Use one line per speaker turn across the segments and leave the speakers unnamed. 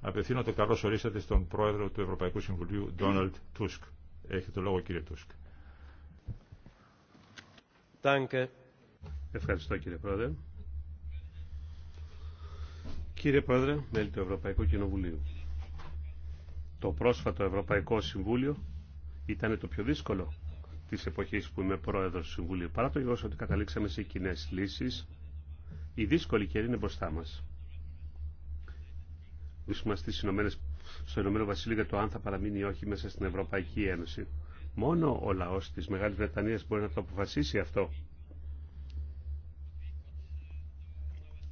Απευθύνω το καλό ορίσατε στον πρόεδρο του Ευρωπαϊκού Συμβουλίου, Ντόναλτ Τούσκ. Έχετε
το λόγο, κύριε Τούσκ. Ευχαριστώ, κύριε πρόεδρε. Κύριε πρόεδρε, μέλη του Ευρωπαϊκού Κοινοβουλίου. Το πρόσφατο Ευρωπαϊκό Συμβούλιο ήταν το πιο δύσκολο τη εποχή που είμαι πρόεδρο του Συμβουλίου. Παρά το γεγονό ότι καταλήξαμε σε κοινέ λύσει, η δύσκολη καιρή είναι μπροστά μα βρίσκουμε στο Ηνωμένο Βασίλειο για το αν θα παραμείνει ή όχι μέσα στην Ευρωπαϊκή Ένωση. Μόνο ο λαό τη μεγάλη Βρετανία μπορεί να το αποφασίσει αυτό.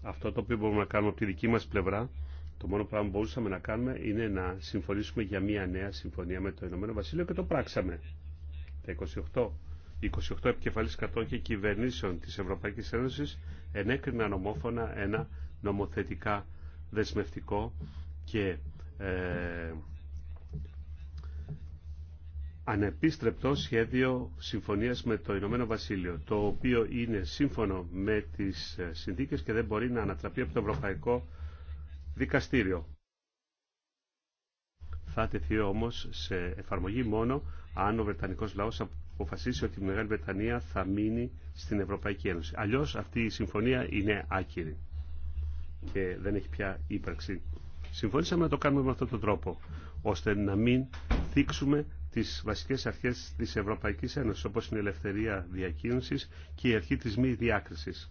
Αυτό το οποίο μπορούμε να κάνουμε από τη δική μα πλευρά, το μόνο πράγμα που μπορούσαμε να κάνουμε είναι να συμφωνήσουμε για μια νέα συμφωνία με το Ηνωμένο Βασίλειο και το πράξαμε. Τα 28 28 επικεφαλής κρατών και κυβερνήσεων της Ευρωπαϊκής Ένωσης ενέκριναν ομόφωνα ένα νομοθετικά δεσμευτικό και ε, ανεπίστρεπτο σχέδιο συμφωνίας με το Ηνωμένο Βασίλειο, το οποίο είναι σύμφωνο με τις ε, συνθήκες και δεν μπορεί να ανατραπεί από το Ευρωπαϊκό Δικαστήριο. Θα τεθεί όμως σε εφαρμογή μόνο αν ο Βρετανικός λαός αποφασίσει ότι η Μεγάλη Βρετανία θα μείνει στην Ευρωπαϊκή Ένωση. Αλλιώς αυτή η συμφωνία είναι άκυρη και δεν έχει πια ύπαρξη. Συμφωνήσαμε να το κάνουμε με αυτόν τον τρόπο, ώστε να μην θίξουμε τις βασικές αρχές της Ευρωπαϊκής Ένωσης, όπως είναι η ελευθερία διακίνησης και η αρχή της μη διάκρισης.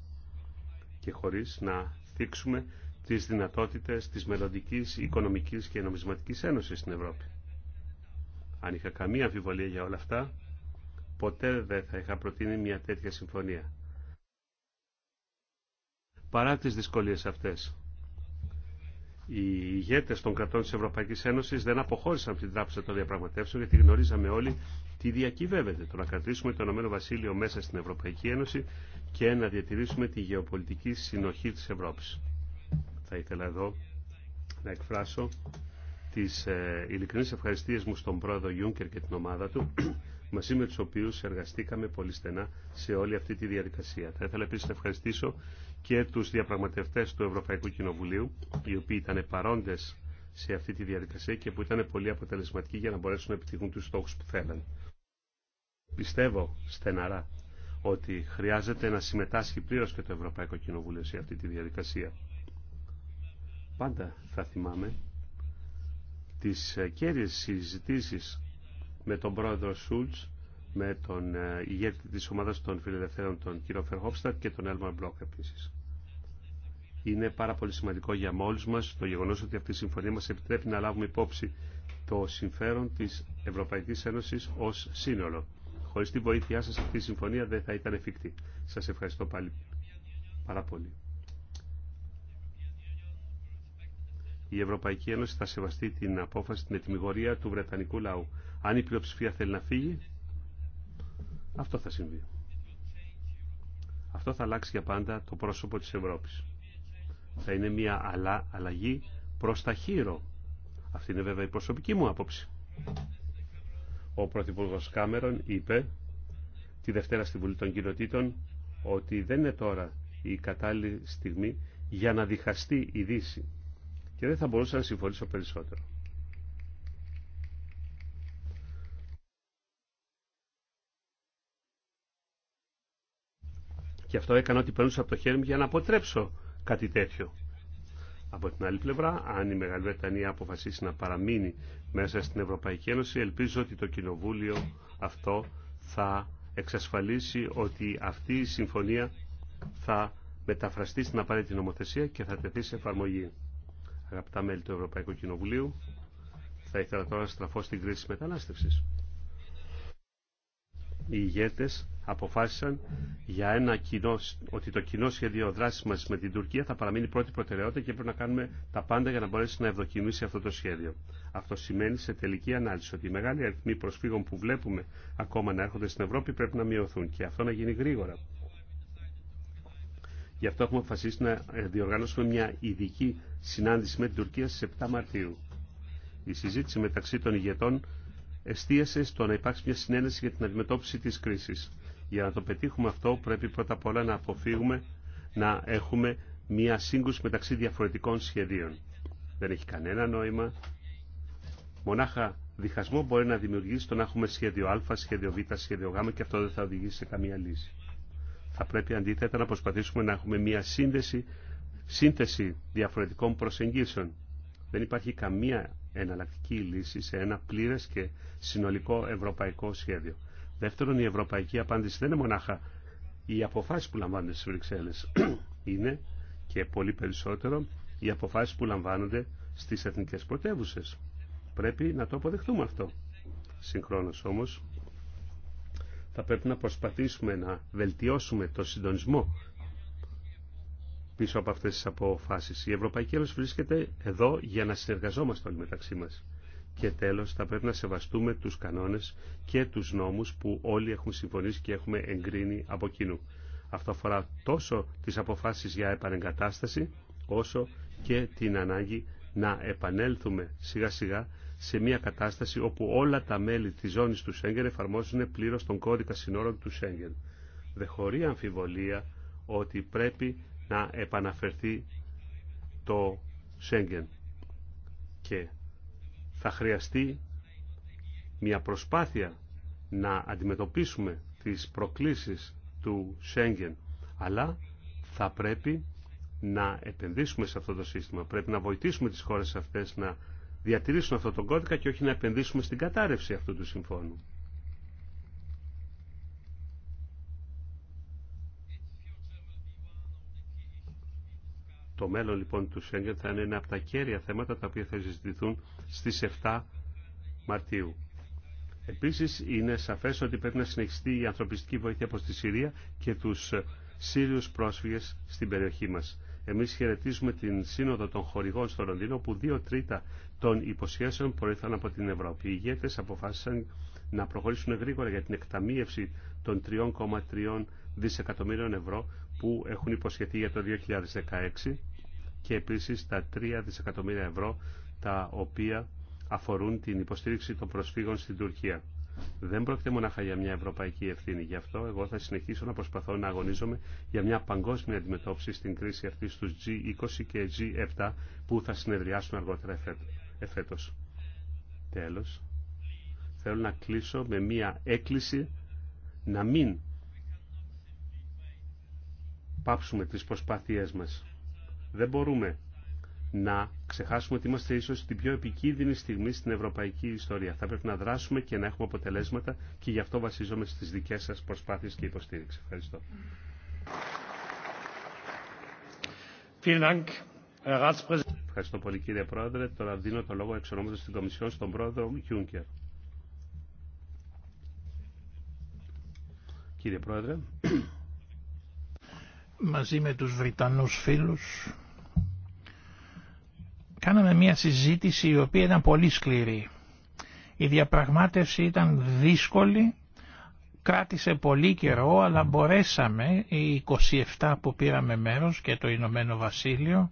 Και χωρίς να θίξουμε τις δυνατότητες της μελλοντική οικονομικής και νομισματικής ένωσης στην Ευρώπη. Αν είχα καμία αμφιβολία για όλα αυτά, ποτέ δεν θα είχα προτείνει μια τέτοια συμφωνία. Παρά τις δυσκολίες αυτές, οι ηγέτε των κρατών τη Ευρωπαϊκής Ένωση δεν αποχώρησαν από την τράπεζα των διαπραγματεύσεων γιατί γνωρίζαμε όλοι τι διακυβεύεται. Το να κρατήσουμε το Ηνωμένο Βασίλειο μέσα στην Ευρωπαϊκή Ένωση και να διατηρήσουμε τη γεωπολιτική συνοχή της Ευρώπης. Θα ήθελα εδώ να εκφράσω τις ε, ειλικρινείς ευχαριστίες μου στον πρόεδρο Γιούνκερ και την ομάδα του μαζί με του οποίου εργαστήκαμε πολύ στενά σε όλη αυτή τη διαδικασία. Θα ήθελα επίση να ευχαριστήσω και του διαπραγματεύτέ του Ευρωπαϊκού Κοινοβουλίου, οι οποίοι ήταν παρόντε σε αυτή τη διαδικασία και που ήταν πολύ αποτελεσματικοί για να μπορέσουν να επιτυχούν του στόχου που θέλαν. Πιστεύω στεναρά ότι χρειάζεται να συμμετάσχει πλήρω και το Ευρωπαϊκό Κοινοβούλιο σε αυτή τη διαδικασία. Πάντα θα θυμάμαι τις κέρδιες συζητήσεις με τον πρόεδρο Σούλτς, με τον ε, ηγέτη της ομάδας των φιλελευθέρων, τον κύριο Φερχόφστατ και τον Έλμαρ Μπλοκ επίσης. Είναι πάρα πολύ σημαντικό για όλους μας το γεγονός ότι αυτή η συμφωνία μας επιτρέπει να λάβουμε υπόψη το συμφέρον της Ευρωπαϊκής Ένωσης ως σύνολο. Χωρίς τη βοήθειά σας αυτή η συμφωνία δεν θα ήταν εφικτή. Σας ευχαριστώ πάλι πάρα πολύ. η Ευρωπαϊκή Ένωση θα σεβαστεί την απόφαση, την ετοιμιγορία του Βρετανικού λαού. Αν η πλειοψηφία θέλει να φύγει, αυτό θα συμβεί. Αυτό θα αλλάξει για πάντα το πρόσωπο της Ευρώπης. Θα είναι μια αλλα, αλλαγή προς τα χείρο. Αυτή είναι βέβαια η προσωπική μου άποψη. Ο Πρωθυπουργό Κάμερον είπε τη Δευτέρα στη Βουλή των Κοινοτήτων ότι δεν είναι τώρα η κατάλληλη στιγμή για να διχαστεί η Δύση και δεν θα μπορούσα να συμφωνήσω περισσότερο. Και αυτό έκανα ότι παίρνω από το χέρι μου για να αποτρέψω κάτι τέτοιο. Από την άλλη πλευρά, αν η Μεγάλη Βρετανία αποφασίσει να παραμείνει μέσα στην Ευρωπαϊκή Ένωση, ελπίζω ότι το Κοινοβούλιο αυτό θα εξασφαλίσει ότι αυτή η συμφωνία θα μεταφραστεί στην απαραίτητη νομοθεσία και θα τεθεί σε εφαρμογή αγαπητά μέλη του Ευρωπαϊκού Κοινοβουλίου, θα ήθελα τώρα να στραφώ στην κρίση μετανάστευσης. Οι ηγέτες αποφάσισαν για ένα κοινό, ότι το κοινό σχέδιο δράσης μας με την Τουρκία θα παραμείνει πρώτη προτεραιότητα και πρέπει να κάνουμε τα πάντα για να μπορέσει να ευδοκιμήσει αυτό το σχέδιο. Αυτό σημαίνει σε τελική ανάλυση ότι οι μεγάλοι αριθμοί προσφύγων που βλέπουμε ακόμα να έρχονται στην Ευρώπη πρέπει να μειωθούν και αυτό να γίνει γρήγορα. Γι' αυτό έχουμε αποφασίσει να ε, διοργανώσουμε μια ειδική συνάντηση με την Τουρκία στις 7 Μαρτίου. Η συζήτηση μεταξύ των ηγετών εστίασε στο να υπάρξει μια συνένεση για την αντιμετώπιση της κρίσης. Για να το πετύχουμε αυτό πρέπει πρώτα απ' όλα να αποφύγουμε να έχουμε μια σύγκρουση μεταξύ διαφορετικών σχεδίων. Δεν έχει κανένα νόημα. Μονάχα διχασμό μπορεί να δημιουργήσει το να έχουμε σχέδιο Α, σχέδιο Β, σχέδιο Γ και αυτό δεν θα οδηγήσει σε καμία λύση. Θα πρέπει αντίθετα να προσπαθήσουμε να έχουμε μια σύνδεση, σύνθεση διαφορετικών προσεγγίσεων. Δεν υπάρχει καμία εναλλακτική λύση σε ένα πλήρες και συνολικό ευρωπαϊκό σχέδιο. Δεύτερον, η ευρωπαϊκή απάντηση δεν είναι μονάχα οι αποφάσεις που λαμβάνονται στις Βρυξέλλες. είναι και πολύ περισσότερο οι αποφάσεις που λαμβάνονται στις εθνικές πρωτεύουσε. Πρέπει να το αποδεχτούμε αυτό. Συγχρόνως όμως, θα πρέπει να προσπαθήσουμε να βελτιώσουμε το συντονισμό πίσω από αυτές τις αποφάσεις. Η Ευρωπαϊκή Ένωση βρίσκεται εδώ για να συνεργαζόμαστε όλοι μεταξύ μας. Και τέλος θα πρέπει να σεβαστούμε τους κανόνες και τους νόμους που όλοι έχουν συμφωνήσει και έχουμε εγκρίνει από κοινού. Αυτό αφορά τόσο τις αποφάσεις για επανεγκατάσταση όσο και την ανάγκη να επανέλθουμε σιγά σιγά σε μια κατάσταση όπου όλα τα μέλη της ζώνης του Σέγγεν εφαρμόζουν πλήρως τον κώδικα συνόρων του Σέγγεν. Δε χωρεί αμφιβολία ότι πρέπει να επαναφερθεί το Σέγγεν και θα χρειαστεί μια προσπάθεια να αντιμετωπίσουμε τις προκλήσεις του Σέγγεν αλλά θα πρέπει να επενδύσουμε σε αυτό το σύστημα. Πρέπει να βοηθήσουμε τις χώρες αυτές να διατηρήσουν αυτόν τον κώδικα και όχι να επενδύσουμε στην κατάρρευση αυτού του συμφώνου. Το μέλλον λοιπόν του Σέγγεν θα είναι ένα από τα κέρια θέματα τα οποία θα συζητηθούν στις 7 Μαρτίου. Επίσης είναι σαφές ότι πρέπει να συνεχιστεί η ανθρωπιστική βοήθεια προς τη Συρία και τους Σύριους πρόσφυγες στην περιοχή μας. Εμείς χαιρετίζουμε την σύνοδο των χορηγών στο Λονδίνο που δύο τρίτα των υποσχέσεων προήλθαν από την Ευρώπη. Οι ηγέτες αποφάσισαν να προχωρήσουν γρήγορα για την εκταμείευση των 3,3 δισεκατομμύριων ευρώ που έχουν υποσχεθεί για το 2016 και επίσης τα 3 δισεκατομμύρια ευρώ τα οποία αφορούν την υποστήριξη των προσφύγων στην Τουρκία. Δεν πρόκειται μονάχα για μια ευρωπαϊκή ευθύνη. Γι' αυτό εγώ θα συνεχίσω να προσπαθώ να αγωνίζομαι για μια παγκόσμια αντιμετώπιση στην κρίση αυτή στους G20 και G7 που θα συνεδριάσουν αργότερα εφέτος. Τέλος, θέλω να κλείσω με μια έκκληση να μην πάψουμε τις προσπάθειές μας. Δεν μπορούμε να ξεχάσουμε ότι είμαστε ίσω την πιο επικίνδυνη στιγμή στην ευρωπαϊκή ιστορία. Θα πρέπει να δράσουμε και να έχουμε αποτελέσματα και γι' αυτό βασίζομαι στι δικέ σα προσπάθειε και υποστήριξη. Ευχαριστώ. Ευχαριστώ πολύ κύριε Πρόεδρε. Τώρα δίνω το λόγο εξ ονόματος στην Κομισιόν στον Πρόεδρο Γιούνκερ. Κύριε Πρόεδρε.
Μαζί με τους Βρυτανούς φίλους κάναμε μια συζήτηση η οποία ήταν πολύ σκληρή. Η διαπραγμάτευση ήταν δύσκολη, κράτησε πολύ καιρό, αλλά μπορέσαμε, οι 27 που πήραμε μέρος και το Ηνωμένο Βασίλειο,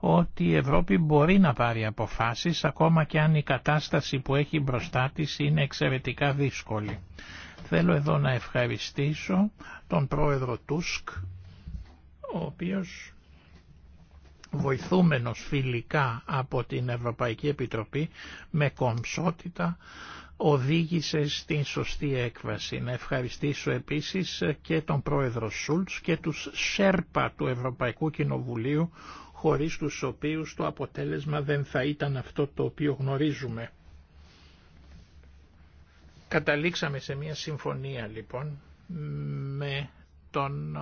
ότι η Ευρώπη μπορεί να πάρει αποφάσεις, ακόμα και αν η κατάσταση που έχει μπροστά της είναι εξαιρετικά δύσκολη. Θέλω εδώ να ευχαριστήσω τον πρόεδρο Τούσκ, ο οποίος βοηθούμενος φιλικά από την Ευρωπαϊκή Επιτροπή με κομψότητα οδήγησε στην σωστή έκβαση. Να ευχαριστήσω επίσης και τον πρόεδρο Σούλτς και τους Σέρπα του Ευρωπαϊκού Κοινοβουλίου χωρίς τους οποίους το αποτέλεσμα δεν θα ήταν αυτό το οποίο γνωρίζουμε. Καταλήξαμε σε μια συμφωνία λοιπόν με τον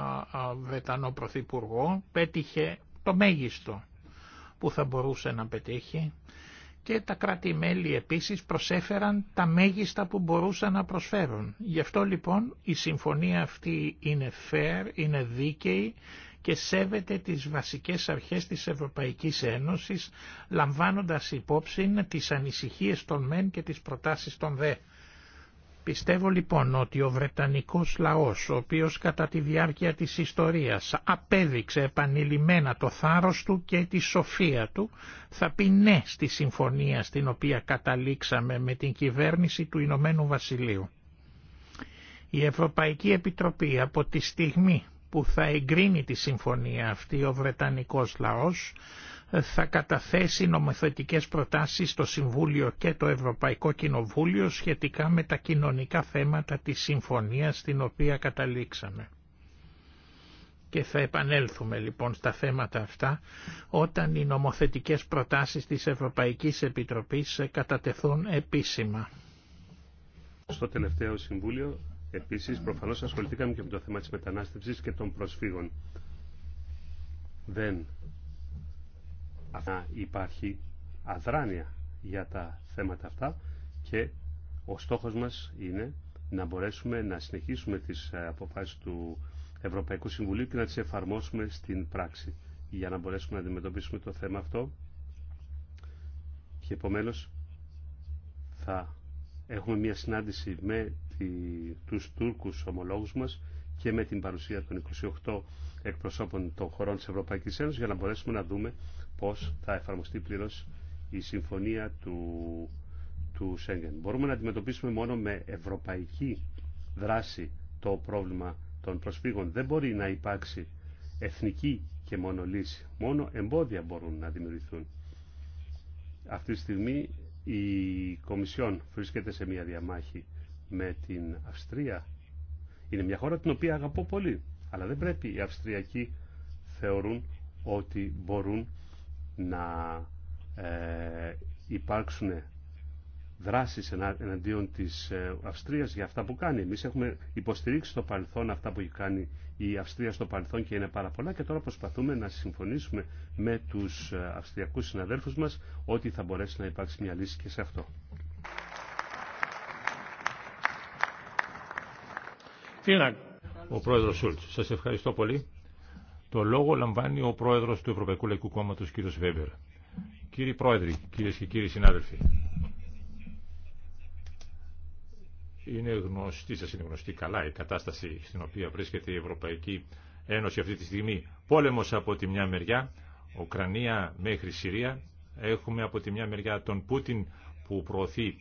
Βρετανό Πρωθυπουργό. Πέτυχε το μέγιστο που θα μπορούσε να πετύχει και τα κράτη-μέλη επίσης προσέφεραν τα μέγιστα που μπορούσαν να προσφέρουν. Γι' αυτό λοιπόν η συμφωνία αυτή είναι fair, είναι δίκαιη και σέβεται τις βασικές αρχές της Ευρωπαϊκής Ένωσης λαμβάνοντας υπόψη τις ανησυχίες των μεν και τις προτάσεις των δε. Πιστεύω λοιπόν ότι ο Βρετανικός λαός, ο οποίος κατά τη διάρκεια της ιστορίας απέδειξε επανειλημμένα το θάρρος του και τη σοφία του, θα πει ναι στη συμφωνία στην οποία καταλήξαμε με την κυβέρνηση του Ηνωμένου Βασιλείου. Η Ευρωπαϊκή Επιτροπή από τη στιγμή που θα εγκρίνει τη συμφωνία αυτή ο Βρετανικός λαός θα καταθέσει νομοθετικές προτάσεις στο Συμβούλιο και το Ευρωπαϊκό Κοινοβούλιο σχετικά με τα κοινωνικά θέματα της συμφωνίας στην οποία καταλήξαμε. Και θα επανέλθουμε λοιπόν στα θέματα αυτά όταν οι νομοθετικές προτάσεις της Ευρωπαϊκής Επιτροπής κατατεθούν επίσημα.
Στο τελευταίο Συμβούλιο επίσης προφανώς ασχοληθήκαμε και με το θέμα της μετανάστευσης και των προσφύγων. Δεν να υπάρχει αδράνεια για τα θέματα αυτά και ο στόχος μας είναι να μπορέσουμε να συνεχίσουμε τις ε, αποφάσεις του Ευρωπαϊκού Συμβουλίου και να τις εφαρμόσουμε στην πράξη για να μπορέσουμε να αντιμετωπίσουμε το θέμα αυτό και επομένως θα έχουμε μια συνάντηση με τη, τους Τούρκους ομολόγους μας και με την παρουσία των 28 εκπροσώπων των χωρών της Ευρωπαϊκής Ένωσης για να μπορέσουμε να δούμε πώς θα εφαρμοστεί πλήρως η συμφωνία του, του Σέγγεν. Μπορούμε να αντιμετωπίσουμε μόνο με ευρωπαϊκή δράση το πρόβλημα των προσφύγων. Δεν μπορεί να υπάρξει εθνική και μόνο λύση. Μόνο εμπόδια μπορούν να δημιουργηθούν. Αυτή τη στιγμή η Κομισιόν βρίσκεται σε μια διαμάχη με την Αυστρία. Είναι μια χώρα την οποία αγαπώ πολύ, αλλά δεν πρέπει οι Αυστριακοί θεωρούν ότι μπορούν να ε, υπάρξουν δράσεις εναντίον της ε, Αυστρίας για αυτά που κάνει. Εμείς έχουμε υποστηρίξει στο παρελθόν αυτά που έχει κάνει η Αυστρία στο παρελθόν και είναι πάρα πολλά και τώρα προσπαθούμε να συμφωνήσουμε με τους ε, αυστριακούς συναδέλφους μας ότι θα μπορέσει να υπάρξει μια λύση και σε αυτό. Ο πρόεδρος Σούλτς, σας ευχαριστώ πολύ.
Το λόγο λαμβάνει ο πρόεδρος του Ευρωπαϊκού Λαϊκού Κόμματος, κύριος Βέμπερ. Κύριοι πρόεδροι, κύριε και κύριοι συνάδελφοι, είναι γνωστή, σα είναι γνωστή καλά η κατάσταση στην οποία βρίσκεται η Ευρωπαϊκή Ένωση αυτή τη στιγμή. Πόλεμος από τη μια μεριά, Ουκρανία μέχρι Συρία. Έχουμε από τη μια μεριά τον Πούτιν που προωθεί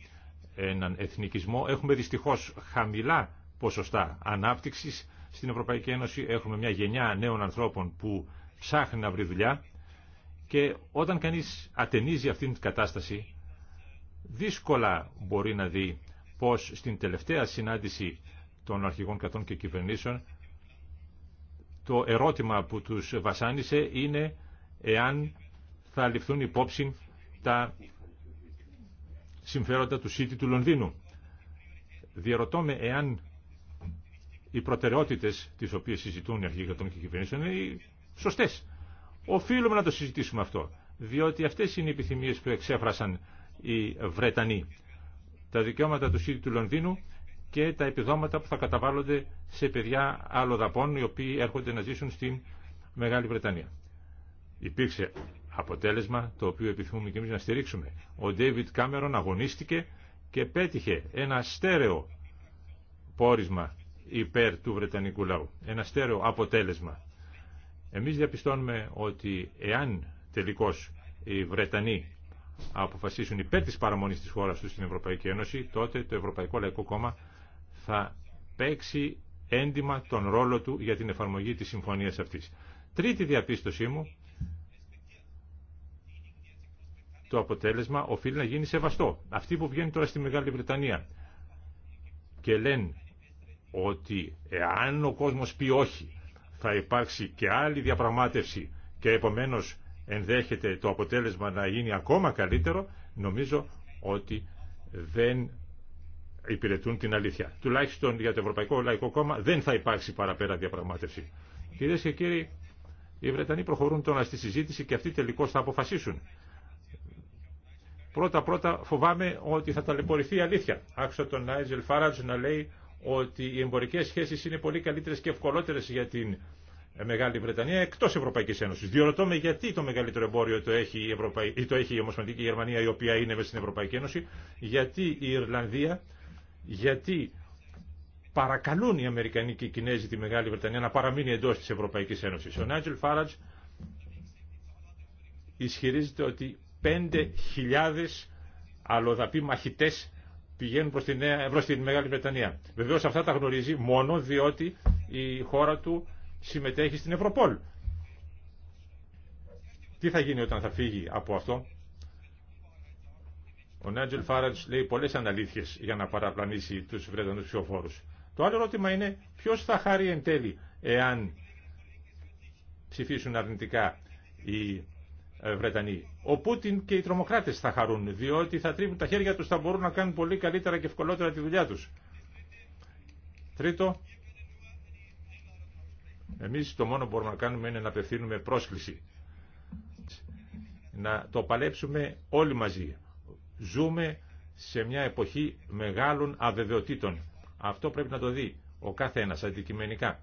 έναν εθνικισμό. Έχουμε δυστυχώ χαμηλά ποσοστά ανάπτυξη στην Ευρωπαϊκή Ένωση. Έχουμε μια γενιά νέων ανθρώπων που ψάχνει να βρει δουλειά και όταν κανείς ατενίζει αυτήν την κατάσταση δύσκολα μπορεί να δει πως στην τελευταία συνάντηση των αρχηγών κρατών και κυβερνήσεων το ερώτημα που τους βασάνισε είναι εάν θα ληφθούν υπόψη τα συμφέροντα του ΣΥΤΙ του Λονδίνου. Διερωτώ με εάν οι προτεραιότητε τι οποίε συζητούν οι αρχηγοί κρατών και κυβερνήσεων είναι οι σωστές. Οφείλουμε να το συζητήσουμε αυτό, διότι αυτέ είναι οι επιθυμίε που εξέφρασαν οι Βρετανοί. Τα δικαιώματα του ΣΥΡΙ του Λονδίνου και τα επιδόματα που θα καταβάλλονται σε παιδιά δαπών οι οποίοι έρχονται να ζήσουν στην Μεγάλη Βρετανία. Υπήρξε αποτέλεσμα το οποίο επιθυμούμε και εμείς να στηρίξουμε. Ο Ντέιβιτ Κάμερον αγωνίστηκε και πέτυχε ένα στέρεο πόρισμα υπέρ του Βρετανικού λαού. Ένα στέρεο αποτέλεσμα. Εμείς διαπιστώνουμε ότι εάν τελικώς οι Βρετανοί αποφασίσουν υπέρ της παραμονής της χώρας τους στην Ευρωπαϊκή Ένωση, τότε το Ευρωπαϊκό Λαϊκό Κόμμα θα παίξει έντιμα τον ρόλο του για την εφαρμογή της συμφωνίας αυτής. Τρίτη διαπίστωσή μου, το αποτέλεσμα οφείλει να γίνει σεβαστό. Αυτοί που βγαίνουν τώρα στη Μεγάλη Βρετανία και λένε ότι εάν ο κόσμος πει όχι θα υπάρξει και άλλη διαπραγμάτευση και επομένως ενδέχεται το αποτέλεσμα να γίνει ακόμα καλύτερο, νομίζω ότι δεν υπηρετούν την αλήθεια. Τουλάχιστον για το Ευρωπαϊκό Λαϊκό Κόμμα δεν θα υπάρξει παραπέρα διαπραγμάτευση. Κυρίε και κύριοι, οι Βρετανοί προχωρούν τώρα στη συζήτηση και αυτοί τελικώ θα αποφασίσουν. Πρώτα-πρώτα φοβάμαι ότι θα ταλαιπωρηθεί η αλήθεια. Άκουσα τον Νάιζελ Φάραντζ να λέει ότι οι εμπορικές σχέσεις είναι πολύ καλύτερες και ευκολότερες για την Μεγάλη Βρετανία εκτός Ευρωπαϊκής Ένωσης. Διορωτώ με γιατί το μεγαλύτερο εμπόριο το έχει η, Ευρωπαϊ... το έχει η Ομοσπονδική Γερμανία η οποία είναι μέσα στην Ευρωπαϊκή Ένωση, γιατί η Ιρλανδία, γιατί παρακαλούν οι Αμερικανοί και οι Κινέζοι τη Μεγάλη Βρετανία να παραμείνει εντός της Ευρωπαϊκής Ένωσης. Ο Νάτζελ Φάρατζ ισχυρίζεται ότι 5.000 αλλοδαποί μαχητές πηγαίνουν προς την, Μεγάλη Βρετανία. Βεβαίως αυτά τα γνωρίζει μόνο διότι η χώρα του συμμετέχει στην Ευρωπόλ. Τι θα γίνει όταν θα φύγει από αυτό. Ο Νάντζελ Φάραντς λέει πολλές αναλήθειες για να παραπλανήσει τους Βρετανούς ψηφοφόρους. Το άλλο ερώτημα είναι ποιος θα χάρει εν τέλει εάν ψηφίσουν αρνητικά οι ε, Βρετανοί. Ο Πούτιν και οι τρομοκράτε θα χαρούν, διότι θα τρίβουν τα χέρια του, θα μπορούν να κάνουν πολύ καλύτερα και ευκολότερα τη δουλειά του. Τρίτο, εμεί το μόνο που μπορούμε να κάνουμε είναι να απευθύνουμε πρόσκληση. Να το παλέψουμε όλοι μαζί. Ζούμε σε μια εποχή μεγάλων αβεβαιοτήτων. Αυτό πρέπει να το δει ο κάθε ένας αντικειμενικά.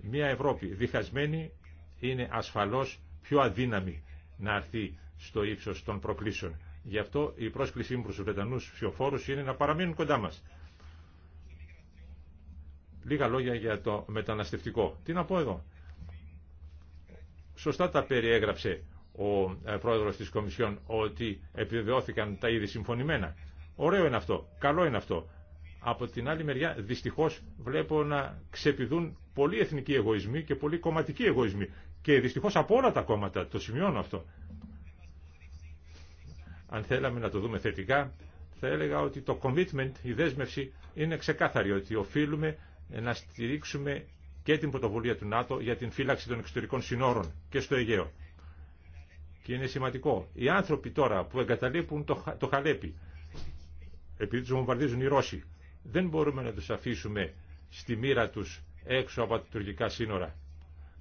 Μια Ευρώπη διχασμένη είναι ασφαλώς πιο αδύναμη να αρθεί στο ύψος των προκλήσεων. Γι' αυτό η πρόσκλησή μου προς του Βρετανούς ψηφοφόρους είναι να παραμείνουν κοντά μας. Λίγα λόγια για το μεταναστευτικό. Τι να πω εδώ. Σωστά τα περιέγραψε ο ε, πρόεδρος της Κομισιόν ότι επιβεβαιώθηκαν τα ήδη συμφωνημένα. Ωραίο είναι αυτό. Καλό είναι αυτό. Από την άλλη μεριά δυστυχώς βλέπω να ξεπηδούν πολλοί εθνικοί εγωισμοί και πολλοί κομματικοί εγωισμοί και δυστυχώς από όλα τα κόμματα, το σημειώνω αυτό. Αν θέλαμε να το δούμε θετικά, θα έλεγα ότι το commitment, η δέσμευση, είναι ξεκάθαρη ότι οφείλουμε να στηρίξουμε και την πρωτοβουλία του ΝΑΤΟ για την φύλαξη των εξωτερικών συνόρων και στο Αιγαίο. Και είναι σημαντικό. Οι άνθρωποι τώρα που εγκαταλείπουν το, το Χαλέπι, επειδή τους βομβαρδίζουν οι Ρώσοι, δεν μπορούμε να τους αφήσουμε στη μοίρα τους έξω από τα τουρκικά σύνορα.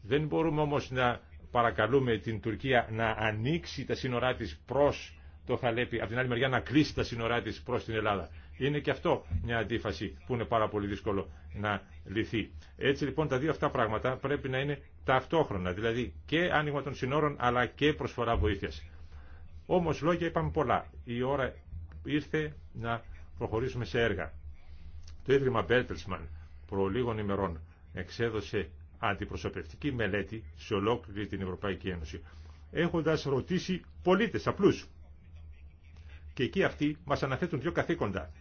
Δεν μπορούμε όμως να παρακαλούμε την Τουρκία να ανοίξει τα σύνορά της προς το Θαλέπι από την άλλη μεριά να κλείσει τα σύνορά της προς την Ελλάδα. Είναι και αυτό μια αντίφαση που είναι πάρα πολύ δύσκολο να λυθεί. Έτσι λοιπόν τα δύο αυτά πράγματα πρέπει να είναι ταυτόχρονα, δηλαδή και άνοιγμα των σύνορων αλλά και προσφορά βοήθειας. Όμως λόγια είπαμε πολλά. Η ώρα ήρθε να προχωρήσουμε σε έργα. Το Ίδρυμα Μπέρτελσμαν προ λίγων ημερών εξέδωσε αντιπροσωπευτική μελέτη σε ολόκληρη την Ευρωπαϊκή Ένωση, έχοντας ρωτήσει πολίτες απλούς. Και εκεί αυτοί μας αναθέτουν δύο καθήκοντα.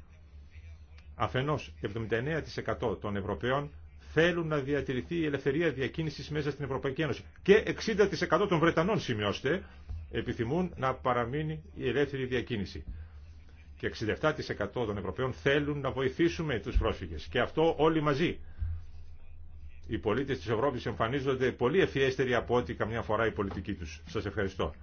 Αφενός, 79% των Ευρωπαίων θέλουν να διατηρηθεί η ελευθερία διακίνησης μέσα στην Ευρωπαϊκή Ένωση. Και 60% των Βρετανών, σημειώστε, επιθυμούν να παραμείνει η ελεύθερη διακίνηση. Και 67% των Ευρωπαίων θέλουν να βοηθήσουμε τους πρόσφυγες. Και αυτό όλοι μαζί οι πολίτες της Ευρώπης εμφανίζονται πολύ ευφιέστεροι από ό,τι καμιά φορά η πολιτική τους. Σας ευχαριστώ.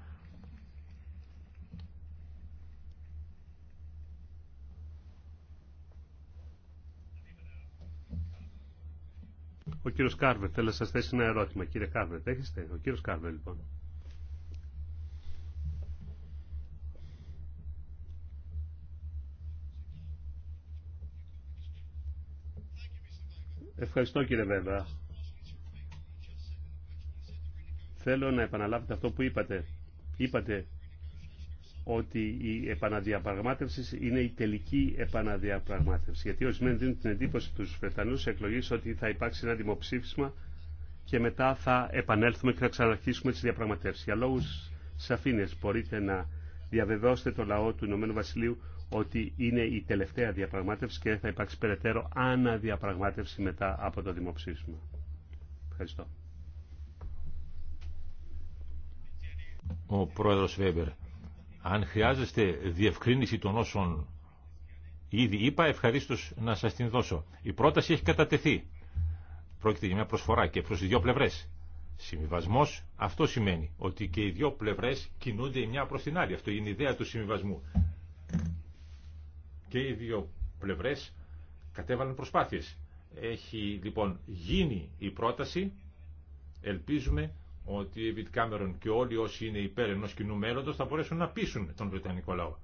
Ο κύριος Κάρβερ, θέλω να σας θέσει ένα ερώτημα. Κύριε Κάρβερ, έχετε. Ο κύριος Κάρβερ, λοιπόν. Ευχαριστώ κύριε βέβαια. Θέλω να επαναλάβετε αυτό που είπατε. Είπατε ότι η επαναδιαπραγμάτευση είναι η τελική επαναδιαπραγμάτευση. Γιατί ορισμένοι δίνουν την εντύπωση του Βρετανούς εκλογή ότι θα υπάρξει ένα δημοψήφισμα και μετά θα επανέλθουμε και θα ξαναρχίσουμε τις διαπραγματεύσεις. Για λόγους σαφήνες μπορείτε να διαβεβαιώσετε το λαό του Ηνωμένου Βασιλείου ότι είναι η τελευταία διαπραγμάτευση και θα υπάρξει περαιτέρω αναδιαπραγμάτευση μετά από το δημοψήφισμα. Ευχαριστώ.
Ο πρόεδρος Βέμπερ, αν χρειάζεστε διευκρίνηση των όσων ήδη είπα, ευχαρίστω να σας την δώσω. Η πρόταση έχει κατατεθεί. Πρόκειται για μια προσφορά και προς τις δύο πλευρές. Συμβιβασμό αυτό σημαίνει ότι και οι δύο πλευρέ κινούνται η μια προ την άλλη. Αυτό είναι η ιδέα του συμβιβασμού και οι δύο πλευρές κατέβαλαν προσπάθειες. Έχει λοιπόν γίνει η πρόταση, ελπίζουμε ότι η Βιτ Κάμερον και όλοι όσοι είναι υπέρ ενός κοινού μέλλοντος θα μπορέσουν να πείσουν τον Βρετανικό λαό.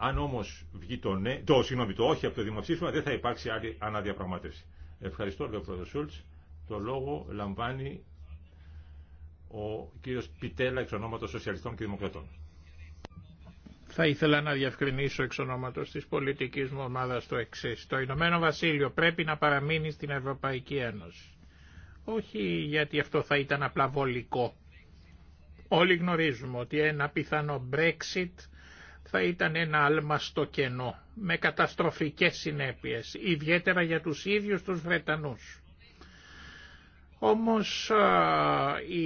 Αν όμως βγει το, ναι, το, συγγνώμη, το όχι από το δημοψήφισμα δεν θα υπάρξει άλλη αναδιαπραγμάτευση. Ευχαριστώ, λέει ο Το λόγο λαμβάνει ο κύριος Πιτέλα εξ ονόματος Σοσιαλιστών και Δημοκρατών. Θα ήθελα να διευκρινίσω εξ ονόματος της πολιτικής μου
ομάδας το εξή. Το Ηνωμένο Βασίλειο πρέπει να παραμείνει στην Ευρωπαϊκή Ένωση. Όχι γιατί αυτό θα ήταν απλά βολικό. Όλοι γνωρίζουμε ότι ένα πιθανό Brexit θα ήταν ένα άλμα στο κενό, με καταστροφικές συνέπειες, ιδιαίτερα για τους ίδιους τους Βρετανούς. Όμως η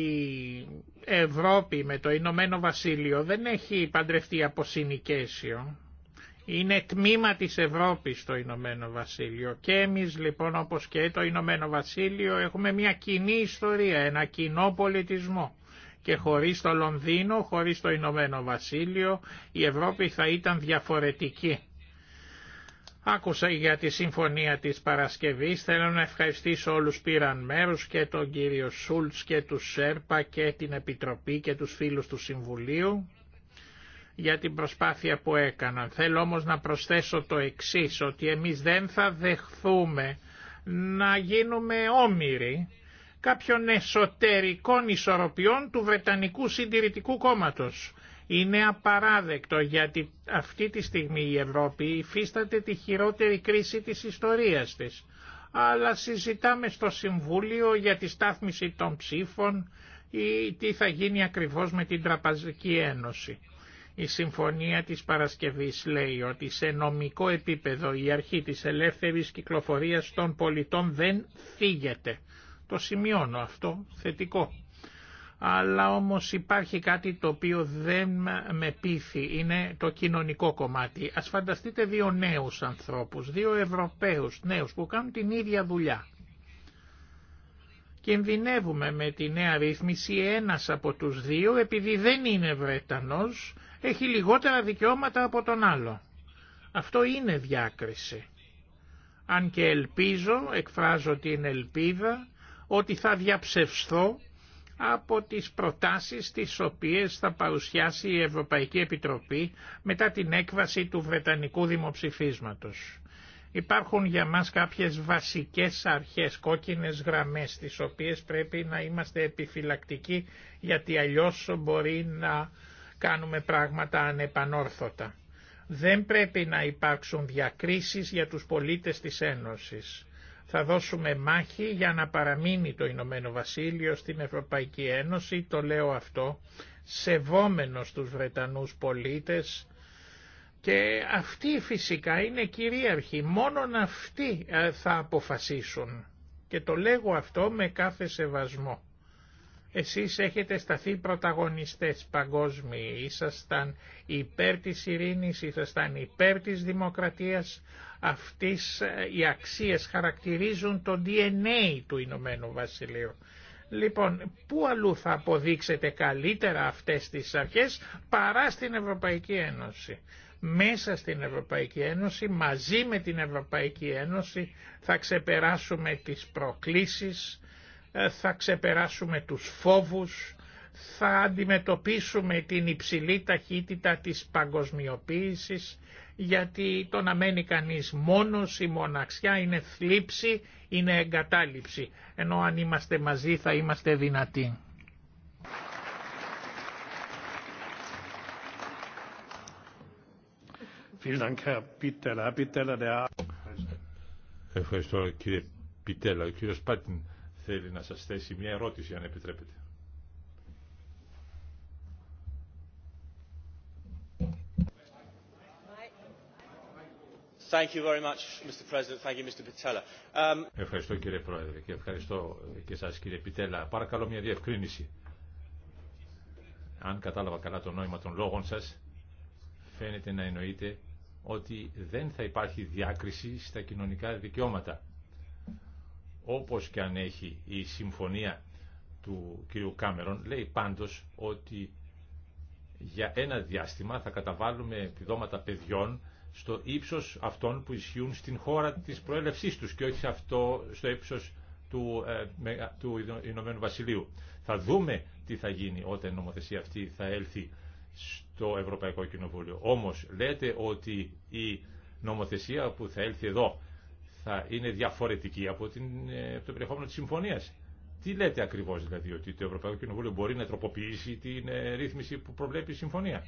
Ευρώπη με το Ηνωμένο Βασίλειο δεν έχει παντρευτεί από συνοικέσιο. Είναι τμήμα της Ευρώπης το Ηνωμένο Βασίλειο και εμείς λοιπόν όπως και το Ηνωμένο Βασίλειο έχουμε μια κοινή ιστορία, ένα κοινό πολιτισμό και χωρίς το Λονδίνο, χωρίς το Ηνωμένο Βασίλειο η Ευρώπη θα ήταν διαφορετική. Άκουσα για τη συμφωνία της Παρασκευής, θέλω να ευχαριστήσω όλους πήραν μέρος και τον κύριο Σούλτς και του Σέρπα και την Επιτροπή και τους φίλους του Συμβουλίου για την προσπάθεια που έκαναν. Θέλω όμως να προσθέσω το εξής, ότι εμείς δεν θα δεχθούμε να γίνουμε όμοιροι κάποιων εσωτερικών ισορροπιών του Βρετανικού Συντηρητικού Κόμματος. Είναι απαράδεκτο γιατί αυτή τη στιγμή η Ευρώπη υφίσταται τη χειρότερη κρίση της ιστορίας της. Αλλά συζητάμε στο Συμβούλιο για τη στάθμιση των ψήφων ή τι θα γίνει ακριβώς με την Τραπαζική Ένωση. Η Συμφωνία της Παρασκευής λέει ότι σε νομικό επίπεδο η αρχή της ελεύθερης κυκλοφορίας των πολιτών δεν φύγεται. Το σημειώνω αυτό θετικό αλλά όμως υπάρχει κάτι το οποίο δεν με πείθει, είναι το κοινωνικό κομμάτι. Ας φανταστείτε δύο νέους ανθρώπους, δύο Ευρωπαίους νέους που κάνουν την ίδια δουλειά. Κινδυνεύουμε με τη νέα ρύθμιση ένας από τους δύο, επειδή δεν είναι Βρετανός, έχει λιγότερα δικαιώματα από τον άλλο. Αυτό είναι διάκριση. Αν και ελπίζω, εκφράζω την ελπίδα, ότι θα διαψευστώ από τις προτάσεις τις οποίες θα παρουσιάσει η Ευρωπαϊκή Επιτροπή μετά την έκβαση του Βρετανικού Δημοψηφίσματος. Υπάρχουν για μας κάποιες βασικές αρχές, κόκκινες γραμμές, τις οποίες πρέπει να είμαστε επιφυλακτικοί, γιατί αλλιώς μπορεί να κάνουμε πράγματα ανεπανόρθωτα. Δεν πρέπει να υπάρξουν διακρίσεις για τους πολίτες της Ένωσης θα δώσουμε μάχη για να παραμείνει το Ηνωμένο Βασίλειο στην Ευρωπαϊκή Ένωση, το λέω αυτό, σεβόμενος τους Βρετανούς πολίτες και αυτοί φυσικά είναι κυρίαρχοι, μόνον αυτοί ε, θα αποφασίσουν και το λέγω αυτό με κάθε σεβασμό. Εσείς έχετε σταθεί πρωταγωνιστές παγκόσμιοι, ήσασταν υπέρ της ειρήνης, ήσασταν υπέρ της δημοκρατίας. Αυτές ε, οι αξίες χαρακτηρίζουν το DNA του Ηνωμένου Βασιλείου. Λοιπόν, πού αλλού θα αποδείξετε καλύτερα αυτές τις αρχές παρά στην Ευρωπαϊκή Ένωση. Μέσα στην Ευρωπαϊκή Ένωση, μαζί με την Ευρωπαϊκή Ένωση θα ξεπεράσουμε τις προκλήσεις ε, θα ξεπεράσουμε τους φόβους, θα αντιμετωπίσουμε την υψηλή ταχύτητα της παγκοσμιοποίησης, γιατί το να μένει κανείς μόνος η μοναξιά είναι θλίψη, είναι εγκατάλειψη, ενώ αν είμαστε μαζί θα είμαστε δυνατοί.
Ευχαριστώ κύριε Πιτέλα. Ο κύριος Πάτιν θέλει να σας θέσει μια ερώτηση αν επιτρέπετε.
Thank you very much, Mr. President. Thank you, Mr. Um,
ευχαριστώ κύριε Πρόεδρε και ευχαριστώ και σας κύριε Πιτέλα. Παρακαλώ μια διευκρίνηση. Αν κατάλαβα καλά το νόημα των λόγων σας, φαίνεται να εννοείται ότι δεν θα υπάρχει διάκριση στα κοινωνικά δικαιώματα όπως και αν έχει η συμφωνία του κ. Κάμερον, λέει πάντως ότι για ένα διάστημα θα καταβάλουμε επιδόματα παιδιών στο ύψος αυτών που ισχύουν στην χώρα της προέλευσής τους και όχι αυτό, στο ύψος του, ε, του Ηνωμένου Βασιλείου. Θα δούμε τι θα γίνει όταν η νομοθεσία αυτή θα έλθει στο Ευρωπαϊκό Κοινοβούλιο. Όμως λέτε ότι η νομοθεσία που θα έλθει εδώ θα είναι διαφορετική από, την, ε, από το περιεχόμενο της συμφωνίας. Τι λέτε ακριβώς δηλαδή ότι το Ευρωπαϊκό Κοινοβούλιο μπορεί να τροποποιήσει την ε, ρύθμιση που προβλέπει η συμφωνία.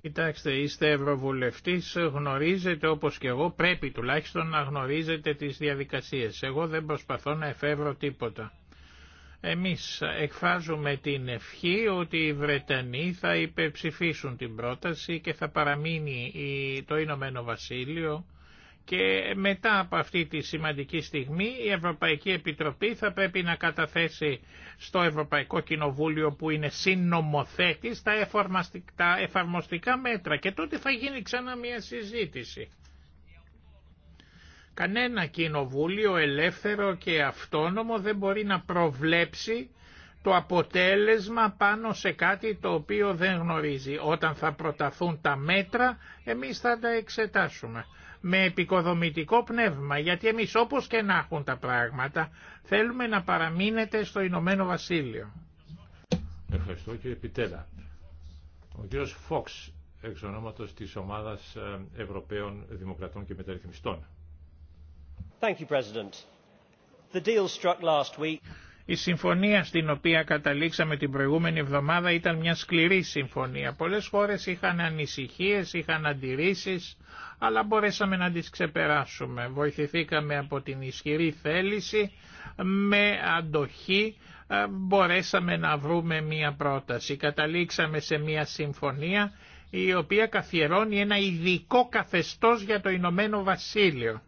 Κοιτάξτε, είστε ευρωβουλευτής, γνωρίζετε
όπως και εγώ, πρέπει τουλάχιστον να γνωρίζετε τις διαδικασίες. Εγώ δεν προσπαθώ να εφεύρω τίποτα. Εμείς εκφράζουμε την ευχή ότι οι Βρετανοί θα υπεψηφίσουν την πρόταση και θα παραμείνει το Ηνωμένο Βασίλειο και μετά από αυτή τη σημαντική στιγμή η Ευρωπαϊκή Επιτροπή θα πρέπει να καταθέσει στο Ευρωπαϊκό Κοινοβούλιο που είναι συνομοθέτης τα εφαρμοστικά μέτρα και τότε θα γίνει ξανά μια συζήτηση. Κανένα κοινοβούλιο ελεύθερο και αυτόνομο δεν μπορεί να προβλέψει το αποτέλεσμα πάνω σε κάτι το οποίο δεν γνωρίζει. Όταν θα προταθούν τα μέτρα εμείς θα τα εξετάσουμε με επικοδομητικό πνεύμα, γιατί εμείς όπως και να έχουν τα πράγματα θέλουμε να παραμείνετε στο Ηνωμένο Βασίλειο.
Ευχαριστώ κύριε Πιτέλα. Ο κύριος Φόξ, εξ ονόματος της ομάδας ε, Ευρωπαίων Δημοκρατών και Μεταρρυθμιστών. Thank you, President. The deal struck
last week. Η συμφωνία στην οποία καταλήξαμε την προηγούμενη εβδομάδα ήταν μια σκληρή συμφωνία. Πολλές χώρες είχαν ανησυχίες, είχαν αντιρρήσεις, αλλά μπορέσαμε να τις ξεπεράσουμε. Βοηθηθήκαμε από την ισχυρή θέληση, με αντοχή ε, μπορέσαμε να βρούμε μια πρόταση. Καταλήξαμε σε μια συμφωνία η οποία καθιερώνει ένα ειδικό καθεστώς για το Ηνωμένο Βασίλειο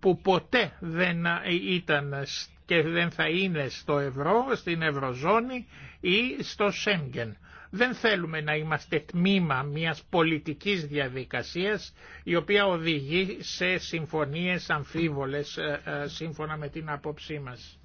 που ποτέ δεν ήταν και δεν θα είναι στο ευρώ, στην ευρωζώνη ή στο Σέγγεν. Δεν θέλουμε να είμαστε τμήμα μιας πολιτικής διαδικασίας η οποία οδηγεί σε συμφωνίες αμφίβολες ε, ε, σύμφωνα με την άποψή μας.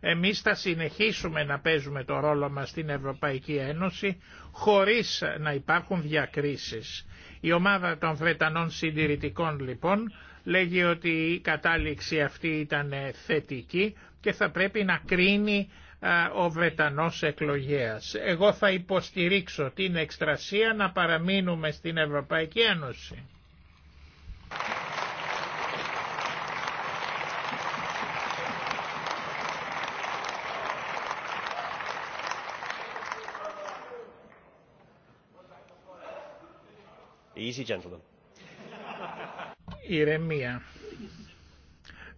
Εμείς θα συνεχίσουμε να παίζουμε το ρόλο μας στην Ευρωπαϊκή Ένωση χωρίς να υπάρχουν διακρίσεις. Η ομάδα των Βρετανών συντηρητικών λοιπόν λέγει ότι η κατάληξη αυτή ήταν θετική και θα πρέπει να κρίνει ο Βρετανός εκλογέας. Εγώ θα υποστηρίξω την εκστρασία να παραμείνουμε στην Ευρωπαϊκή Ένωση.
Easy, gentlemen.
Ηρεμία.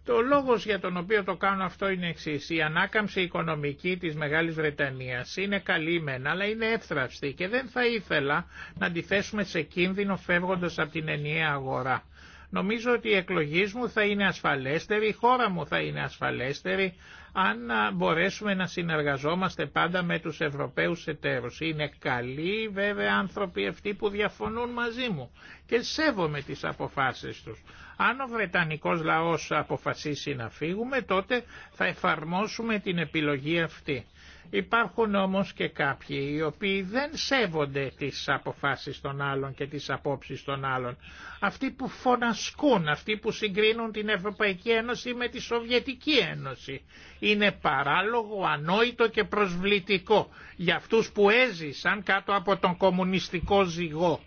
Το λόγος για τον οποίο το κάνω αυτό είναι εξή. Η ανάκαμψη οικονομική της Μεγάλης Βρετανίας είναι καλή μεν, αλλά είναι εύθραυστη και δεν θα ήθελα να τη θέσουμε σε κίνδυνο φεύγοντας από την ενιαία αγορά. Νομίζω ότι οι εκλογή μου θα είναι ασφαλέστερη, η χώρα μου θα είναι ασφαλέστερη αν μπορέσουμε να συνεργαζόμαστε πάντα με τους Ευρωπαίους εταίρους. Είναι καλοί βέβαια άνθρωποι αυτοί που διαφωνούν μαζί μου και σέβομαι τις αποφάσεις τους. Αν ο Βρετανικός λαός αποφασίσει να φύγουμε τότε θα εφαρμόσουμε την επιλογή αυτή. Υπάρχουν όμως και κάποιοι οι οποίοι δεν σέβονται τις αποφάσεις των άλλων και τις απόψεις των άλλων. Αυτοί που φωνασκούν, αυτοί που συγκρίνουν την Ευρωπαϊκή Ένωση με τη Σοβιετική Ένωση. Είναι παράλογο, ανόητο και προσβλητικό για αυτούς που έζησαν κάτω από τον κομμουνιστικό ζυγό.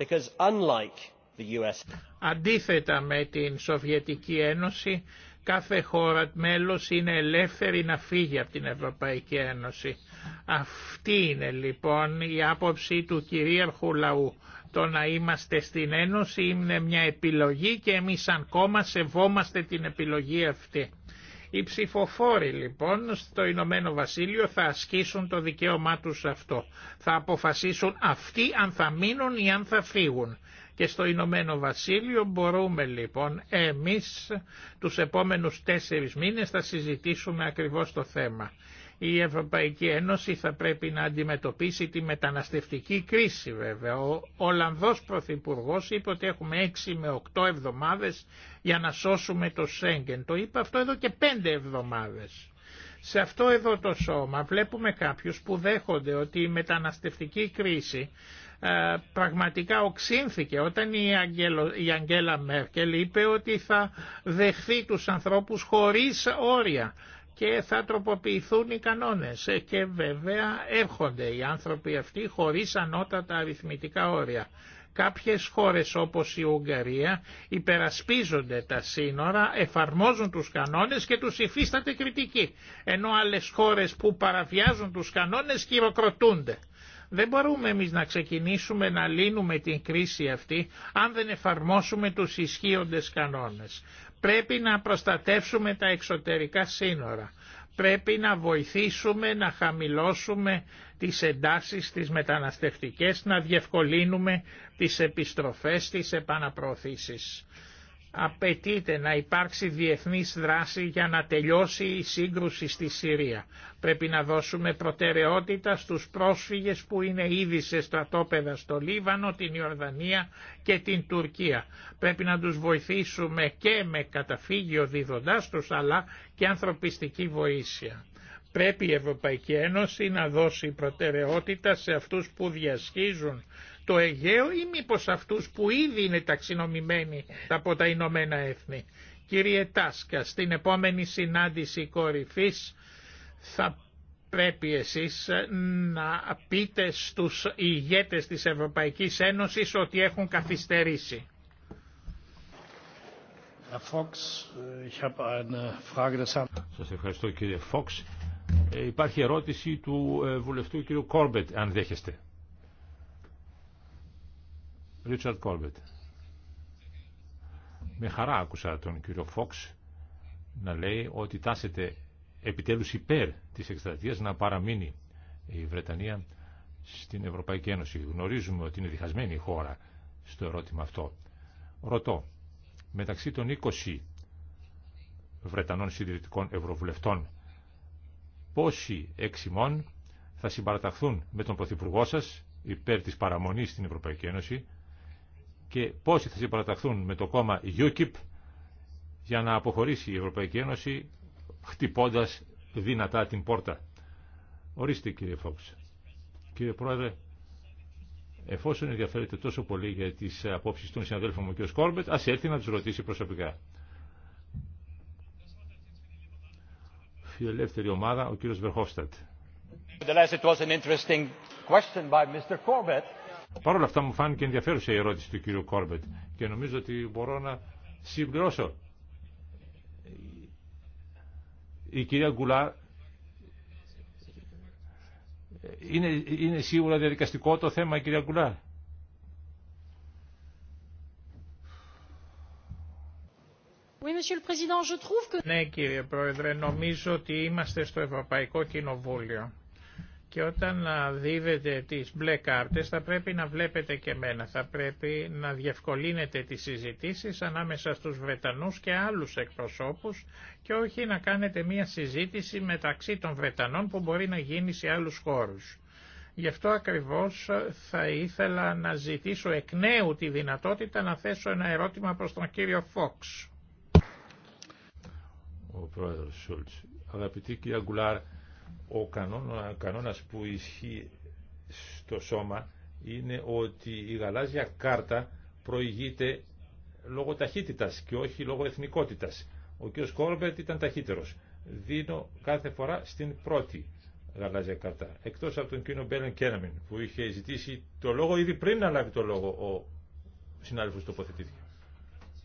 Because unlike Αντίθετα με την Σοβιετική Ένωση, κάθε χώρα μέλος είναι ελεύθερη να φύγει από την Ευρωπαϊκή Ένωση. Αυτή είναι λοιπόν η άποψη του κυρίαρχου λαού. Το να είμαστε στην Ένωση είναι μια επιλογή και εμείς σαν κόμμα σεβόμαστε την επιλογή αυτή. Οι ψηφοφόροι λοιπόν στο Ηνωμένο Βασίλειο θα ασκήσουν το δικαίωμά τους αυτό. Θα αποφασίσουν αυτοί αν θα μείνουν ή αν θα φύγουν και στο Ηνωμένο Βασίλειο μπορούμε λοιπόν εμείς τους επόμενους τέσσερις μήνες θα συζητήσουμε ακριβώς το θέμα. Η Ευρωπαϊκή Ένωση θα πρέπει να αντιμετωπίσει τη μεταναστευτική κρίση βέβαια. Ο Ολλανδός Πρωθυπουργό είπε ότι έχουμε 6 με 8 εβδομάδες για να σώσουμε το Σέγγεν. Το είπε αυτό εδώ και πέντε εβδομάδες. Σε αυτό εδώ το σώμα βλέπουμε κάποιους που δέχονται ότι η μεταναστευτική κρίση ε, πραγματικά οξύνθηκε όταν η, Αγγέλο, η Αγγέλα Μέρκελ είπε ότι θα δεχθεί τους ανθρώπους χωρίς όρια και θα τροποποιηθούν οι κανόνες ε, και βέβαια έρχονται οι άνθρωποι αυτοί χωρίς ανώτατα αριθμητικά όρια. Κάποιες χώρες όπως η Ουγγαρία υπερασπίζονται τα σύνορα, εφαρμόζουν τους κανόνες και τους υφίσταται κριτική, ενώ άλλες χώρες που παραβιάζουν τους κανόνες χειροκροτούνται. Δεν μπορούμε εμείς να ξεκινήσουμε να λύνουμε την κρίση αυτή αν δεν εφαρμόσουμε τους ισχύοντες κανόνες. Πρέπει να προστατεύσουμε τα εξωτερικά σύνορα. Πρέπει να βοηθήσουμε να χαμηλώσουμε τις εντάσεις τις μεταναστευτικές, να διευκολύνουμε τις επιστροφές, τις επαναπροωθήσεις απαιτείται να υπάρξει διεθνής δράση για να τελειώσει η σύγκρουση στη Συρία. Πρέπει να δώσουμε προτεραιότητα στους πρόσφυγες που είναι ήδη σε στρατόπεδα στο Λίβανο, την Ιορδανία και την Τουρκία. Πρέπει να τους βοηθήσουμε και με καταφύγιο δίδοντάς τους αλλά και ανθρωπιστική βοήθεια. Πρέπει η Ευρωπαϊκή Ένωση να δώσει προτεραιότητα σε αυτούς που διασχίζουν το Αιγαίο ή μήπως αυτούς που ήδη είναι ταξινομημένοι από τα Ηνωμένα Έθνη. Κύριε Τάσκα, στην επόμενη συνάντηση κορυφής θα πρέπει εσείς να πείτε στους ηγέτες της Ευρωπαϊκής Ένωσης ότι έχουν καθυστερήσει.
Σας ευχαριστώ κύριε Φόξ. Ε, υπάρχει ερώτηση του ε, βουλευτού κύριου Κόρμπετ, αν δέχεστε. Ρίτσαρτ Κόλβετ. Με χαρά άκουσα τον κύριο Φόξ να λέει ότι τάσεται επιτέλους υπέρ της εκστρατείας να παραμείνει η Βρετανία στην Ευρωπαϊκή Ένωση. Γνωρίζουμε ότι είναι διχασμένη η χώρα στο ερώτημα αυτό. Ρωτώ, μεταξύ των 20 Βρετανών συντηρητικών ευρωβουλευτών πόσοι έξιμών θα συμπαραταχθούν με τον Πρωθυπουργό σας υπέρ της παραμονής στην Ευρωπαϊκή Ένωση και πόσοι θα συμπαραταχθούν με το κόμμα UKIP για να αποχωρήσει η Ευρωπαϊκή Ένωση χτυπώντας δυνατά την πόρτα. Ορίστε κύριε Φόξ. Κύριε Πρόεδρε, εφόσον ενδιαφέρεται τόσο πολύ για τις απόψεις των συναδέλφων μου και ο Σκόρμπετ, ας έρθει να τους ρωτήσει προσωπικά. Φιλελεύθερη ομάδα, ο κύριος Βερχόφστατ. Παρ' όλα αυτά μου φάνηκε ενδιαφέρουσα η ερώτηση του κύριου Κόρμπετ και νομίζω ότι μπορώ να συμπληρώσω. Η κυρία Γκουλά... είναι, είναι σίγουρα διαδικαστικό το θέμα, η κυρία Γκουλάρ.
Ναι
κύριε Πρόεδρε, νομίζω ότι είμαστε στο Ευρωπαϊκό Κοινοβούλιο και όταν δίδετε τις μπλε κάρτες θα πρέπει να βλέπετε και μένα, θα πρέπει να διευκολύνετε τις συζητήσεις ανάμεσα στους Βρετανούς και άλλους εκπροσώπους και όχι να κάνετε μία συζήτηση μεταξύ των Βρετανών που μπορεί να γίνει σε άλλους χώρους. Γι' αυτό ακριβώς θα ήθελα να ζητήσω εκ νέου τη δυνατότητα να θέσω ένα ερώτημα προς τον κύριο Φόξ.
Ο πρόεδρος Αγαπητή ο κανόνας που ισχύει στο σώμα είναι ότι η γαλάζια κάρτα προηγείται λόγω ταχύτητας και όχι λόγω εθνικότητας. Ο κ. Κόρμπερτ ήταν ταχύτερος. Δίνω κάθε φορά στην πρώτη γαλάζια κάρτα. Εκτός από τον κ. Μπέλεν Κέναμιν που είχε ζητήσει το λόγο ήδη πριν να λάβει το λόγο ο συνάδελφος τοποθετήθηκε.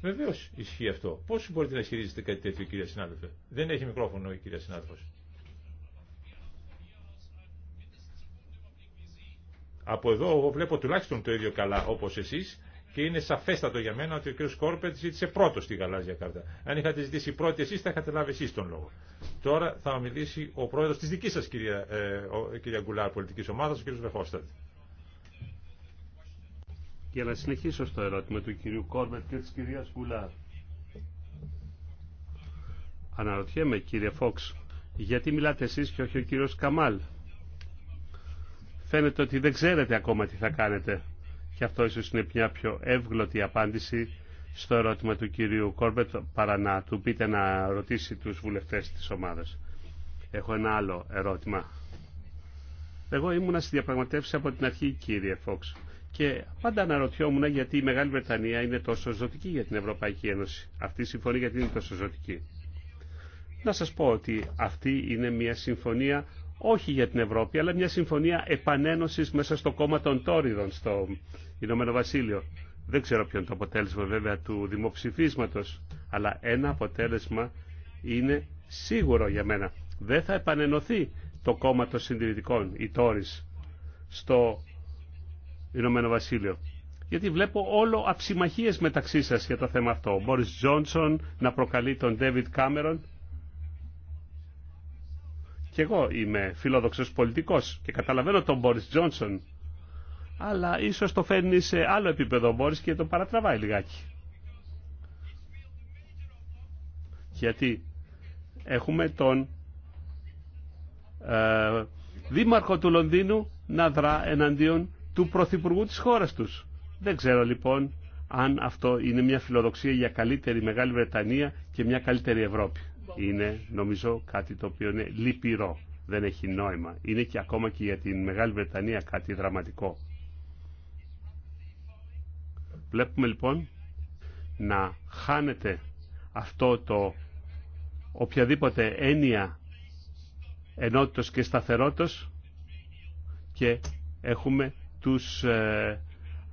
Βεβαίω ισχύει αυτό. Πώ μπορείτε να ισχυρίζετε κάτι τέτοιο, κυρία συνάδελφε. Δεν έχει μικρόφωνο η κυρία συνάδελφος. από εδώ εγώ βλέπω τουλάχιστον το ίδιο καλά όπως εσείς και είναι σαφέστατο για μένα ότι ο κ. Κόρπετ ζήτησε πρώτο τη γαλάζια κάρτα. Αν είχατε ζητήσει πρώτη εσεί, θα είχατε λάβει εσεί τον λόγο. Τώρα θα μιλήσει ο πρόεδρο τη δική σα κυρία, ε, κυρία Γκουλάρ πολιτική
ομάδα, ο κ. Βεχόστατ. Για να συνεχίσω στο ερώτημα του κυρίου Κόρπετ και τη κυρία Γκουλάρ. Αναρωτιέμαι κύριε Φόξ, γιατί μιλάτε εσεί και όχι ο κύριο Καμάλ φαίνεται ότι δεν ξέρετε ακόμα τι θα κάνετε. Και αυτό ίσως είναι μια πιο εύγλωτη απάντηση στο ερώτημα του κυρίου Κόρμπετ παρά να του πείτε να ρωτήσει τους βουλευτές της ομάδας. Έχω ένα άλλο ερώτημα. Εγώ ήμουνα στη διαπραγματεύση από την αρχή, κύριε Φόξ. Και πάντα αναρωτιόμουν γιατί η Μεγάλη Βρετανία είναι τόσο ζωτική για την Ευρωπαϊκή Ένωση. Αυτή η συμφωνία γιατί είναι τόσο ζωτική. Να σας πω ότι αυτή είναι μια συμφωνία όχι για την Ευρώπη, αλλά μια συμφωνία επανένωσης μέσα στο κόμμα των Τόριδων στο Ηνωμένο Βασίλειο. Δεν ξέρω ποιο είναι το αποτέλεσμα βέβαια του δημοψηφίσματος, αλλά ένα αποτέλεσμα είναι σίγουρο για μένα. Δεν θα επανενωθεί το κόμμα των συντηρητικών, η Τόρις, στο Ηνωμένο Βασίλειο. Γιατί βλέπω όλο αψιμαχίες μεταξύ σας για το θέμα αυτό. Ο Τζόνσον να προκαλεί τον Ντέβιτ Κάμερον και εγώ είμαι φιλόδοξος πολιτικός και καταλαβαίνω τον Μπόρις Τζόνσον. Αλλά ίσως το φέρνει σε άλλο επίπεδο ο Μπόρις και τον παρατραβάει λιγάκι. Γιατί έχουμε τον ε, δήμαρχο του Λονδίνου να δρά εναντίον του πρωθυπουργού της χώρας τους. Δεν ξέρω λοιπόν αν αυτό είναι μια φιλοδοξία για καλύτερη Μεγάλη Βρετανία και μια καλύτερη Ευρώπη είναι νομίζω κάτι το οποίο είναι λυπηρό, δεν έχει νόημα. Είναι και ακόμα και για την Μεγάλη Βρετανία κάτι δραματικό. Βλέπουμε λοιπόν να χάνεται αυτό το οποιαδήποτε έννοια ενότητος και σταθερότητος και έχουμε τους ε,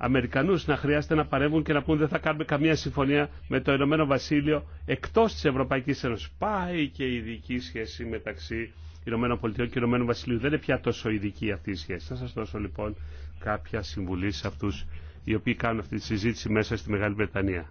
Αμερικανού να χρειάζεται να παρεύουν και να πούν δεν θα κάνουμε καμία συμφωνία με το Ηνωμένο Βασίλειο εκτό τη Ευρωπαϊκή Ένωση. Πάει και η ειδική σχέση μεταξύ Ηνωμένων Πολιτειών και Ηνωμένου Βασιλείου. Δεν είναι πια τόσο ειδική αυτή η σχέση. Θα σα δώσω λοιπόν κάποια συμβουλή σε αυτού οι οποίοι κάνουν αυτή τη συζήτηση μέσα στη Μεγάλη Βρετανία.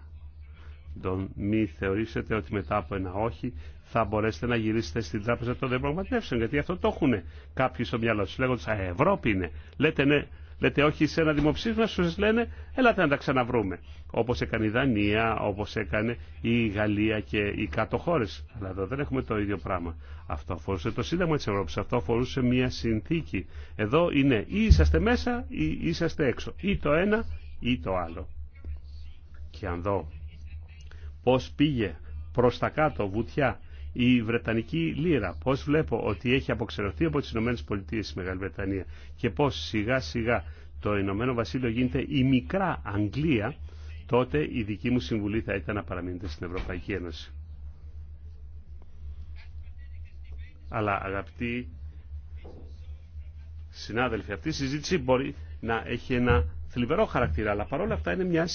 Τον μη θεωρήσετε ότι μετά από ένα όχι θα μπορέσετε να γυρίσετε στην τράπεζα των διαπραγματεύσεων. Γιατί αυτό το έχουν κάποιοι στο μυαλό του. Λέγοντα Α, Ευρώπη είναι. Λέτε ναι, λέτε όχι σε ένα δημοψήφισμα, σου λένε ελάτε να τα ξαναβρούμε. Όπως έκανε η Δανία, όπως έκανε η Γαλλία και οι κάτω χώρε. Αλλά εδώ δεν έχουμε το ίδιο πράγμα. Αυτό αφορούσε το Σύνταγμα της Ευρώπη. αυτό αφορούσε μια συνθήκη. Εδώ είναι ή είσαστε μέσα ή είσαστε έξω. Ή το ένα ή το άλλο. Και αν δω πώς πήγε προ τα κάτω βουτιά η Βρετανική Λύρα. Πώς βλέπω ότι έχει αποξερωθεί από τις Ηνωμένες Πολιτείες η Μεγάλη Βρετανία και πώς σιγά σιγά το Ηνωμένο Βασίλειο γίνεται η μικρά Αγγλία, τότε η δική μου συμβουλή θα ήταν να παραμείνετε στην Ευρωπαϊκή Ένωση. Αλλά αγαπητοί συνάδελφοι, αυτή η συζήτηση μπορεί να έχει ένα θλιβερό χαρακτήρα, αλλά παρόλα αυτά είναι μια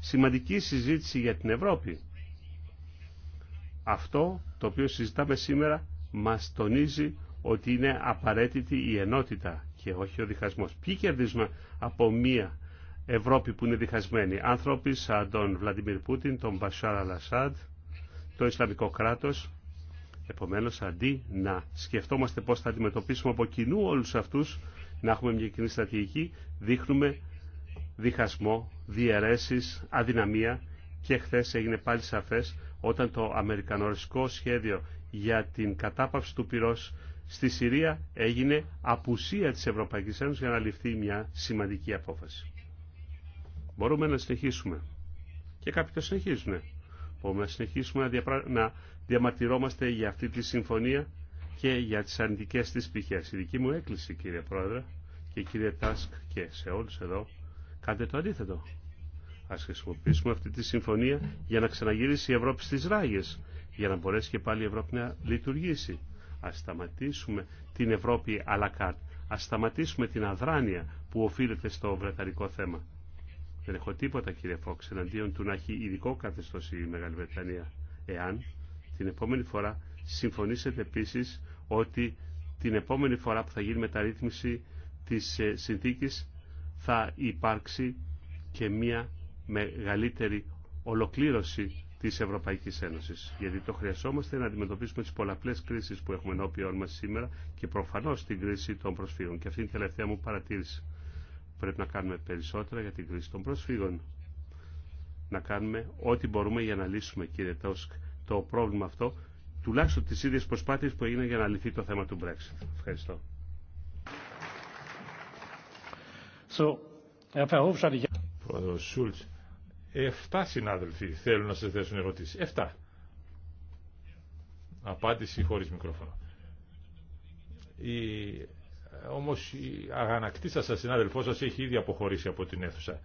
σημαντική συζήτηση για την Ευρώπη. Αυτό το οποίο συζητάμε σήμερα μας τονίζει ότι είναι απαραίτητη η ενότητα και όχι ο διχασμός. Ποιοι κερδίζουμε από μία Ευρώπη που είναι διχασμένη. Άνθρωποι σαν τον Βλαντιμίρ Πούτιν, τον Μπασάρα Λασάντ, το Ισλαμικό κράτος. Επομένως, αντί να σκεφτόμαστε πώς θα αντιμετωπίσουμε από κοινού όλους αυτούς, να έχουμε μια κοινή στρατηγική, δείχνουμε διχασμό, διαιρέσεις, αδυναμία και χθε έγινε πάλι σαφές όταν το Αμερικανοριστικό σχέδιο για την κατάπαυση του πυρός στη Συρία έγινε απουσία της Ευρωπαϊκής Ένωσης για να ληφθεί μια σημαντική απόφαση. Μπορούμε να συνεχίσουμε. Και κάποιοι το συνεχίζουν. Μπορούμε να συνεχίσουμε να, διαπρα... διαμαρτυρόμαστε για αυτή τη συμφωνία και για τις αρνητικές της πτυχές. Η δική μου έκκληση κύριε Πρόεδρε και κύριε Τάσκ και σε όλους εδώ κάντε το αντίθετο. Ας χρησιμοποιήσουμε αυτή τη συμφωνία για να ξαναγυρίσει η Ευρώπη στις ράγες, για να μπορέσει και πάλι η Ευρώπη να λειτουργήσει. Ας σταματήσουμε την Ευρώπη à la carte. Ας σταματήσουμε την αδράνεια που οφείλεται στο βρετανικό θέμα. Δεν έχω τίποτα κύριε Φόξ εναντίον του να έχει ειδικό καθεστώ η Μεγάλη Βρετανία. Εάν την επόμενη φορά συμφωνήσετε επίση ότι την επόμενη φορά που θα γίνει μεταρρύθμιση της ε, συνθήκη θα υπάρξει και μία μεγαλύτερη ολοκλήρωση τη Ευρωπαϊκή Ένωση. Γιατί το χρειαζόμαστε να αντιμετωπίσουμε τι πολλαπλέ κρίσει που έχουμε ενώπιόν μα σήμερα και προφανώ την κρίση των προσφύγων. Και αυτή είναι η τελευταία μου παρατήρηση. Πρέπει να κάνουμε περισσότερα για την κρίση των προσφύγων. Να κάνουμε ό,τι μπορούμε για να λύσουμε, κύριε Τόσκ, το πρόβλημα αυτό, τουλάχιστον τι ίδιε προσπάθειε που έγιναν για να λυθεί το θέμα του Brexit. Ευχαριστώ. So,
Εφτά συνάδελφοι θέλουν να σας θέσουν ερωτήσεις. Εφτά. Απάντηση χωρίς μικρόφωνο. Η... Όμως η αγανακτή σας συνάδελφό συνάδελφός σας έχει ήδη αποχωρήσει από την αίθουσα.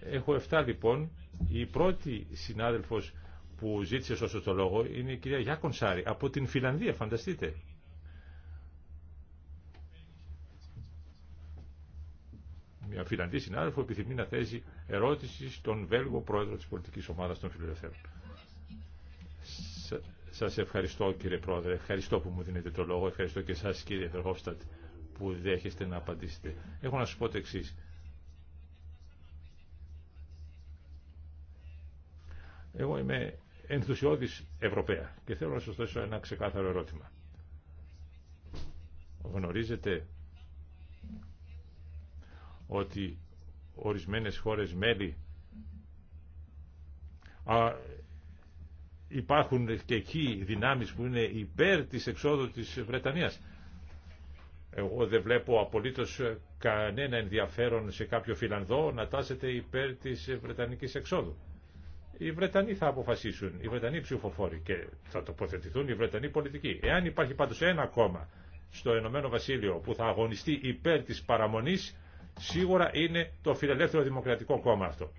Έχω 7 λοιπόν. Η πρώτη συνάδελφος που ζήτησε όσο το λόγο είναι η κυρία Γιάκον Σάρη από την Φιλανδία, φανταστείτε. μια φιλανδή συνάδελφο επιθυμεί να θέσει ερώτηση στον Βέλγο πρόεδρο της πολιτικής ομάδας των φιλελευθέρων. Σας ευχαριστώ κύριε πρόεδρε, ευχαριστώ που μου δίνετε το λόγο, ευχαριστώ και εσάς κύριε Φερχόφστατ που δέχεστε να απαντήσετε. Έχω να σας πω το εξή. Εγώ είμαι ενθουσιώδης Ευρωπαία και θέλω να σας δώσω ένα ξεκάθαρο ερώτημα. Γνωρίζετε ότι ορισμένες χώρες μέλη α, υπάρχουν και εκεί δυνάμεις που είναι υπέρ της εξόδου της Βρετανίας. Εγώ δεν βλέπω απολύτως κανένα ενδιαφέρον σε κάποιο Φιλανδό να τάσεται υπέρ της Βρετανικής εξόδου. Οι Βρετανοί θα αποφασίσουν, οι Βρετανοί ψηφοφόροι και θα τοποθετηθούν οι Βρετανοί πολιτικοί. Εάν υπάρχει πάντως ένα κόμμα στο Ενωμένο Βασίλειο που θα αγωνιστεί υπέρ της παραμονής, σίγουρα είναι το φιλελεύθερο δημοκρατικό κόμμα αυτό.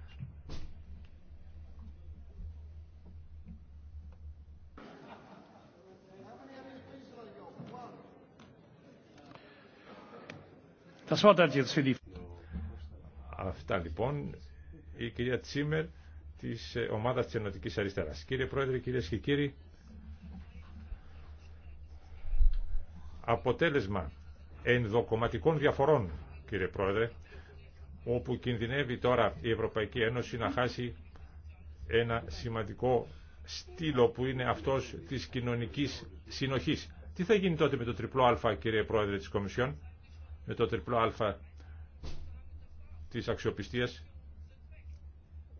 Αυτά λοιπόν η κυρία Τσίμερ της ε, ομάδας της Ενωτικής Αριστεράς. Κύριε Πρόεδρε, κυρίε και κύριοι, αποτέλεσμα ενδοκομματικών διαφορών κύριε Πρόεδρε, όπου κινδυνεύει τώρα η Ευρωπαϊκή Ένωση να χάσει ένα σημαντικό στήλο που είναι αυτός της κοινωνικής συνοχής. Τι θα γίνει τότε με το τριπλό α, κύριε Πρόεδρε της Κομισιόν, με το τριπλό α της αξιοπιστίας.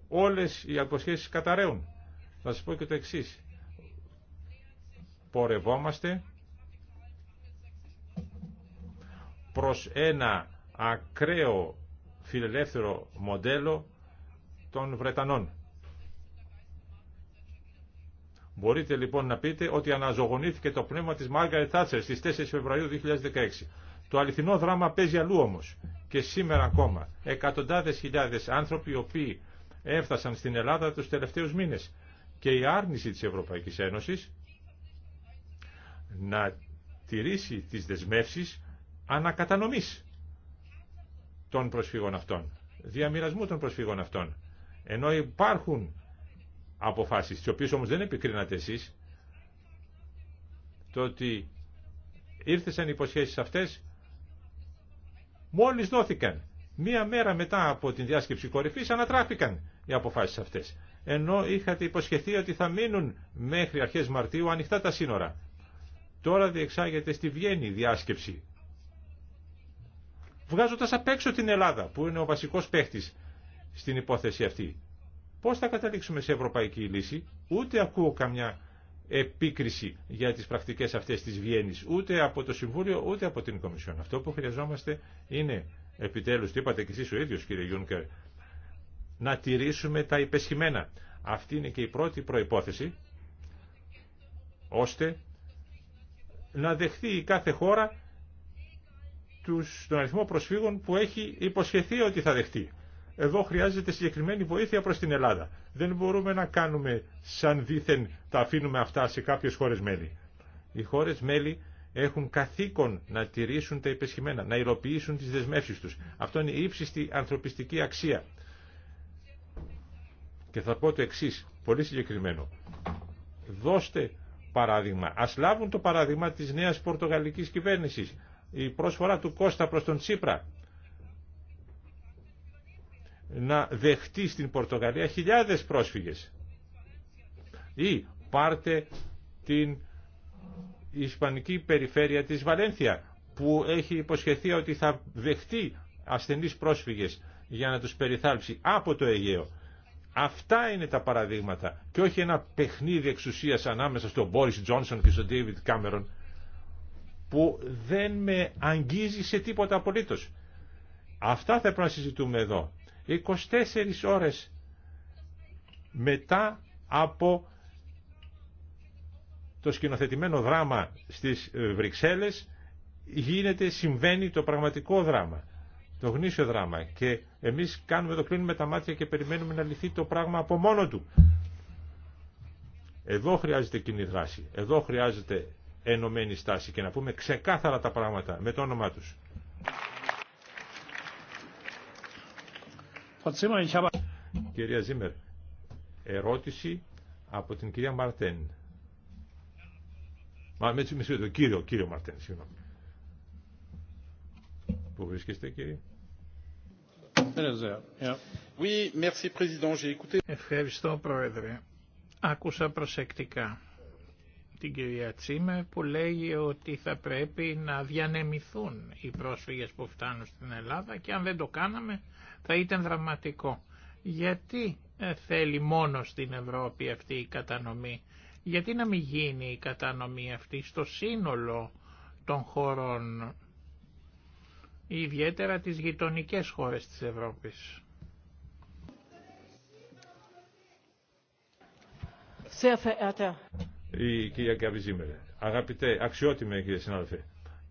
Όλες οι αποσχέσεις καταραίουν. Θα σας πω και το εξή. Πορευόμαστε προς ένα ακραίο φιλελεύθερο μοντέλο των Βρετανών. Μπορείτε λοιπόν να πείτε ότι αναζωογονήθηκε το πνεύμα της Μάργαρετ Τάτσερ στις 4 Φεβρουαρίου 2016. Το αληθινό δράμα παίζει αλλού όμως και σήμερα ακόμα. Εκατοντάδες χιλιάδες άνθρωποι οι οποίοι έφτασαν στην Ελλάδα τους τελευταίους μήνες και η άρνηση της Ευρωπαϊκής Ένωσης να τηρήσει τις δεσμεύσεις ανακατανομής των προσφύγων αυτών, διαμοιρασμού των προσφύγων αυτών. Ενώ υπάρχουν αποφάσεις, τις οποίες όμως δεν επικρίνατε εσείς, το ότι ήρθεσαν οι υποσχέσεις αυτές μόλις δόθηκαν. Μία μέρα μετά από την διάσκεψη κορυφής ανατράφηκαν οι αποφάσεις αυτές. Ενώ είχατε υποσχεθεί ότι θα μείνουν μέχρι αρχές Μαρτίου ανοιχτά τα σύνορα. Τώρα διεξάγεται στη Βιέννη διάσκεψη Βγάζοντα απ' έξω την Ελλάδα που είναι ο βασικός παίχτη στην υπόθεση αυτή. Πώς θα καταλήξουμε σε ευρωπαϊκή λύση, ούτε ακούω καμιά επίκριση για τις πρακτικές αυτές τη Βιέννης, ούτε από το Συμβούλιο, ούτε από την Κομισιόν. Αυτό που χρειαζόμαστε είναι, επιτέλους, το είπατε και εσεί ο ίδιο, κύριε Γιούνκερ, να τηρήσουμε τα υπεσχημένα. Αυτή είναι και η πρώτη προϋπόθεση, ώστε να δεχθεί η κάθε χώρα τους, τον αριθμό προσφύγων που έχει υποσχεθεί ότι θα δεχτεί. Εδώ χρειάζεται συγκεκριμένη βοήθεια προς την Ελλάδα. Δεν μπορούμε να κάνουμε σαν δήθεν τα αφήνουμε αυτά σε κάποιες χώρες μέλη. Οι χώρες μέλη έχουν καθήκον να τηρήσουν τα υπεσχημένα, να υλοποιήσουν τις δεσμεύσεις τους. Αυτό είναι η ύψιστη ανθρωπιστική αξία. Και θα πω το εξή, πολύ συγκεκριμένο. Δώστε παράδειγμα. Ας λάβουν το παράδειγμα της νέας πορτογαλικής κυβέρνησης η πρόσφορα του Κώστα προς τον Τσίπρα να δεχτεί στην Πορτογαλία χιλιάδες πρόσφυγες ή πάρτε την ισπανική περιφέρεια της Βαλένθια που έχει υποσχεθεί ότι θα δεχτεί ασθενείς πρόσφυγες για να τους περιθάλψει από το Αιγαίο. Αυτά είναι τα παραδείγματα και όχι ένα παιχνίδι εξουσίας ανάμεσα στον Μπόρις Τζόνσον και στον Ντέιβιτ Κάμερον που δεν με αγγίζει σε τίποτα απολύτως. Αυτά θα πρέπει να συζητούμε εδώ. 24 ώρες μετά από το σκηνοθετημένο δράμα στις ε, Βρυξέλλες γίνεται, συμβαίνει το πραγματικό δράμα, το γνήσιο δράμα και εμείς κάνουμε το κλείνουμε τα μάτια και περιμένουμε να λυθεί το πράγμα από μόνο του. Εδώ χρειάζεται κοινή δράση, εδώ χρειάζεται ενωμένη στάση και να πούμε ξεκάθαρα τα πράγματα με το όνομά τους. Κυρία Ζήμερ, ερώτηση από την κυρία Μαρτέν. Μα με το κύριο, κύριο Μαρτέν, συγγνώμη. Πού βρίσκεστε κύριε.
Ευχαριστώ Πρόεδρε. Άκουσα προσεκτικά την κυρία Τσίμε που λέει ότι θα πρέπει να διανεμηθούν οι πρόσφυγες που φτάνουν στην Ελλάδα και αν δεν το κάναμε θα ήταν δραματικό. Γιατί ε, θέλει μόνο στην Ευρώπη αυτή η κατανομή. Γιατί να μην γίνει η κατανομή αυτή στο σύνολο των χωρών, ιδιαίτερα τις γειτονικές χώρες της Ευρώπης.
Sehr verehrter
η κυρία Γκάβη Αγαπητέ, αξιότιμε κύριε συνάδελφε,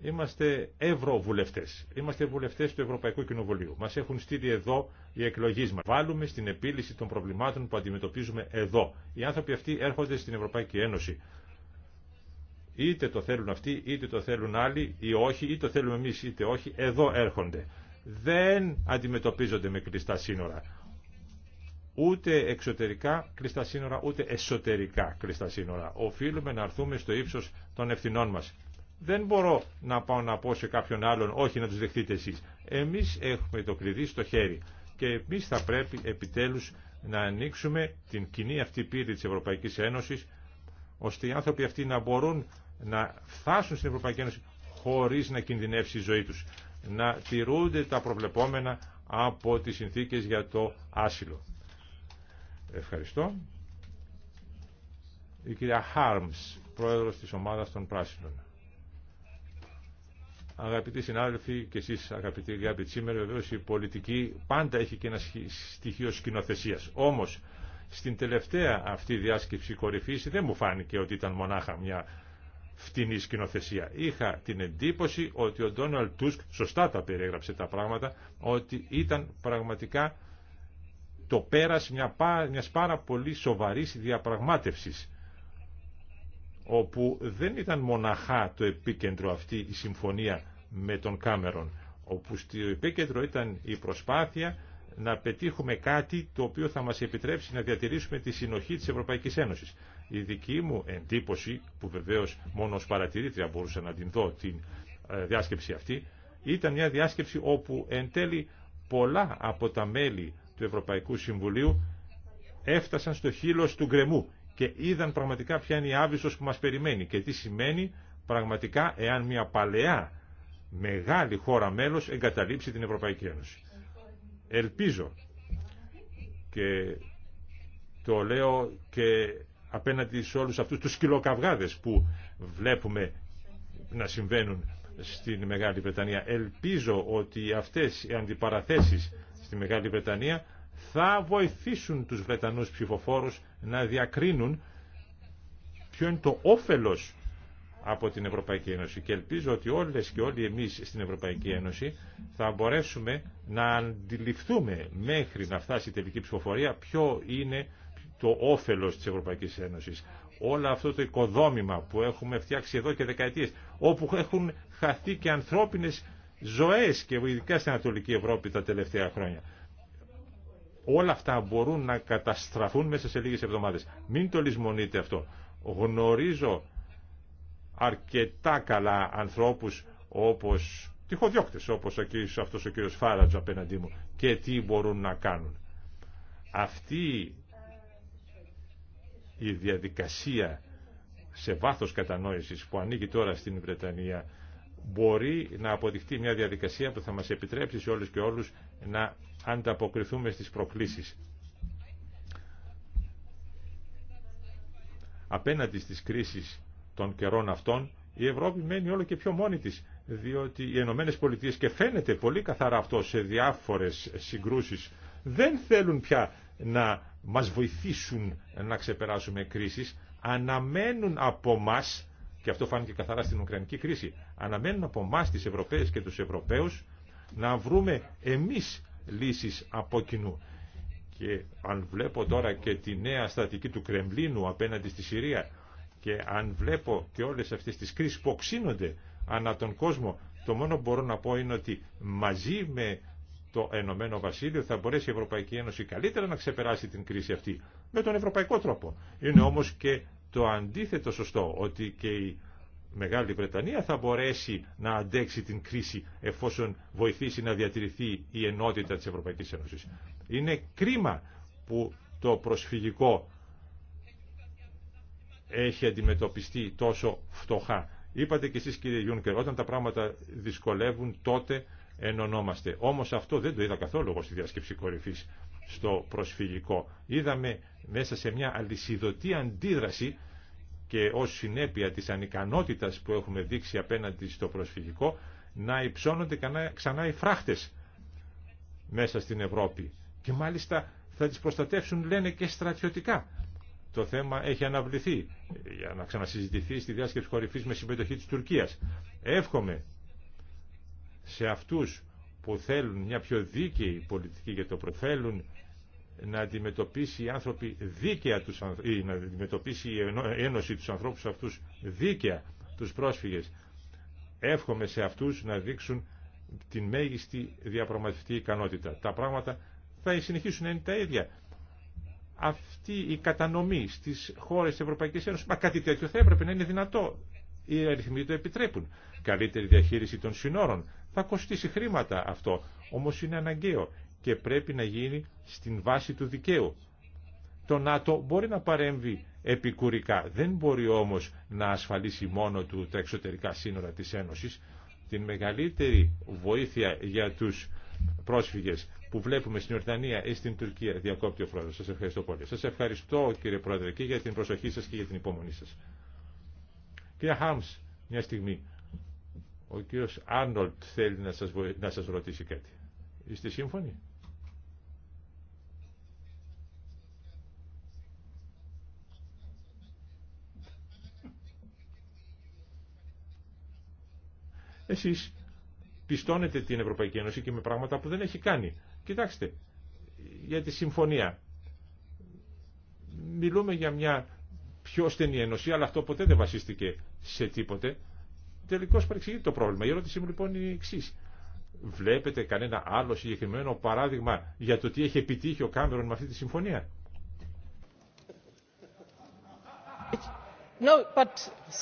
είμαστε ευρωβουλευτέ. Είμαστε βουλευτέ του Ευρωπαϊκού Κοινοβουλίου. Μα έχουν στείλει εδώ οι εκλογέ μα. Βάλουμε στην επίλυση των προβλημάτων που αντιμετωπίζουμε εδώ. Οι άνθρωποι αυτοί έρχονται στην Ευρωπαϊκή Ένωση. Είτε το θέλουν αυτοί, είτε το θέλουν άλλοι, ή όχι, είτε το θέλουμε εμεί, είτε όχι, εδώ έρχονται. Δεν αντιμετωπίζονται με κλειστά σύνορα ούτε εξωτερικά κλειστά σύνορα, ούτε εσωτερικά κλειστά σύνορα. Οφείλουμε να έρθουμε στο ύψο των ευθυνών μα. Δεν μπορώ να πάω να πω σε κάποιον άλλον, όχι να του δεχτείτε εσεί. Εμεί έχουμε το κλειδί στο χέρι και εμεί θα πρέπει επιτέλου να ανοίξουμε την κοινή αυτή πύλη της Ευρωπαϊκής Ένωσης, ώστε οι άνθρωποι αυτοί να μπορούν να φτάσουν στην Ευρωπαϊκή Ένωση χωρί να κινδυνεύσει η ζωή του, Να τηρούνται τα προβλεπόμενα από τις συνθήκες για το άσυλο. Ευχαριστώ. Η κυρία Χάρμς, πρόεδρος της ομάδας των Πράσινων. Αγαπητοί συνάδελφοι και εσείς αγαπητοί αγαπητοί σήμερα, βεβαίως η πολιτική πάντα έχει και ένα στοιχείο σκηνοθεσίας. Όμως, στην τελευταία αυτή διάσκεψη κορυφής δεν μου φάνηκε ότι ήταν μονάχα μια φτηνή σκηνοθεσία. Είχα την εντύπωση ότι ο Ντόναλτ Τούσκ σωστά τα περιέγραψε τα πράγματα, ότι ήταν πραγματικά το πέρας μια, μιας πάρα πολύ σοβαρής διαπραγμάτευσης όπου δεν ήταν μοναχά το επίκεντρο αυτή η συμφωνία με τον Κάμερον όπου στο επίκεντρο ήταν η προσπάθεια να πετύχουμε κάτι το οποίο θα μας επιτρέψει να διατηρήσουμε τη συνοχή της Ευρωπαϊκής Ένωσης. Η δική μου εντύπωση, που βεβαίως μόνο ως παρατηρήτρια μπορούσα να την δω την ε, διάσκεψη αυτή, ήταν μια διάσκεψη όπου εν τέλει πολλά από τα μέλη του Ευρωπαϊκού Συμβουλίου έφτασαν στο χείλος του γκρεμού και είδαν πραγματικά ποια είναι η άβυσος που μας περιμένει και τι σημαίνει πραγματικά εάν μια παλαιά μεγάλη χώρα μέλος εγκαταλείψει την Ευρωπαϊκή Ένωση. Ελπίζω και το λέω και απέναντι σε όλους αυτούς τους σκυλοκαυγάδες που βλέπουμε να συμβαίνουν στην Μεγάλη Βρετανία. Ελπίζω ότι αυτές οι αντιπαραθέσεις στη Μεγάλη Βρετανία θα βοηθήσουν τους Βρετανούς ψηφοφόρους να διακρίνουν ποιο είναι το όφελος από την Ευρωπαϊκή Ένωση και ελπίζω ότι όλες και όλοι εμείς στην Ευρωπαϊκή Ένωση θα μπορέσουμε να αντιληφθούμε μέχρι να φτάσει η τελική ψηφοφορία ποιο είναι το όφελος της Ευρωπαϊκής Ένωσης. Όλο αυτό το οικοδόμημα που έχουμε φτιάξει εδώ και δεκαετίες, όπου έχουν χαθεί και ανθρώπινες ζωές και ειδικά στην Ανατολική Ευρώπη τα τελευταία χρόνια. Όλα αυτά μπορούν να καταστραφούν μέσα σε λίγες εβδομάδες. Μην το λησμονείτε αυτό. Γνωρίζω αρκετά καλά ανθρώπους όπως τυχοδιώκτες, όπως αυτός ο κύριος Φάρατζο απέναντί μου και τι μπορούν να κάνουν. Αυτή η διαδικασία σε βάθος κατανόησης που ανοίγει τώρα στην Βρετανία μπορεί να αποδειχτεί μια διαδικασία που θα μας επιτρέψει σε όλους και όλους να ανταποκριθούμε στις προκλήσεις. Απέναντι στις κρίσεις των καιρών αυτών, η Ευρώπη μένει όλο και πιο μόνη της, διότι οι Ηνωμένε Πολιτείε και φαίνεται πολύ καθαρά αυτό σε διάφορες συγκρούσεις, δεν θέλουν πια να μας βοηθήσουν να ξεπεράσουμε κρίσεις, αναμένουν από μας και αυτό φάνηκε καθαρά στην Ουκρανική κρίση. Αναμένουν από εμά τι Ευρωπαίε και τους Ευρωπαίους να βρούμε εμείς λύσεις από κοινού. Και αν βλέπω τώρα και τη νέα στατική του Κρεμλίνου απέναντι στη Συρία και αν βλέπω και όλες αυτές τις κρίσεις που οξύνονται ανά τον κόσμο, το μόνο που μπορώ να πω είναι ότι μαζί με το Ενωμένο Βασίλειο θα μπορέσει η Ευρωπαϊκή Ένωση καλύτερα να ξεπεράσει την κρίση αυτή με τον ευρωπαϊκό τρόπο. Είναι όμως και το αντίθετο σωστό, ότι και η Μεγάλη Βρετανία θα μπορέσει να αντέξει την κρίση εφόσον βοηθήσει να διατηρηθεί η ενότητα της Ευρωπαϊκής Ένωσης. Είναι κρίμα που το προσφυγικό έχει αντιμετωπιστεί τόσο φτωχά. Είπατε και εσείς κύριε Γιούνκερ, όταν τα πράγματα δυσκολεύουν τότε ενωνόμαστε. Όμως αυτό δεν το είδα καθόλου εγώ στη διάσκεψη κορυφής στο προσφυγικό. Είδαμε μέσα σε μια αλυσιδωτή αντίδραση και ως συνέπεια της ανικανότητας που έχουμε δείξει απέναντι στο προσφυγικό να υψώνονται ξανά οι φράχτες μέσα στην Ευρώπη και μάλιστα θα τις προστατεύσουν λένε και στρατιωτικά. Το θέμα έχει αναβληθεί για να ξανασυζητηθεί στη διάσκεψη κορυφής με συμμετοχή της Τουρκίας. Εύχομαι σε αυτούς που θέλουν μια πιο δίκαιη πολιτική για το προφέλουν να αντιμετωπίσει οι άνθρωποι δίκαια τους, ή να αντιμετωπίσει η Ένωση τους ανθρώπους αυτούς δίκαια τους πρόσφυγες. Εύχομαι σε αυτούς να δείξουν την μέγιστη διαπραγματευτική ικανότητα. Τα πράγματα θα συνεχίσουν να είναι τα ίδια. Αυτή η κατανομή στις χώρες της Ευρωπαϊκής Ένωσης, μα κάτι τέτοιο θα έπρεπε να είναι δυνατό. Οι αριθμοί το επιτρέπουν. Καλύτερη διαχείριση των συνόρων. Θα κοστίσει χρήματα αυτό, όμως είναι αναγκαίο και πρέπει να γίνει στην βάση του δικαίου. Το ΝΑΤΟ μπορεί να παρέμβει επικουρικά, δεν μπορεί όμως να ασφαλίσει μόνο του τα εξωτερικά σύνορα της Ένωσης. Την μεγαλύτερη βοήθεια για τους πρόσφυγες που βλέπουμε στην Ορτανία ή στην Τουρκία διακόπτει ο Πρόεδρος. Σας ευχαριστώ πολύ. Σας ευχαριστώ κύριε Πρόεδρε και για την προσοχή σας και για την υπομονή σας. Κύριε Χάμς, μια στιγμή. Ο κύριος Άρνολτ θέλει να σας, να σας ρωτήσει κάτι. Είστε σύμφωνοι? Εσείς πιστώνετε την Ευρωπαϊκή Ένωση και με πράγματα που δεν έχει κάνει. Κοιτάξτε, για τη συμφωνία. Μιλούμε για μια πιο στενή ενωσία, αλλά αυτό ποτέ δεν βασίστηκε σε τίποτε. Τελικώς παρεξηγείται το πρόβλημα. Η ερώτησή μου λοιπόν είναι η εξή. Βλέπετε κανένα άλλο συγκεκριμένο παράδειγμα για το τι έχει επιτύχει ο Κάμερον με αυτή τη συμφωνία. No,
but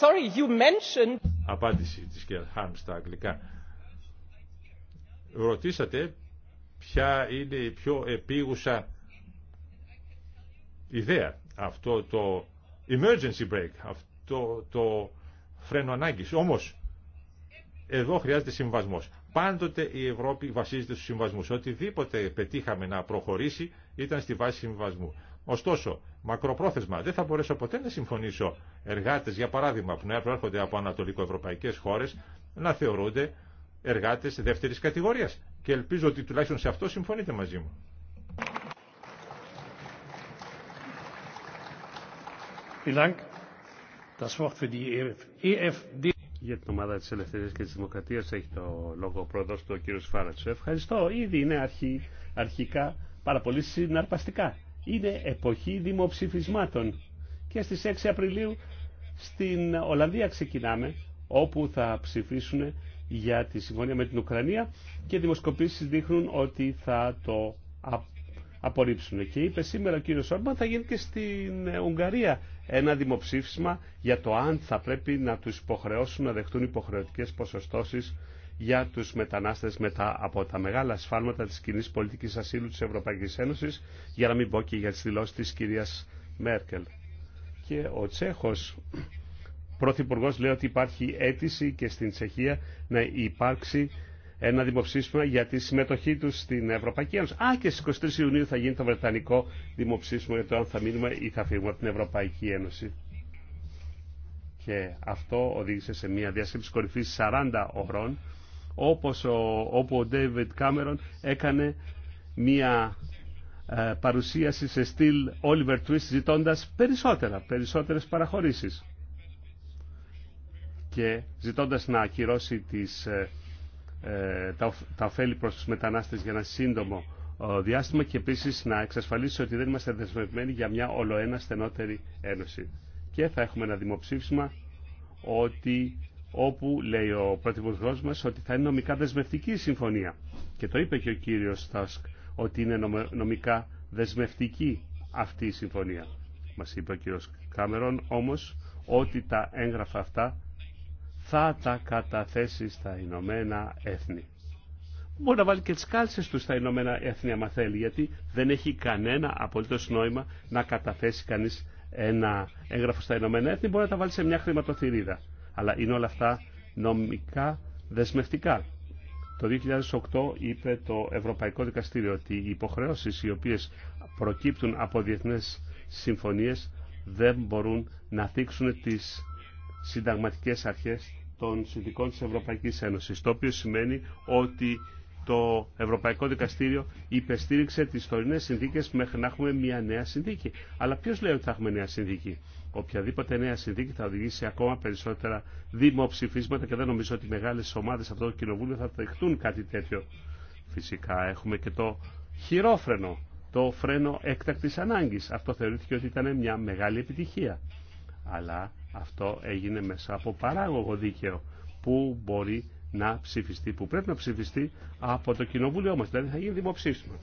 sorry, you mentioned
απάντηση της κυρία Χάμ στα αγγλικά. Ρωτήσατε ποια είναι η πιο επίγουσα ιδέα. Αυτό το emergency break, αυτό το φρένο ανάγκης. Όμως, εδώ χρειάζεται συμβασμός. Πάντοτε η Ευρώπη βασίζεται στους συμβασμούς. Οτιδήποτε πετύχαμε να προχωρήσει ήταν στη βάση συμβασμού. Ωστόσο, μακροπρόθεσμα. Δεν θα μπορέσω ποτέ να συμφωνήσω εργάτε, για παράδειγμα, που να προέρχονται από ανατολικοευρωπαϊκέ χώρε να θεωρούνται εργάτε δεύτερη κατηγορία. Και ελπίζω ότι τουλάχιστον σε αυτό συμφωνείτε μαζί μου.
E για την ομάδα τη Ελευθερία και τη Δημοκρατία έχει το λόγο ο πρόεδρο του, κ. Φάρατσου. Ευχαριστώ. Ήδη είναι αρχικά πάρα πολύ συναρπαστικά είναι εποχή δημοψηφισμάτων. Και στις 6 Απριλίου στην Ολλανδία ξεκινάμε, όπου θα ψηφίσουν για τη συμφωνία με την Ουκρανία και δημοσκοπήσεις δείχνουν ότι θα το απορρίψουν. Και είπε σήμερα ο κύριος Σόρμα θα γίνει και στην Ουγγαρία ένα δημοψήφισμα για το αν θα πρέπει να τους υποχρεώσουν να δεχτούν υποχρεωτικές ποσοστώσεις για τους μετανάστες μετά από τα μεγάλα σφάλματα της κοινή πολιτικής ασύλου της Ευρωπαϊκής Ένωσης, για να μην πω και για τις δηλώσεις της κυρίας Μέρκελ. Και ο Τσέχος Πρωθυπουργό λέει ότι υπάρχει αίτηση και στην Τσεχία να υπάρξει ένα δημοψήφισμα για τη συμμετοχή του στην Ευρωπαϊκή Ένωση. Α, και στι 23 Ιουνίου θα γίνει το Βρετανικό δημοψήφισμα για το αν θα μείνουμε ή θα φύγουμε από την Ευρωπαϊκή Ένωση. Και αυτό οδήγησε σε μια διάσκεψη κορυφή 40 ωρών όπως ο, όπου ο David Cameron έκανε μια ε, παρουσίαση σε στυλ Oliver Twist ζητώντας περισσότερα, περισσότερες παραχωρήσεις και ζητώντας να ακυρώσει τις, ε, ε, τα, τα ωφέλη προς τους μετανάστες για ένα σύντομο διάστημα και επίσης να εξασφαλίσει ότι δεν είμαστε δεσμευμένοι για μια ολοένα στενότερη ένωση. Και θα έχουμε ένα δημοψήφισμα ότι όπου λέει ο Πρωθυπουργό μα ότι θα είναι νομικά δεσμευτική η συμφωνία. Και το είπε και ο κύριο Στάσκ ότι είναι νομικά δεσμευτική αυτή η συμφωνία. Μα είπε ο κύριο Κάμερον όμω, ότι τα έγγραφα αυτά θα τα καταθέσει στα Ηνωμένα Έθνη. Μπορεί να βάλει και τις κάλσες του στα Ηνωμένα Έθνη άμα θέλει, γιατί δεν έχει κανένα απολύτως νόημα να καταθέσει κανείς ένα έγγραφο στα Ηνωμένα Έθνη, μπορεί να τα βάλει σε μια χρηματοθυρίδα αλλά είναι όλα αυτά νομικά δεσμευτικά. Το 2008 είπε το Ευρωπαϊκό Δικαστήριο ότι οι υποχρεώσεις οι οποίες προκύπτουν από διεθνές συμφωνίες δεν μπορούν να θίξουν τις συνταγματικές αρχές των συνδικών της Ευρωπαϊκής Ένωσης, το οποίο σημαίνει ότι το Ευρωπαϊκό Δικαστήριο υπεστήριξε τις τωρινές συνθήκες μέχρι να έχουμε μια νέα συνθήκη. Αλλά ποιος λέει ότι θα έχουμε νέα συνθήκη οποιαδήποτε νέα συνθήκη θα οδηγήσει ακόμα περισσότερα δημοψηφίσματα και δεν νομίζω ότι οι μεγάλες ομάδες το κοινοβούλιο θα δεχτούν κάτι τέτοιο. Φυσικά έχουμε και το χειρόφρενο, το φρένο έκτακτης ανάγκης. Αυτό θεωρήθηκε ότι ήταν μια μεγάλη επιτυχία. Αλλά αυτό έγινε μέσα από παράγωγο δίκαιο που μπορεί να ψηφιστεί, που πρέπει να ψηφιστεί από το κοινοβούλιο μας. Δηλαδή θα γίνει δημοψήφισμα.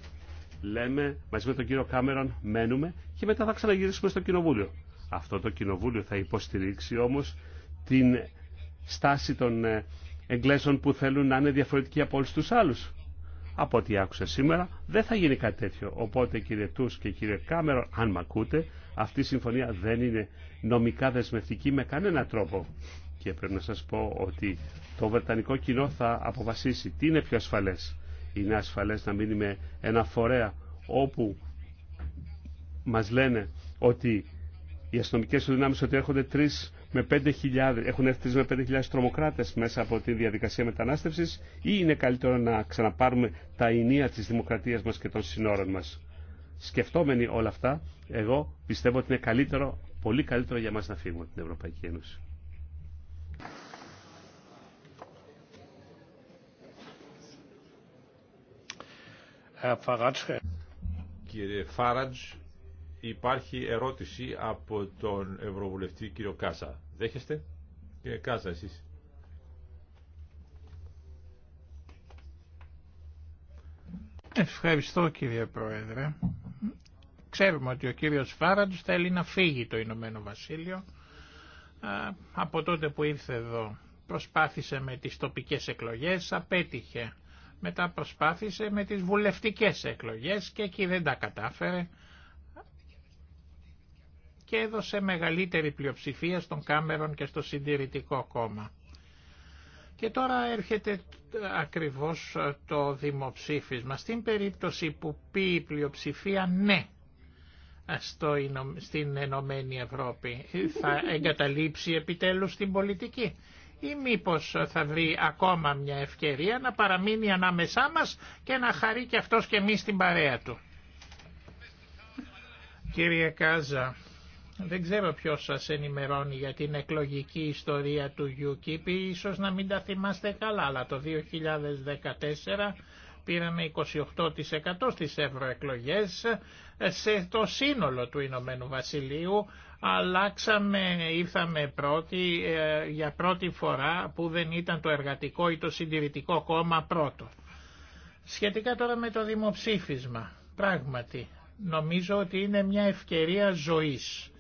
Λέμε μαζί με τον κύριο Κάμερον μένουμε και μετά θα ξαναγυρίσουμε στο κοινοβούλιο. Αυτό το κοινοβούλιο θα υποστηρίξει όμως την στάση των ε, Εγγλέζων που θέλουν να είναι διαφορετικοί από όλους τους άλλους. Από ό,τι άκουσα σήμερα δεν θα γίνει κάτι τέτοιο. Οπότε κύριε Τούς και κύριε Κάμερο, αν με ακούτε, αυτή η συμφωνία δεν είναι νομικά δεσμευτική με κανένα τρόπο. Και πρέπει να σας πω ότι το βρετανικό κοινό θα αποφασίσει τι είναι πιο ασφαλές. Είναι ασφαλές να μείνει με ένα φορέα όπου μας λένε ότι οι αστυνομικέ δυνάμει ότι έρχονται 3 με 5.000, έχουν έρθει 3 με 5.000 τρομοκράτε μέσα από τη διαδικασία μετανάστευση, ή είναι καλύτερο να ξαναπάρουμε τα ενία τη δημοκρατία μα και των συνόρων μα. Σκεφτόμενοι όλα αυτά, εγώ πιστεύω ότι είναι καλύτερο, πολύ καλύτερο για μα να φύγουμε την Ευρωπαϊκή Ένωση.
Κύριε Φάρατζ, Υπάρχει ερώτηση από τον Ευρωβουλευτή κύριο Κάσα. Δέχεστε, κύριε Κάσα, εσείς.
Ευχαριστώ κύριε Πρόεδρε. Ξέρουμε ότι ο κύριος Φάραντ θέλει να φύγει το Ηνωμένο Βασίλειο από τότε που ήρθε εδώ. Προσπάθησε με τις τοπικές εκλογές, απέτυχε. Μετά προσπάθησε με τις βουλευτικές εκλογές και εκεί δεν τα κατάφερε και έδωσε μεγαλύτερη πλειοψηφία στον Κάμερον και στο Συντηρητικό Κόμμα. Και τώρα έρχεται ακριβώς ε, το δημοψήφισμα. Στην περίπτωση που πει η πλειοψηφία ναι ε, στο, στην Ενωμένη Ευρώπη, θα εγκαταλείψει επιτέλους την πολιτική ή μήπως θα βρει ακόμα μια ευκαιρία να παραμείνει ανάμεσά μας και να χαρεί και αυτός και εμείς την παρέα του. Κύριε Κάζα, δεν ξέρω ποιος σας ενημερώνει για την εκλογική ιστορία του UKIP, ίσως να μην τα θυμάστε καλά, αλλά το 2014 πήραμε 28% στις ευρωεκλογές σε το σύνολο του Ηνωμένου Βασιλείου αλλάξαμε, ήρθαμε πρώτοι ε, για πρώτη φορά που δεν ήταν το εργατικό ή το συντηρητικό κόμμα πρώτο. Σχετικά τώρα με το δημοψήφισμα, πράγματι νομίζω ότι είναι μια ευκαιρία ζωής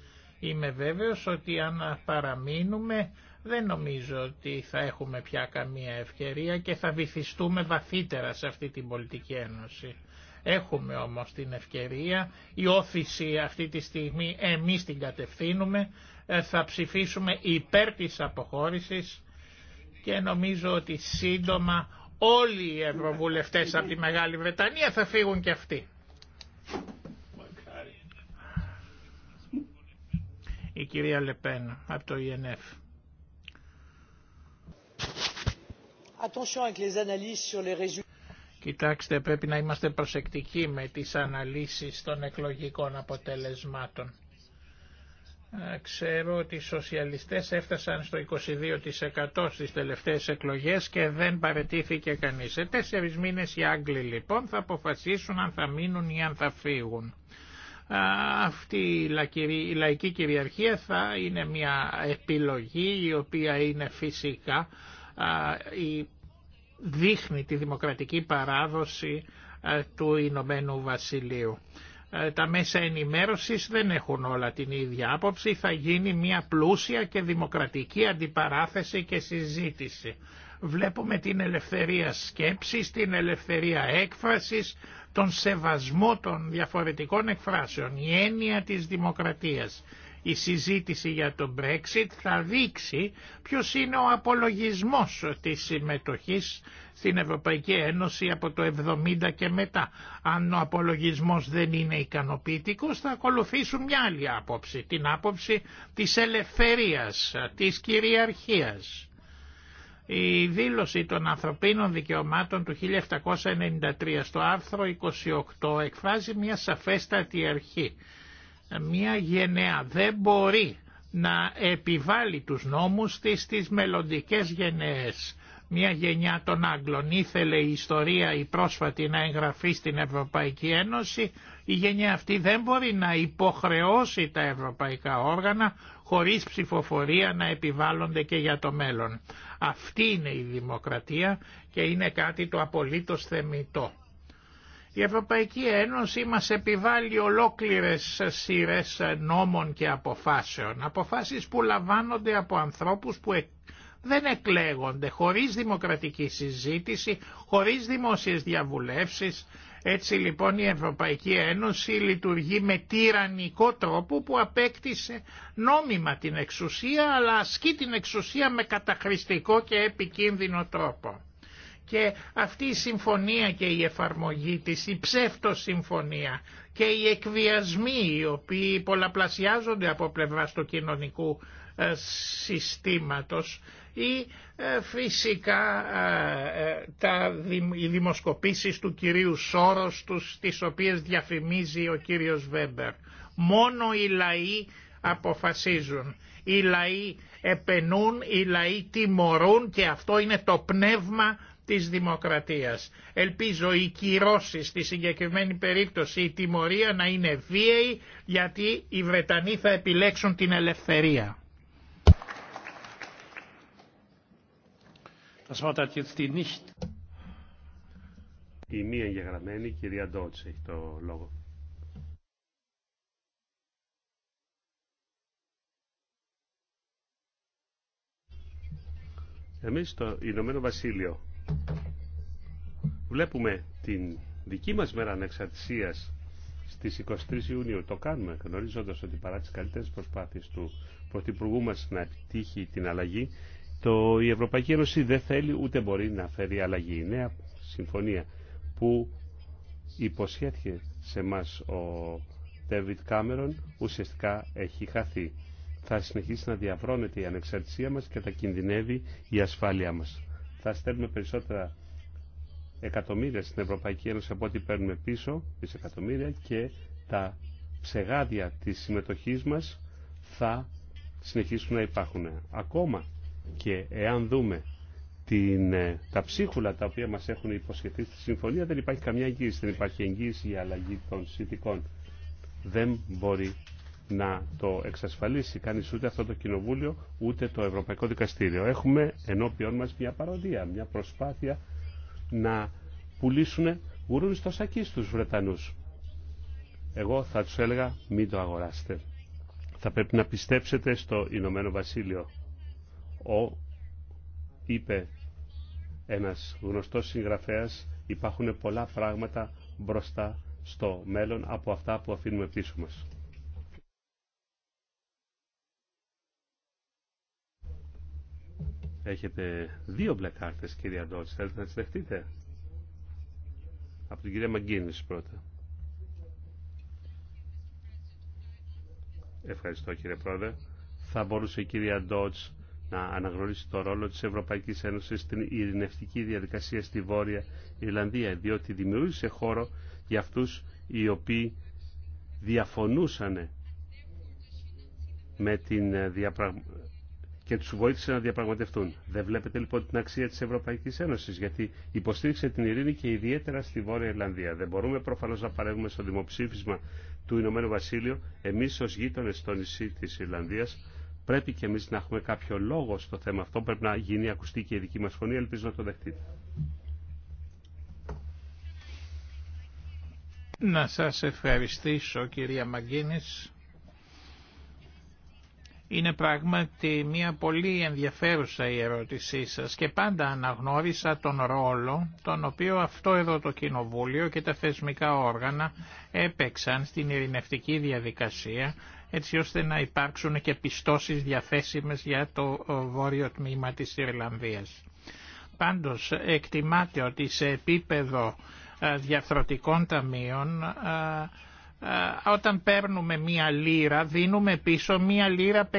Είμαι βέβαιος ότι αν παραμείνουμε δεν νομίζω ότι θα έχουμε πια καμία ευκαιρία και θα βυθιστούμε βαθύτερα σε αυτή την πολιτική ένωση. Έχουμε όμως την ευκαιρία, η όθηση αυτή τη στιγμή εμείς την κατευθύνουμε, ε, θα ψηφίσουμε υπέρ της αποχώρησης και νομίζω ότι σύντομα όλοι οι ευρωβουλευτές από τη Μεγάλη Βρετανία θα φύγουν και αυτοί. η κυρία Λεπέν από το INF. Κοιτάξτε, πρέπει να είμαστε προσεκτικοί με τις αναλύσεις των εκλογικών αποτελεσμάτων. Ε, ξέρω ότι οι σοσιαλιστές έφτασαν στο 22% στις τελευταίες εκλογές και δεν παρετήθηκε κανείς. Σε τέσσερις μήνες οι Άγγλοι λοιπόν θα αποφασίσουν αν θα μείνουν ή αν θα φύγουν αυτή η λαϊκή κυριαρχία θα είναι μια επιλογή η οποία είναι φυσικά η δείχνει τη δημοκρατική παράδοση του Ηνωμένου Βασιλείου. Ε, τα μέσα ενημέρωσης δεν έχουν όλα την ίδια άποψη, θα γίνει μια πλούσια και δημοκρατική αντιπαράθεση και συζήτηση βλέπουμε την ελευθερία σκέψης, την ελευθερία έκφρασης, τον σεβασμό των διαφορετικών εκφράσεων, η έννοια της δημοκρατίας. Η συζήτηση για το Brexit θα δείξει ποιος είναι ο απολογισμός της συμμετοχής στην Ευρωπαϊκή Ένωση από το 70 και μετά. Αν ο απολογισμός δεν είναι ικανοποιητικός θα ακολουθήσουν μια άλλη άποψη, την άποψη της ελευθερίας, της κυριαρχίας η δήλωση των ανθρωπίνων δικαιωμάτων του 1793 στο άρθρο 28 εκφράζει μια σαφέστατη αρχή. Μια γενεά δεν μπορεί να επιβάλλει τους νόμους της στις μελλοντικές γενναίες. Μια γενιά των Άγγλων ήθελε η ιστορία η πρόσφατη να εγγραφεί στην Ευρωπαϊκή Ένωση, η γενιά αυτή δεν μπορεί να υποχρεώσει τα ευρωπαϊκά όργανα χωρίς ψηφοφορία να επιβάλλονται και για το μέλλον. Αυτή είναι η δημοκρατία και είναι κάτι το απολύτως θεμητό. Η Ευρωπαϊκή Ένωση μας επιβάλλει ολόκληρες σειρές νόμων και αποφάσεων. Αποφάσεις που λαμβάνονται από ανθρώπους που δεν εκλέγονται χωρίς δημοκρατική συζήτηση, χωρίς δημόσιες διαβουλεύσεις, έτσι λοιπόν η Ευρωπαϊκή Ένωση λειτουργεί με τυραννικό τρόπο που απέκτησε νόμιμα την εξουσία αλλά ασκεί την εξουσία με καταχρηστικό και επικίνδυνο τρόπο. Και αυτή η συμφωνία και η εφαρμογή της, η ψεύτος συμφωνία και οι εκβιασμοί οι οποίοι πολλαπλασιάζονται από πλευρά του κοινωνικού ε, συστήματος ή ε, φυσικά ε, ε, τα, οι δημοσκοπήσεις του κυρίου Σόρος τους, τις οποίες διαφημίζει ο κύριος Βέμπερ. Μόνο οι λαοί αποφασίζουν. Οι λαοί επενούν, οι λαοί τιμωρούν και αυτό είναι το πνεύμα της δημοκρατίας. Ελπίζω οι κυρώσεις στη συγκεκριμένη περίπτωση, η τιμωρία να είναι βίαιη γιατί οι Βρετανοί θα επιλέξουν την ελευθερία.
Η μία εγγεγραμμένη κυρία Ντότς έχει το λόγο. Εμείς στο Ηνωμένο Βασίλειο βλέπουμε την δική μας μέρα ανεξαρτησίας στις 23 Ιουνίου. Το κάνουμε γνωρίζοντας ότι παρά τις καλύτερες προσπάθειες του Πρωθυπουργού μας να επιτύχει την αλλαγή το, η Ευρωπαϊκή Ένωση δεν θέλει ούτε μπορεί να φέρει αλλαγή. Η νέα συμφωνία που υποσχέθηκε σε εμά ο David Κάμερον ουσιαστικά έχει χαθεί. Θα συνεχίσει να διαβρώνεται η ανεξαρτησία μας και θα κινδυνεύει η ασφάλειά μας. Θα στέλνουμε περισσότερα εκατομμύρια στην Ευρωπαϊκή Ένωση από ό,τι παίρνουμε πίσω, δισεκατομμύρια και τα ψεγάδια της συμμετοχής μας θα συνεχίσουν να υπάρχουν. Ακόμα και εάν δούμε την, ε, τα ψίχουλα τα οποία μας έχουν υποσχεθεί στη συμφωνία δεν υπάρχει καμιά εγγύηση, δεν υπάρχει εγγύηση για αλλαγή των συνθηκών. Δεν μπορεί να το εξασφαλίσει κανείς ούτε αυτό το Κοινοβούλιο ούτε το Ευρωπαϊκό Δικαστήριο. Έχουμε ενώπιον μας μια παροδία, μια προσπάθεια να πουλήσουν γουρούνι στο σακί στους Βρετανούς. Εγώ θα τους έλεγα μην το αγοράσετε. Θα πρέπει να πιστέψετε στο Ηνωμένο Βασίλειο ο, είπε ένας γνωστός συγγραφέας υπάρχουν πολλά πράγματα μπροστά στο μέλλον από αυτά που αφήνουμε πίσω μας. Έχετε δύο μπλε κάρτες, κυρία Ντότς. Θέλετε να τις δεχτείτε. Από την κυρία Μαγκίνης πρώτα. Ευχαριστώ κύριε Πρόεδρε. Θα μπορούσε η κυρία Ντότς να αναγνωρίσει το ρόλο της Ευρωπαϊκής Ένωσης στην ειρηνευτική διαδικασία στη Βόρεια Ιρλανδία, διότι δημιούργησε χώρο για αυτούς οι οποίοι διαφωνούσαν με την ε, και τους βοήθησε να διαπραγματευτούν. Δεν βλέπετε λοιπόν την αξία της Ευρωπαϊκής Ένωσης, γιατί υποστήριξε την ειρήνη και ιδιαίτερα στη Βόρεια Ιρλανδία. Δεν μπορούμε προφανώς να παρέμβουμε στο δημοψήφισμα του Ηνωμένου Βασίλειου, εμείς ως γείτονες στο νησί της Ιρλανδίας, πρέπει και εμείς να έχουμε κάποιο λόγο στο θέμα αυτό. Πρέπει να γίνει ακουστή και η δική μας φωνή. Ελπίζω να το δεχτείτε.
Να σας ευχαριστήσω κυρία Μαγκίνης. Είναι πράγματι μια πολύ ενδιαφέρουσα η ερώτησή σας και πάντα αναγνώρισα τον ρόλο τον οποίο αυτό εδώ το Κοινοβούλιο και τα θεσμικά όργανα έπαιξαν στην ειρηνευτική διαδικασία έτσι ώστε να υπάρξουν και πιστώσεις διαθέσιμες για το βόρειο τμήμα της Ιρλανδίας. Πάντως εκτιμάται ότι σε επίπεδο ε, διαφθρωτικών ταμείων ε, ε, όταν παίρνουμε μία λίρα δίνουμε πίσω μία λίρα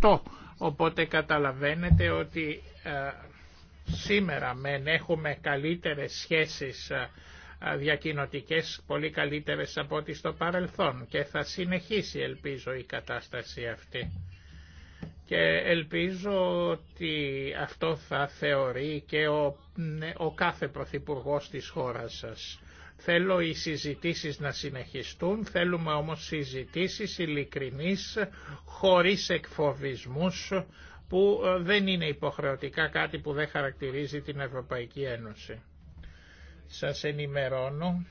58. Οπότε καταλαβαίνετε ότι σήμερα μεν έχουμε καλύτερες σχέσεις διακοινωτικές πολύ καλύτερες από ό,τι στο παρελθόν και θα συνεχίσει ελπίζω η κατάσταση αυτή. Και ελπίζω ότι αυτό θα θεωρεί και ο, ναι, ο κάθε Πρωθυπουργό της χώρας σας. Θέλω οι συζητήσεις να συνεχιστούν, θέλουμε όμως συζητήσεις ειλικρινείς, χωρίς εκφοβισμούς, που ε, δεν είναι υποχρεωτικά κάτι που δεν χαρακτηρίζει την Ευρωπαϊκή Ένωση. Σας ενημερώνω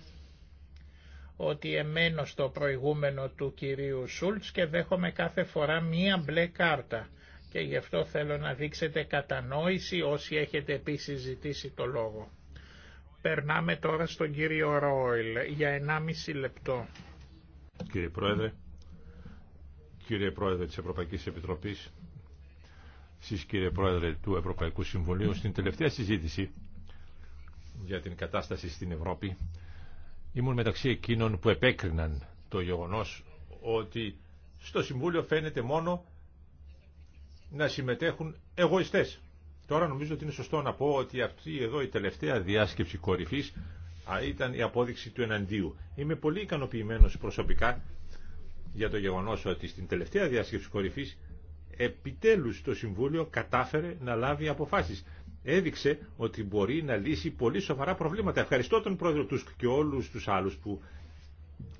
ότι εμένω στο προηγούμενο του κυρίου Σούλτς και δέχομαι κάθε φορά μία μπλε κάρτα και γι' αυτό θέλω να δείξετε κατανόηση όσοι έχετε επίσης ζητήσει το λόγο. Περνάμε τώρα στον κύριο Ρόιλ για 1,5 λεπτό.
Κύριε Πρόεδρε, κύριε Πρόεδρε της Ευρωπαϊκής Επιτροπής, εσείς κύριε Πρόεδρε του Ευρωπαϊκού Συμβουλίου, στην τελευταία συζήτηση για την κατάσταση στην Ευρώπη ήμουν μεταξύ εκείνων που επέκριναν το γεγονός ότι στο Συμβούλιο φαίνεται μόνο να συμμετέχουν εγωιστές. Τώρα νομίζω ότι είναι σωστό να πω ότι αυτή εδώ η τελευταία διάσκεψη κορυφής ήταν η απόδειξη του εναντίου. Είμαι πολύ ικανοποιημένος προσωπικά για το γεγονός ότι στην τελευταία διάσκεψη κορυφής επιτέλους το Συμβούλιο κατάφερε να λάβει αποφάσεις έδειξε ότι μπορεί να λύσει πολύ σοβαρά προβλήματα. Ευχαριστώ τον πρόεδρο τους και όλους τους άλλους που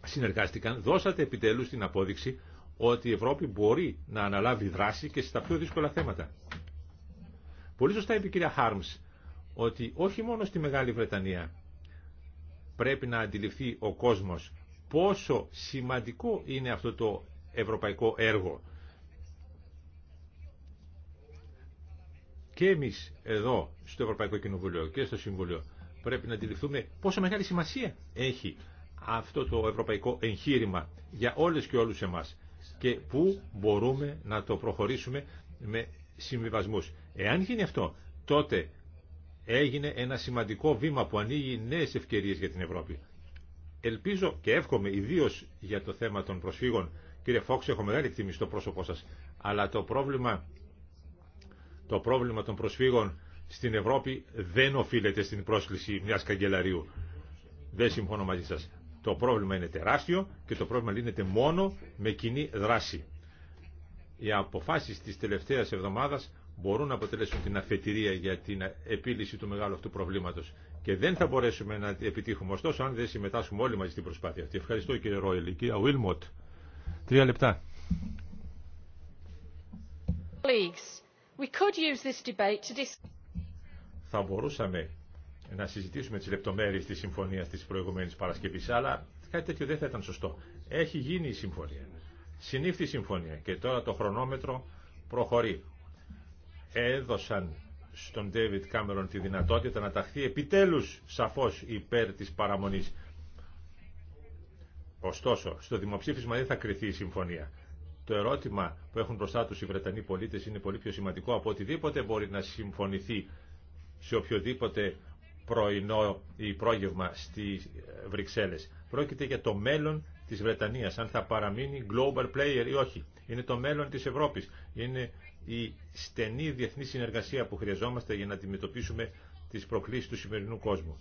συνεργάστηκαν. Δώσατε επιτέλους την απόδειξη ότι η Ευρώπη μπορεί να αναλάβει δράση και στα πιο δύσκολα θέματα. Πολύ σωστά είπε η κυρία Χάρμς ότι όχι μόνο στη Μεγάλη Βρετανία πρέπει να αντιληφθεί ο κόσμος πόσο σημαντικό είναι αυτό το ευρωπαϊκό έργο και εμείς εδώ στο Ευρωπαϊκό Κοινοβουλίο και στο Συμβουλίο πρέπει να αντιληφθούμε πόσο μεγάλη σημασία έχει αυτό το ευρωπαϊκό εγχείρημα για όλες και όλους εμάς και πού μπορούμε να το προχωρήσουμε με συμβιβασμούς. Εάν γίνει αυτό, τότε έγινε ένα σημαντικό βήμα που ανοίγει νέες ευκαιρίες για την Ευρώπη. Ελπίζω και εύχομαι ιδίω για το θέμα των προσφύγων. Κύριε Φόξ, έχω μεγάλη εκτίμηση στο πρόσωπό σας, αλλά το πρόβλημα το πρόβλημα των προσφύγων στην Ευρώπη δεν οφείλεται στην πρόσκληση μιας καγκελαρίου. Δεν συμφωνώ μαζί σας. Το πρόβλημα είναι τεράστιο και το πρόβλημα λύνεται μόνο με κοινή δράση. Οι αποφάσεις της τελευταίας εβδομάδας μπορούν να αποτελέσουν την αφετηρία για την επίλυση του μεγάλου αυτού προβλήματος. Και δεν θα μπορέσουμε να επιτύχουμε ωστόσο αν δεν συμμετάσχουμε όλοι μαζί στην προσπάθεια αυτή. Ευχαριστώ κύριε Ρόιλ. Κύριε Βίλμοτ, τρία λεπτά.
Please.
Θα μπορούσαμε να συζητήσουμε τις λεπτομέρειες της συμφωνίας της προηγουμένης Παρασκευής, αλλά κάτι τέτοιο δεν θα ήταν σωστό. Έχει γίνει η συμφωνία. Συνήφθη η συμφωνία και τώρα το χρονόμετρο προχωρεί. Έδωσαν στον David Κάμερον τη δυνατότητα να ταχθεί επιτέλους σαφώς υπέρ της παραμονής. Ωστόσο, στο δημοψήφισμα δεν θα κριθεί η συμφωνία το ερώτημα που έχουν μπροστά τους οι Βρετανοί πολίτες είναι πολύ πιο σημαντικό από οτιδήποτε μπορεί να συμφωνηθεί σε οποιοδήποτε πρωινό ή πρόγευμα στις ε, Βρυξέλλες. Πρόκειται για το μέλλον της Βρετανίας, αν θα παραμείνει global player ή όχι. Είναι το μέλλον της Ευρώπης. Είναι η στενή διεθνή συνεργασία που χρειαζόμαστε για να αντιμετωπίσουμε τις προκλήσεις του σημερινού κόσμου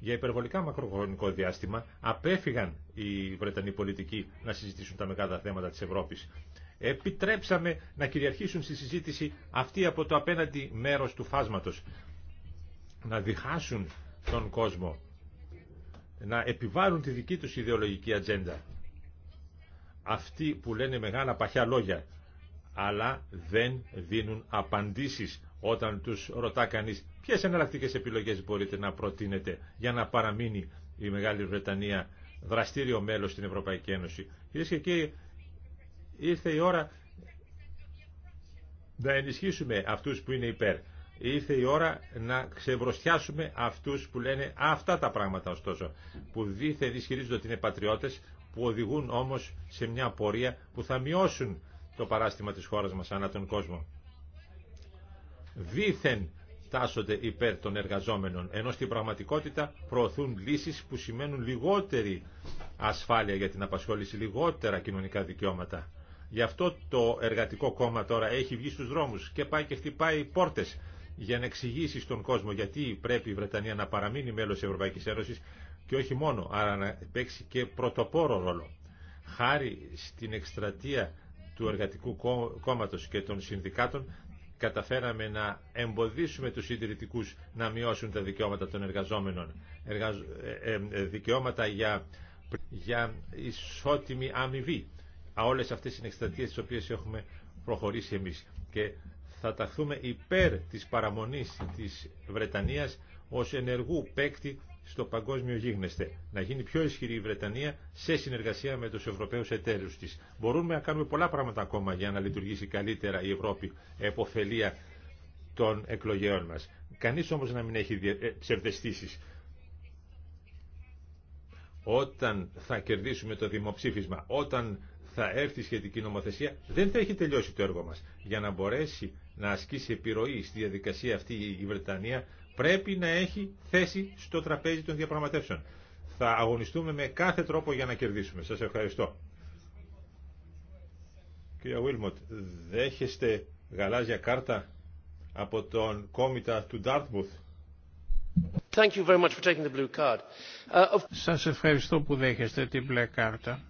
για υπερβολικά μακροχρονικό διάστημα απέφυγαν οι Βρετανοί πολιτικοί να συζητήσουν τα μεγάλα θέματα της Ευρώπης. Επιτρέψαμε να κυριαρχήσουν στη συζήτηση αυτοί από το απέναντι μέρος του φάσματος. Να διχάσουν τον κόσμο. Να επιβάλλουν τη δική τους ιδεολογική ατζέντα. Αυτοί που λένε μεγάλα παχιά λόγια αλλά δεν δίνουν απαντήσεις όταν τους ρωτά κανείς Ποιε εναλλακτικέ επιλογέ μπορείτε να προτείνετε για να παραμείνει η Μεγάλη Βρετανία δραστήριο μέλο στην Ευρωπαϊκή Ένωση. Κυρίε και κύριοι, ήρθε η ώρα να ενισχύσουμε αυτού που είναι υπέρ. Ήρθε η ώρα να ξεβροστιάσουμε αυτού που λένε αυτά τα πράγματα ωστόσο, που δίθεν ισχυρίζονται ότι είναι πατριώτε που οδηγούν όμω σε μια πορεία που θα μειώσουν το παράστημα τη χώρα μα ανά τον κόσμο. Δήθεν τάσσονται υπέρ των εργαζόμενων, ενώ στην πραγματικότητα προωθούν λύσεις που σημαίνουν λιγότερη ασφάλεια για την απασχόληση, λιγότερα κοινωνικά δικαιώματα. Γι' αυτό το εργατικό κόμμα τώρα έχει βγει στους δρόμους και πάει και χτυπάει πόρτες για να εξηγήσει στον κόσμο γιατί πρέπει η Βρετανία να παραμείνει μέλος της Ευρωπαϊκής Ένωσης και όχι μόνο, άρα να παίξει και πρωτοπόρο ρόλο. Χάρη στην εκστρατεία του Εργατικού Κόμματος και των Συνδικάτων καταφέραμε να εμποδίσουμε τους συντηρητικού να μειώσουν τα δικαιώματα των εργαζόμενων. Εργαζ... Ε, ε, δικαιώματα για, για ισότιμη αμοιβή. Α, όλες αυτές είναι εκστρατείες τις οποίες έχουμε προχωρήσει εμείς. Και θα ταχθούμε υπέρ της παραμονής της Βρετανίας ως ενεργού παίκτη στο παγκόσμιο γίγνεσθε. Να γίνει πιο ισχυρή η Βρετανία σε συνεργασία με τους Ευρωπαίους εταίρους της. Μπορούμε να κάνουμε πολλά πράγματα ακόμα για να λειτουργήσει καλύτερα η Ευρώπη εποφελία των εκλογέων μας. Κανείς όμως να μην έχει ε, ψευδεστήσεις. Όταν θα κερδίσουμε το δημοψήφισμα, όταν θα έρθει η σχετική νομοθεσία, δεν θα έχει τελειώσει το έργο μας. Για να μπορέσει να ασκήσει επιρροή στη διαδικασία αυτή η Βρετανία, πρέπει να έχει θέση στο τραπέζι των διαπραγματεύσεων. Θα αγωνιστούμε με κάθε τρόπο για να κερδίσουμε. Σας ευχαριστώ. Κυρία Βίλμοντ, δέχεστε γαλάζια κάρτα από τον κόμιτα του Ντάρτμπουθ.
Uh, Σας ευχαριστώ που δέχεστε την μπλε κάρτα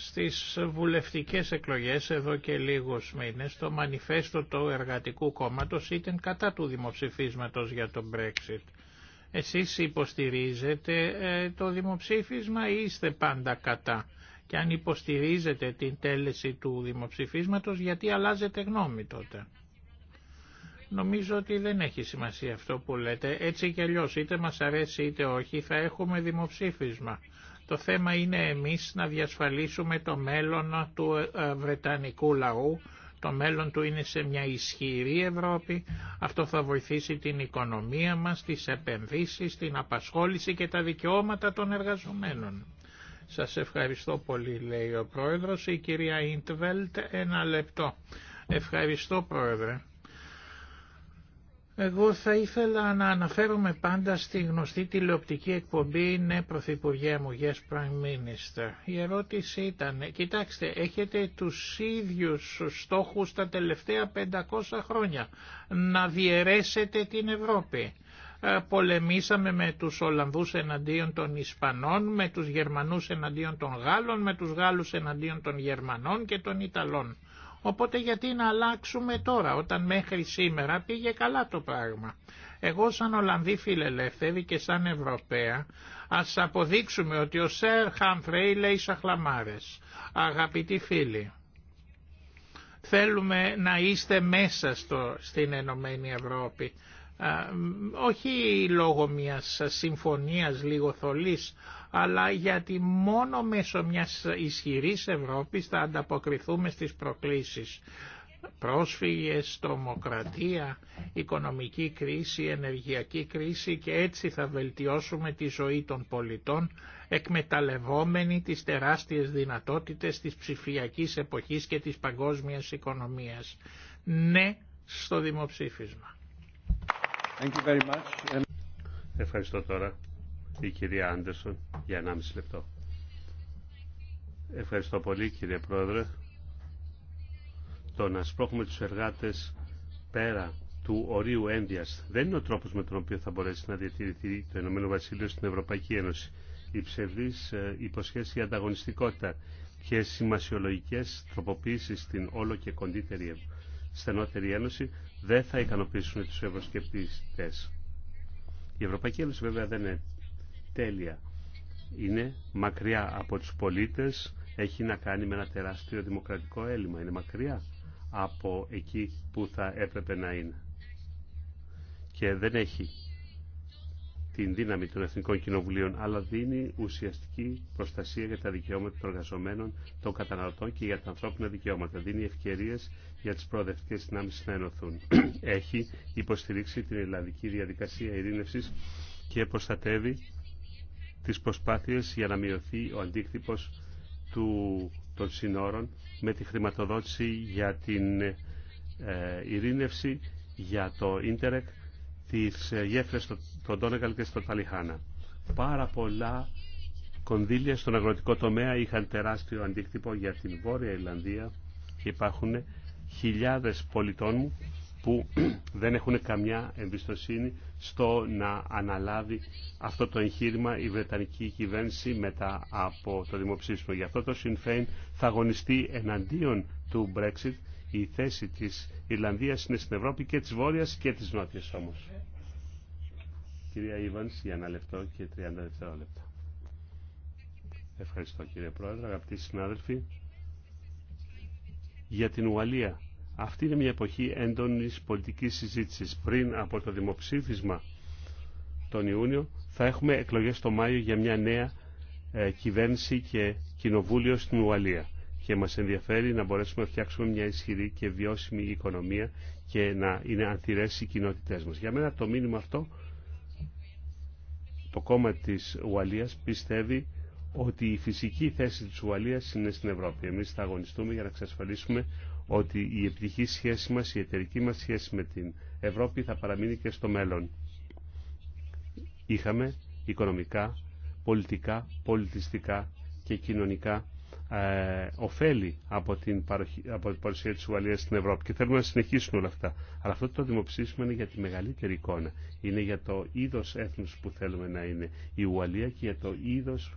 στις βουλευτικές εκλογές εδώ και λίγους μήνες το μανιφέστο του Εργατικού Κόμματος ήταν κατά του δημοψηφίσματος για τον Brexit. Εσείς υποστηρίζετε ε, το δημοψήφισμα ή είστε πάντα κατά. Και αν υποστηρίζετε την τέλεση του δημοψηφίσματος γιατί αλλάζετε γνώμη τότε. Νομίζω ότι δεν έχει σημασία αυτό που λέτε. Έτσι κι αλλιώς είτε μας αρέσει είτε όχι θα έχουμε δημοψήφισμα. Το θέμα είναι εμείς να διασφαλίσουμε το μέλλον του ε, Βρετανικού λαού. Το μέλλον του είναι σε μια ισχυρή Ευρώπη. Αυτό θα βοηθήσει την οικονομία μας, τις επενδύσεις, την απασχόληση και τα δικαιώματα των εργαζομένων. Σας ευχαριστώ πολύ, λέει ο Πρόεδρος. Η κυρία Ιντβέλτ, ένα λεπτό. Ευχαριστώ, Πρόεδρε. Εγώ θα ήθελα να αναφέρομαι πάντα στη γνωστή τηλεοπτική εκπομπή «Ναι Πρωθυπουργέ μου, Yes Prime Minister». Η ερώτηση ήταν, κοιτάξτε, έχετε τους ίδιους στόχους τα τελευταία 500 χρόνια, να διαιρέσετε την Ευρώπη. Ε, πολεμήσαμε με τους Ολλανδούς εναντίον των Ισπανών, με τους Γερμανούς εναντίον των Γάλλων, με τους Γάλλους εναντίον των Γερμανών και των Ιταλών. Οπότε γιατί να αλλάξουμε τώρα όταν μέχρι σήμερα πήγε καλά το πράγμα. Εγώ σαν Ολλανδή φιλελεύθερη και σαν Ευρωπαία ας αποδείξουμε ότι ο Σερ Χαμφρέι λέει σαχλαμάρες. Αγαπητοί φίλοι, θέλουμε να είστε μέσα στο, στην Ενωμένη Ευρώπη όχι λόγω μιας συμφωνίας λίγο θολής, αλλά γιατί μόνο μέσω μιας ισχυρής Ευρώπης θα ανταποκριθούμε στις προκλήσεις. Πρόσφυγες, τρομοκρατία, οικονομική κρίση, ενεργειακή κρίση και έτσι θα βελτιώσουμε τη ζωή των πολιτών εκμεταλλευόμενοι τις τεράστιες δυνατότητες της ψηφιακής εποχής και της παγκόσμιας οικονομίας. Ναι στο δημοψήφισμα.
Ευχαριστώ τώρα η κυρία Άντερσον για 1,5 λεπτό. Ευχαριστώ πολύ κύριε Πρόεδρε. Το να σπρώχουμε τους εργάτες πέρα του ορίου ένδυας δεν είναι ο τρόπος με τον οποίο θα μπορέσει να διατηρηθεί το Ηνωμένο Βασίλειο στην Ευρωπαϊκή Ένωση. Η ψευδής ε, υποσχέση για ανταγωνιστικότητα και σημασιολογικέ τροποποίησεις στην όλο και κοντύτερη στενότερη ένωση δεν θα ικανοποιήσουν τους ευρωσκεπτιστές. Η Ευρωπαϊκή Ένωση βέβαια δεν είναι τέλεια. Είναι μακριά από τους πολίτες, έχει να κάνει με ένα τεράστιο δημοκρατικό έλλειμμα. Είναι μακριά από εκεί που θα έπρεπε να είναι. Και δεν έχει την δύναμη των Εθνικών Κοινοβουλίων, αλλά δίνει ουσιαστική προστασία για τα δικαιώματα των εργαζομένων, των καταναλωτών και για τα ανθρώπινα δικαιώματα. Δίνει ευκαιρίε για τι προοδευτικέ δυνάμει να ενωθούν. Έχει υποστηρίξει την ελλαδική διαδικασία ειρήνευση και προστατεύει τι προσπάθειε για να μειωθεί ο αντίκτυπο των συνόρων με τη χρηματοδότηση για την ε, ειρήνευση, για το ίντερεκ, τις γέφυρες στον Τόνεγκαλ και στον Ταλιχάνα. Πάρα πολλά κονδύλια στον αγροτικό τομέα είχαν τεράστιο αντίκτυπο για την Βόρεια Ιρλανδία και υπάρχουν χιλιάδες πολιτών που δεν έχουν καμιά εμπιστοσύνη στο να αναλάβει αυτό το εγχείρημα η Βρετανική κυβέρνηση μετά από το δημοψήφισμα. Γι' αυτό το Σινφέιν θα αγωνιστεί εναντίον του Brexit. Η θέση της Ιρλανδίας είναι στην Ευρώπη και της Βόρειας και της Νότιας όμως κυρία Ήβανς για ένα λεπτό και 30 δευτερόλεπτα. Ευχαριστώ κύριε Πρόεδρε, αγαπητοί συνάδελφοι. Για την Ουαλία. Αυτή είναι μια εποχή έντονης πολιτικής συζήτησης. Πριν από το δημοψήφισμα τον Ιούνιο θα έχουμε εκλογές το Μάιο για μια νέα ε, κυβέρνηση και κοινοβούλιο στην Ουαλία. Και μας ενδιαφέρει να μπορέσουμε να φτιάξουμε μια ισχυρή και βιώσιμη οικονομία και να είναι ανθυρές οι κοινότητές μας. Για μένα το μήνυμα αυτό το κόμμα της Ουαλίας πιστεύει ότι η φυσική θέση της Ουαλίας είναι στην Ευρώπη. Εμείς θα αγωνιστούμε για να εξασφαλίσουμε ότι η επιτυχή σχέση μας, η εταιρική μας σχέση με την Ευρώπη θα παραμείνει και στο μέλλον. Είχαμε οικονομικά, πολιτικά, πολιτιστικά και κοινωνικά ε, από την, παροχή, από την παρουσία της Ουαλίας στην Ευρώπη και θέλουμε να συνεχίσουν όλα αυτά. Αλλά αυτό το δημοψήφισμα είναι για τη μεγαλύτερη εικόνα. Είναι για το είδος έθνους που θέλουμε να είναι η Ουαλία και για το είδος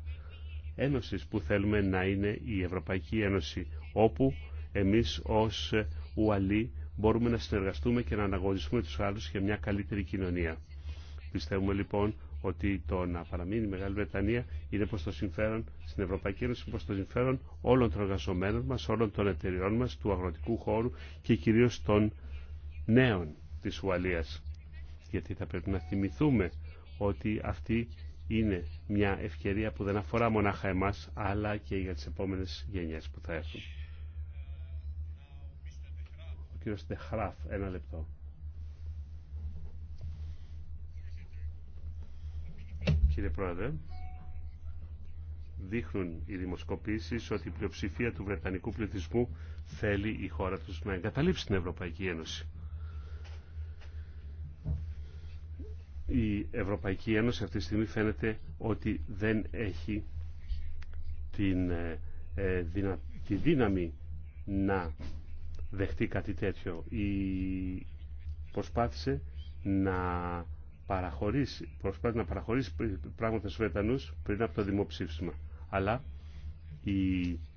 ένωσης που θέλουμε να είναι η Ευρωπαϊκή Ένωση όπου εμείς ως Ουαλοί μπορούμε να συνεργαστούμε και να αναγωνιστούμε τους άλλους για μια καλύτερη κοινωνία. Πιστεύουμε λοιπόν ότι το να παραμείνει η Μεγάλη Βρετανία είναι προ το συμφέρον στην Ευρωπαϊκή Ένωση, προ το συμφέρον όλων των εργαζομένων μα, όλων των εταιριών μας, του αγροτικού χώρου και κυρίως των νέων της Ουαλίας. Γιατί θα πρέπει να θυμηθούμε ότι αυτή είναι μια ευκαιρία που δεν αφορά μονάχα εμά, αλλά και για τι επόμενε γενιές που θα έρθουν. Ο κύριο Τεχράφ, ένα λεπτό. κύριε Πρόεδρε. Δείχνουν οι δημοσκοπήσεις ότι η πλειοψηφία του βρετανικού πληθυσμού θέλει η χώρα τους να εγκαταλείψει την Ευρωπαϊκή Ένωση. Η Ευρωπαϊκή Ένωση αυτή τη στιγμή φαίνεται ότι δεν έχει την, ε, ε, τη δύναμη να δεχτεί κάτι τέτοιο. Η, προσπάθησε να παραχωρήσει, προσπάθησε να παραχωρήσει πράγματα στους Βρετανούς πριν από το δημοψήφισμα. Αλλά η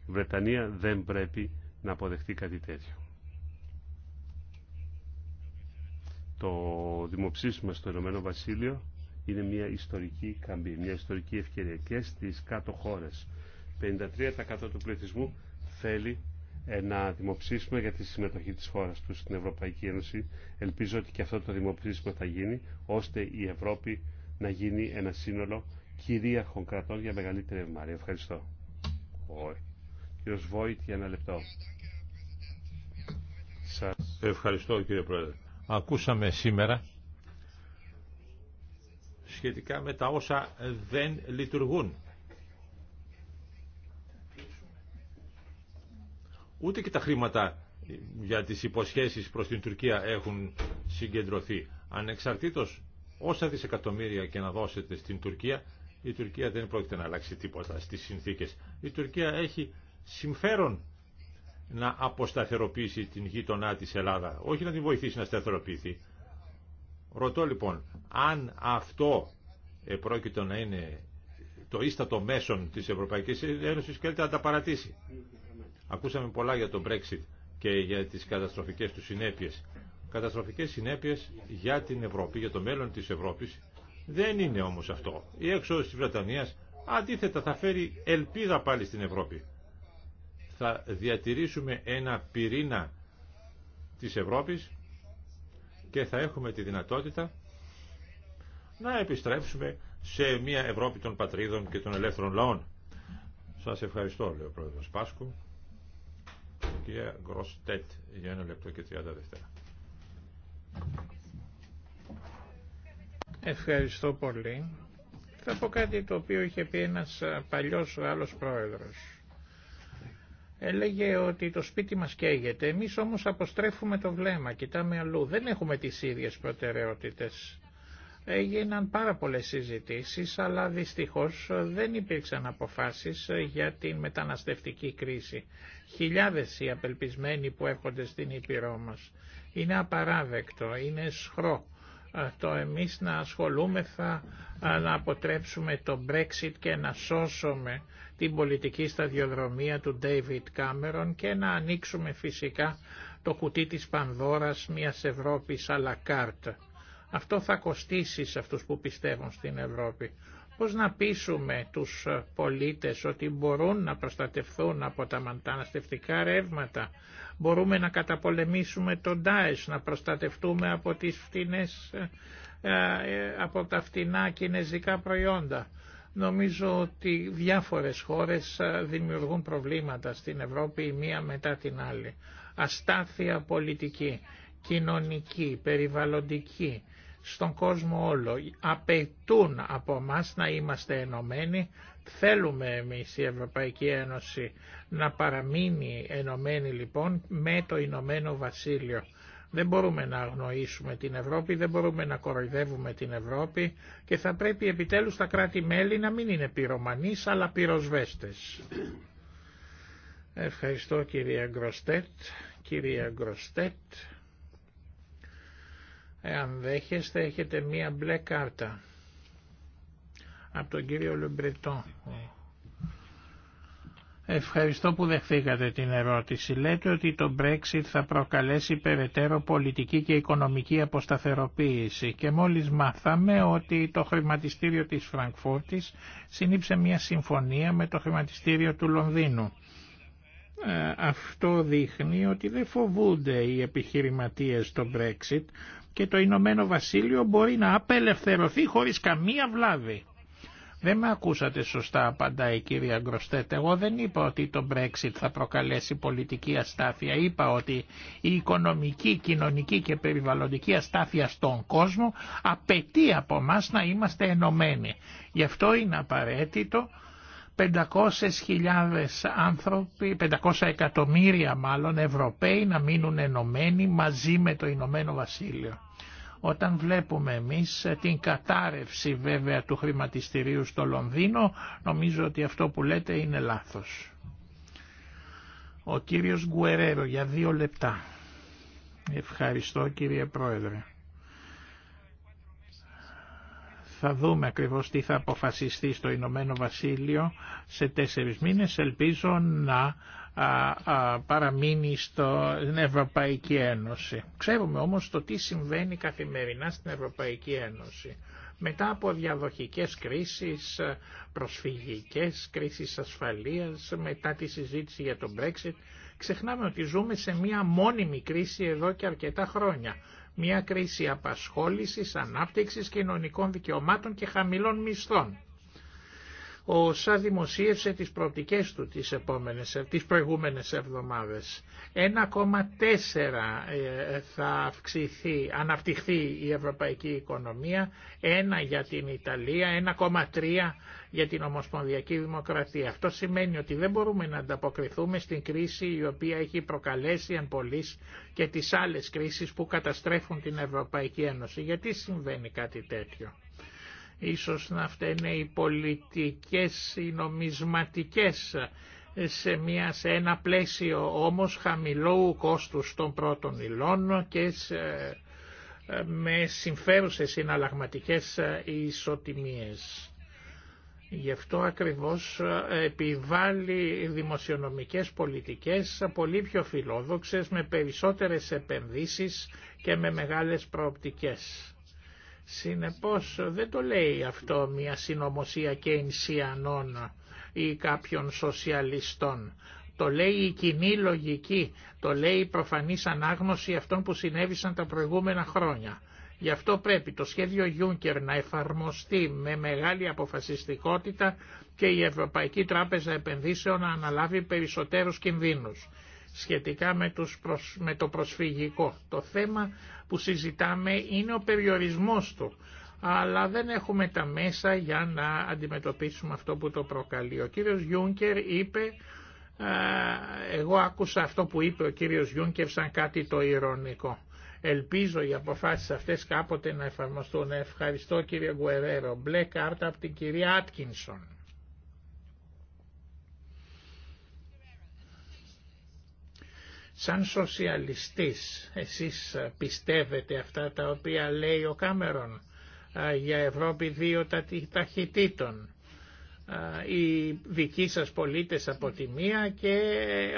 Βρετανία δεν πρέπει να αποδεχτεί κάτι τέτοιο. Το δημοψήφισμα στο Ηνωμένο Βασίλειο είναι μια ιστορική καμπή, μια ιστορική ευκαιρία και στις κάτω χώρες. 53% του πληθυσμού θέλει ένα ε, δημοψήσουμε για τη συμμετοχή της χώρας του στην Ευρωπαϊκή Ένωση. Ελπίζω ότι και αυτό το δημοψήφισμα θα γίνει, ώστε η Ευρώπη να γίνει ένα σύνολο κυρίαρχων κρατών για μεγαλύτερη ευμάρεια. Ευχαριστώ. Ο κύριος Βόιτ για ένα λεπτό. Σας... Ευχαριστώ κύριε Πρόεδρε.
Ακούσαμε σήμερα σχετικά με τα όσα δεν λειτουργούν Ούτε και τα χρήματα για τις υποσχέσεις προς την Τουρκία έχουν συγκεντρωθεί. Ανεξαρτήτως όσα δισεκατομμύρια και να δώσετε στην Τουρκία, η Τουρκία δεν πρόκειται να αλλάξει τίποτα στις συνθήκες. Η Τουρκία έχει συμφέρον να αποσταθεροποιήσει την γείτονά της Ελλάδα, όχι να την βοηθήσει να σταθεροποιηθεί. Ρωτώ λοιπόν, αν αυτό πρόκειται να είναι το ίστατο μέσον της Ευρωπαϊκής Ένωσης, και να τα παρατήσει. Ακούσαμε πολλά για το Brexit και για τις καταστροφικές του συνέπειες. Καταστροφικές συνέπειες για την Ευρώπη, για το μέλλον της Ευρώπης. Δεν είναι όμως αυτό. Η έξοδος της Βρετανίας αντίθετα θα φέρει ελπίδα πάλι στην Ευρώπη. Θα διατηρήσουμε ένα πυρήνα της Ευρώπης και θα έχουμε τη δυνατότητα να επιστρέψουμε σε μια Ευρώπη των πατρίδων και των ελεύθερων λαών. Σας ευχαριστώ, λέει ο Πρόεδρος Πάσκου κυρία Γκροστέτ για ένα λεπτό και 30 δεύτερα.
Ευχαριστώ πολύ. Θα πω κάτι το οποίο είχε πει ένας παλιός άλλος πρόεδρος. Έλεγε ότι το σπίτι μας καίγεται, εμείς όμως αποστρέφουμε το βλέμμα, κοιτάμε αλλού, δεν έχουμε τις ίδιες προτεραιότητες. Έγιναν πάρα πολλές συζητήσεις, αλλά δυστυχώς δεν υπήρξαν αποφάσεις για την μεταναστευτική κρίση. Χιλιάδες οι απελπισμένοι που έρχονται στην Ήπειρό μας. Είναι απαράδεκτο, είναι σχρό ε, το εμείς να ασχολούμεθα ε, να αποτρέψουμε το Brexit και να σώσουμε την πολιτική σταδιοδρομία του David Cameron και να ανοίξουμε φυσικά το κουτί της Πανδώρας μιας Ευρώπης à la αυτό θα κοστίσει σε αυτούς που πιστεύουν στην Ευρώπη. Πώς να πείσουμε τους πολίτες ότι μπορούν να προστατευθούν από τα μεταναστευτικά ρεύματα. Μπορούμε να καταπολεμήσουμε τον ΤΑΕΣ, να προστατευτούμε από, τις φτηνές, ε, ε, από τα φτηνά κινέζικα προϊόντα. Νομίζω ότι διάφορες χώρες ε, δημιουργούν προβλήματα στην Ευρώπη η μία μετά την άλλη. Αστάθεια πολιτική, κοινωνική, περιβαλλοντική, στον κόσμο όλο. Απαιτούν από μας να είμαστε ενωμένοι. Θέλουμε εμείς η Ευρωπαϊκή Ένωση να παραμείνει ενωμένη λοιπόν με το Ηνωμένο Βασίλειο. Δεν μπορούμε να αγνοήσουμε την Ευρώπη, δεν μπορούμε να κοροϊδεύουμε την Ευρώπη και θα πρέπει επιτέλους τα κράτη-μέλη να μην είναι πυρομανείς αλλά πυροσβέστες. Ευχαριστώ κυρία Γκροστέτ. Κυρία Γκροστέτ. Εάν δέχεστε έχετε μία μπλε κάρτα από τον κύριο Λεμπρετό. Ευχαριστώ που δεχθήκατε την ερώτηση. Λέτε ότι το Brexit θα προκαλέσει περαιτέρω πολιτική και οικονομική αποσταθεροποίηση και μόλις μάθαμε ότι το χρηματιστήριο της Φραγκφούρτης συνήψε μια συμφωνία με το χρηματιστήριο του Λονδίνου. Ε, αυτό δείχνει ότι δεν φοβούνται οι επιχειρηματίες το Brexit και το Ηνωμένο Βασίλειο μπορεί να απελευθερωθεί χωρίς καμία βλάβη. Δεν με ακούσατε σωστά, απαντάει η κυρία Γκροστέτ. Εγώ δεν είπα ότι το Brexit θα προκαλέσει πολιτική αστάθεια. Είπα ότι η οικονομική, κοινωνική και περιβαλλοντική αστάθεια στον κόσμο απαιτεί από εμά να είμαστε ενωμένοι. Γι' αυτό είναι απαραίτητο 500.000 άνθρωποι, 500 εκατομμύρια μάλλον Ευρωπαίοι να μείνουν ενωμένοι μαζί με το Ηνωμένο Βασίλειο. Όταν βλέπουμε εμείς την κατάρρευση βέβαια του χρηματιστηρίου στο Λονδίνο, νομίζω ότι αυτό που λέτε είναι λάθος. Ο κύριος Γκουερέρο για δύο λεπτά. Ευχαριστώ κύριε Πρόεδρε. Θα δούμε ακριβώς τι θα αποφασιστεί στο Ηνωμένο Βασίλειο σε τέσσερις μήνες. Ελπίζω να παραμείνει στην Ευρωπαϊκή Ένωση. Ξέρουμε όμως το τι συμβαίνει καθημερινά στην Ευρωπαϊκή Ένωση. Μετά από διαδοχικές κρίσεις, προσφυγικές, κρίσεις ασφαλείας, μετά τη συζήτηση για τον Brexit, ξεχνάμε ότι ζούμε σε μία μόνιμη κρίση εδώ και αρκετά χρόνια μια κρίση απασχόλησης, ανάπτυξης κοινωνικών δικαιωμάτων και χαμηλών μισθών. Ο ΩΣΑ δημοσίευσε τις προοπτικές του τις, επόμενες, τις προηγούμενες εβδομάδες. 1,4 ε, θα αυξηθεί, αναπτυχθεί η ευρωπαϊκή οικονομία, 1 για την Ιταλία, 1,3 για την Ομοσπονδιακή Δημοκρατία. Αυτό σημαίνει ότι δεν μπορούμε να ανταποκριθούμε στην κρίση η οποία έχει προκαλέσει εν πολλής και τις άλλες κρίσεις που καταστρέφουν την Ευρωπαϊκή Ένωση. Γιατί συμβαίνει κάτι τέτοιο. Ίσως να φταίνε οι πολιτικές, οι νομισματικές σε, μια, σε ένα πλαίσιο όμως χαμηλού κόστους των πρώτων υλών και σε, με συμφέρουσες συναλλαγματικές ισοτιμίες. Γι' αυτό ακριβώς επιβάλλει δημοσιονομικές πολιτικές πολύ πιο φιλόδοξες με περισσότερες επενδύσεις και με μεγάλες προοπτικές. Συνεπώς δεν το λέει αυτό μια συνωμοσία κεινσιανών ή κάποιων σοσιαλιστών. Το λέει η κοινή λογική, το λέει η προφανής ανάγνωση αυτών που συνέβησαν τα προηγούμενα χρόνια. Γι' αυτό πρέπει το σχέδιο Juncker να εφαρμοστεί με μεγάλη αποφασιστικότητα και η Ευρωπαϊκή Τράπεζα Επενδύσεων να αναλάβει περισσότερους κινδύνους σχετικά με, με το προσφυγικό. Το θέμα που συζητάμε είναι ο περιορισμός του, αλλά δεν έχουμε τα μέσα για να αντιμετωπίσουμε αυτό που το προκαλεί. Ο κύριος Γιούνκερ είπε, εγώ άκουσα αυτό που είπε ο κύριος Γιούνκερ σαν κάτι το ηρωνικό. Ελπίζω οι αποφάσεις αυτές κάποτε να εφαρμοστούν. Ευχαριστώ κύριε Γκουερέρο. Μπλε κάρτα από την κυρία Άτκινσον. Σαν σοσιαλιστής, εσείς ε, πιστεύετε αυτά τα οποία λέει ο Κάμερον ε, για Ευρώπη δύο ταχυτήτων. Ε, οι δικοί σας πολίτες από τη μία και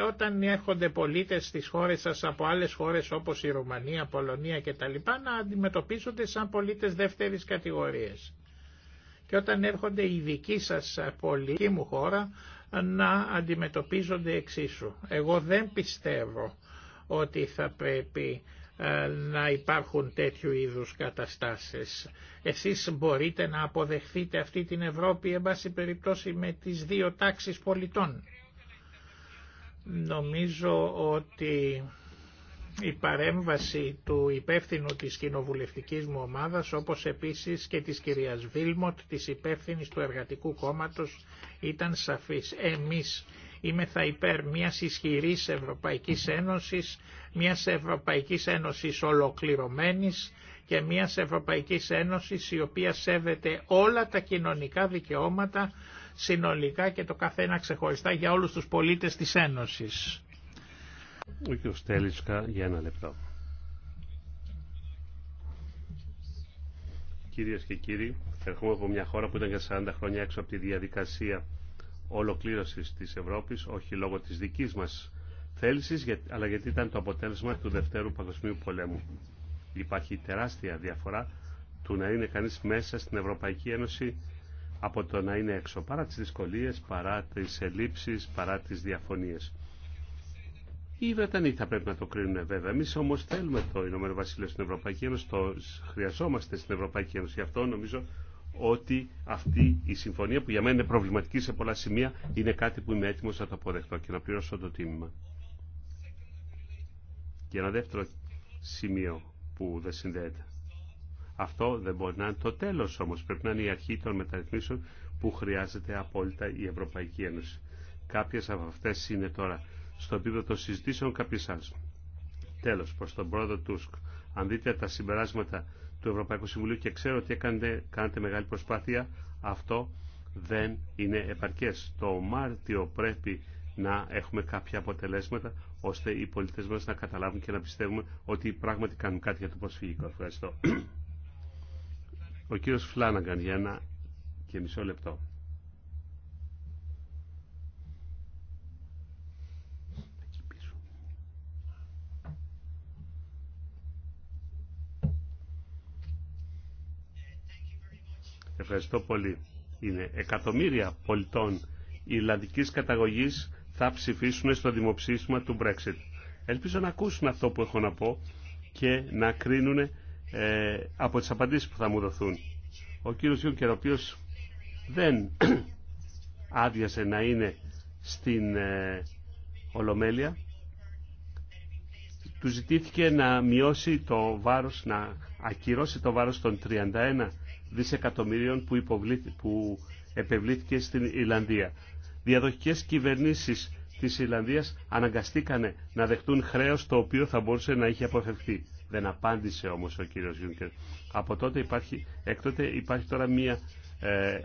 όταν έρχονται πολίτες στις χώρες σας από άλλες χώρες όπως η Ρουμανία, Πολωνία κτλ. να αντιμετωπίζονται σαν πολίτες δεύτερης κατηγορίας. Και όταν έρχονται οι δικοί σας πολίτες μου χώρα να αντιμετωπίζονται εξίσου. Εγώ δεν πιστεύω ότι θα πρέπει ε, να υπάρχουν τέτοιου είδους καταστάσεις. Εσείς μπορείτε να αποδεχθείτε αυτή την Ευρώπη, εν πάση περιπτώσει, με τις δύο τάξεις πολιτών. Νομίζω ότι η παρέμβαση του υπεύθυνου της κοινοβουλευτικής μου ομάδας όπως επίσης και της κυρίας Βίλμοτ της υπεύθυνη του Εργατικού Κόμματος ήταν σαφής. Εμείς θα υπέρ μιας ισχυρής Ευρωπαϊκής Ένωσης, μιας Ευρωπαϊκής Ένωσης ολοκληρωμένης και μιας Ευρωπαϊκής Ένωσης η οποία σέβεται όλα τα κοινωνικά δικαιώματα συνολικά και το καθένα ξεχωριστά για όλους τους πολίτες της Ένωσης.
Ο κ. Στέλιτσκα για ένα λεπτό. Κυρίες και κύριοι, ερχόμαστε από μια χώρα που ήταν για 40 χρόνια έξω από τη διαδικασία ολοκλήρωσης της Ευρώπης, όχι λόγω της δικής μας θέλησης, αλλά γιατί ήταν το αποτέλεσμα του Δευτέρου Παγκοσμίου Πολέμου. Υπάρχει τεράστια διαφορά του να είναι κανείς μέσα στην Ευρωπαϊκή Ένωση από το να είναι έξω, παρά τις δυσκολίες, παρά τις ελλείψεις, παρά τις διαφωνίες. Οι Βρετανοί θα πρέπει να το κρίνουν βέβαια. Εμεί όμω θέλουμε το Ηνωμένο Βασίλειο στην Ευρωπαϊκή Ένωση, το χρειαζόμαστε στην Ευρωπαϊκή Ένωση. Γι' αυτό νομίζω ότι αυτή η συμφωνία που για μένα είναι προβληματική σε πολλά σημεία είναι κάτι που είμαι έτοιμο να το αποδεχτώ και να πληρώσω το τίμημα. Και ένα δεύτερο σημείο που δεν συνδέεται. Αυτό δεν μπορεί να είναι το τέλο όμω. Πρέπει να είναι η αρχή των μεταρρυθμίσεων που χρειάζεται απόλυτα η Ευρωπαϊκή Ένωση. Κάποιε από αυτέ είναι τώρα στο επίπεδο των συζητήσεων κάποιε άλλε. Τέλο, προ τον πρόεδρο Τούσκ. Αν δείτε τα συμπεράσματα του Ευρωπαϊκού Συμβουλίου και ξέρω ότι κάνετε, μεγάλη προσπάθεια, αυτό δεν είναι επαρκέ. Το Μάρτιο πρέπει να έχουμε κάποια αποτελέσματα ώστε οι πολίτε μα να καταλάβουν και να πιστεύουμε ότι πράγματι κάνουν κάτι για το προσφυγικό. Ευχαριστώ. Ο κύριος Φλάναγκαν για ένα και μισό λεπτό. Ευχαριστώ πολύ. Είναι εκατομμύρια πολιτών Ιρλανδικής καταγωγής θα ψηφίσουν στο δημοψήφισμα του Brexit. Ελπίζω να ακούσουν αυτό που έχω να πω και να κρίνουν ε, από τις απαντήσεις που θα μου δοθούν. Ο κύριος Γιούνκερ, ο οποίος δεν άδειασε να είναι στην ε, Ολομέλεια, του ζητήθηκε να μειώσει το βάρος, να ακυρώσει το βάρος των 31 δισεκατομμυρίων που, που επευλήθηκε στην Ιρλανδία. Διαδοχικές κυβερνήσεις της Ιρλανδίας αναγκαστήκανε να δεχτούν χρέος το οποίο θα μπορούσε να είχε αποφευθεί. Δεν απάντησε όμως ο κύριος Γιούνκερ. Από τότε υπάρχει, έκτοτε υπάρχει τώρα μία ε,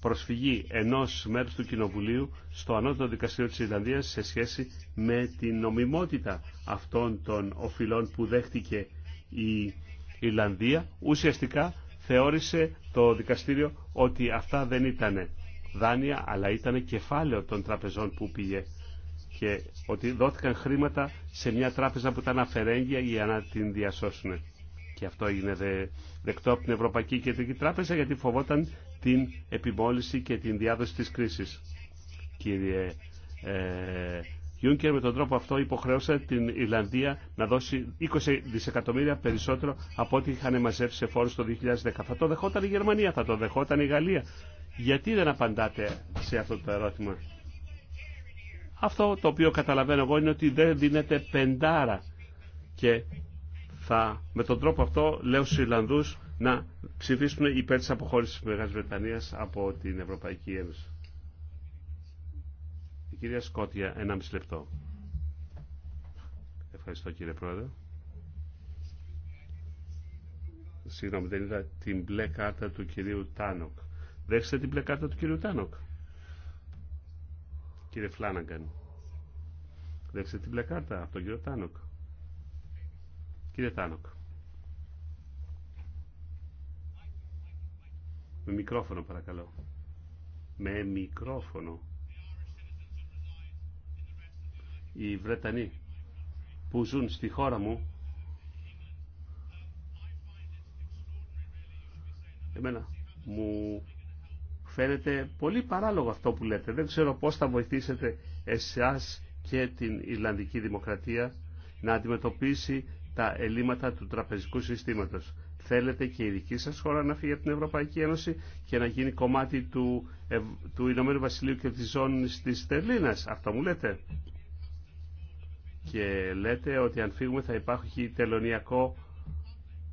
προσφυγή ενός μέρους του Κοινοβουλίου στο ανώτατο δικαστήριο της Ιρλανδίας σε σχέση με την νομιμότητα αυτών των οφειλών που δέχτηκε η Ιρλανδία. Ουσιαστικά θεώρησε το δικαστήριο ότι αυτά δεν ήταν δάνεια αλλά ήταν κεφάλαιο των τραπεζών που πήγε και ότι δόθηκαν χρήματα σε μια τράπεζα που ήταν αφαιρέγγια για να την διασώσουν. Και αυτό έγινε δεκτό από την Ευρωπαϊκή Κεντρική Τράπεζα γιατί φοβόταν την επιμόλυση και την διάδοση της κρίσης. Κύριε ε, Γιούνκερ με τον τρόπο αυτό υποχρέωσε την Ιρλανδία να δώσει 20 δισεκατομμύρια περισσότερο από ό,τι είχαν μαζεύσει σε φόρους το 2010. Θα το δεχόταν η Γερμανία, θα το δεχόταν η Γαλλία. Γιατί δεν απαντάτε σε αυτό το ερώτημα. Αυτό το οποίο καταλαβαίνω εγώ είναι ότι δεν δίνεται πεντάρα και θα, με τον τρόπο αυτό λέω στους Ιρλανδούς να ψηφίσουν υπέρ της αποχώρησης της Μεγάλης Βρετανίας από την Ευρωπαϊκή Ένωση. Η κυρία Σκότια, μισή λεπτό. Ευχαριστώ κύριε Πρόεδρε. Συγγνώμη, δεν είδα την μπλε κάρτα του κυρίου Τάνοκ. Δέχεστε την μπλε κάρτα του κυρίου Τάνοκ. Κύριε Φλάναγκαν. Δέχεστε την μπλε κάρτα από τον κύριο Τάνοκ. Κύριε Τάνοκ. Με μικρόφωνο παρακαλώ. Με μικρόφωνο οι Βρετανοί που ζουν στη χώρα μου εμένα μου φαίνεται πολύ παράλογο αυτό που λέτε. Δεν ξέρω πώς θα βοηθήσετε εσάς και την Ιρλανδική Δημοκρατία να αντιμετωπίσει τα ελλείμματα του τραπεζικού συστήματος. Θέλετε και η δική σας χώρα να φύγει από την Ευρωπαϊκή Ένωση και να γίνει κομμάτι του, ε, του Ηνωμένου Βασιλείου και της ζώνης της Τερλίνας. Αυτό μου λέτε και λέτε ότι αν φύγουμε θα υπάρχει τελωνιακό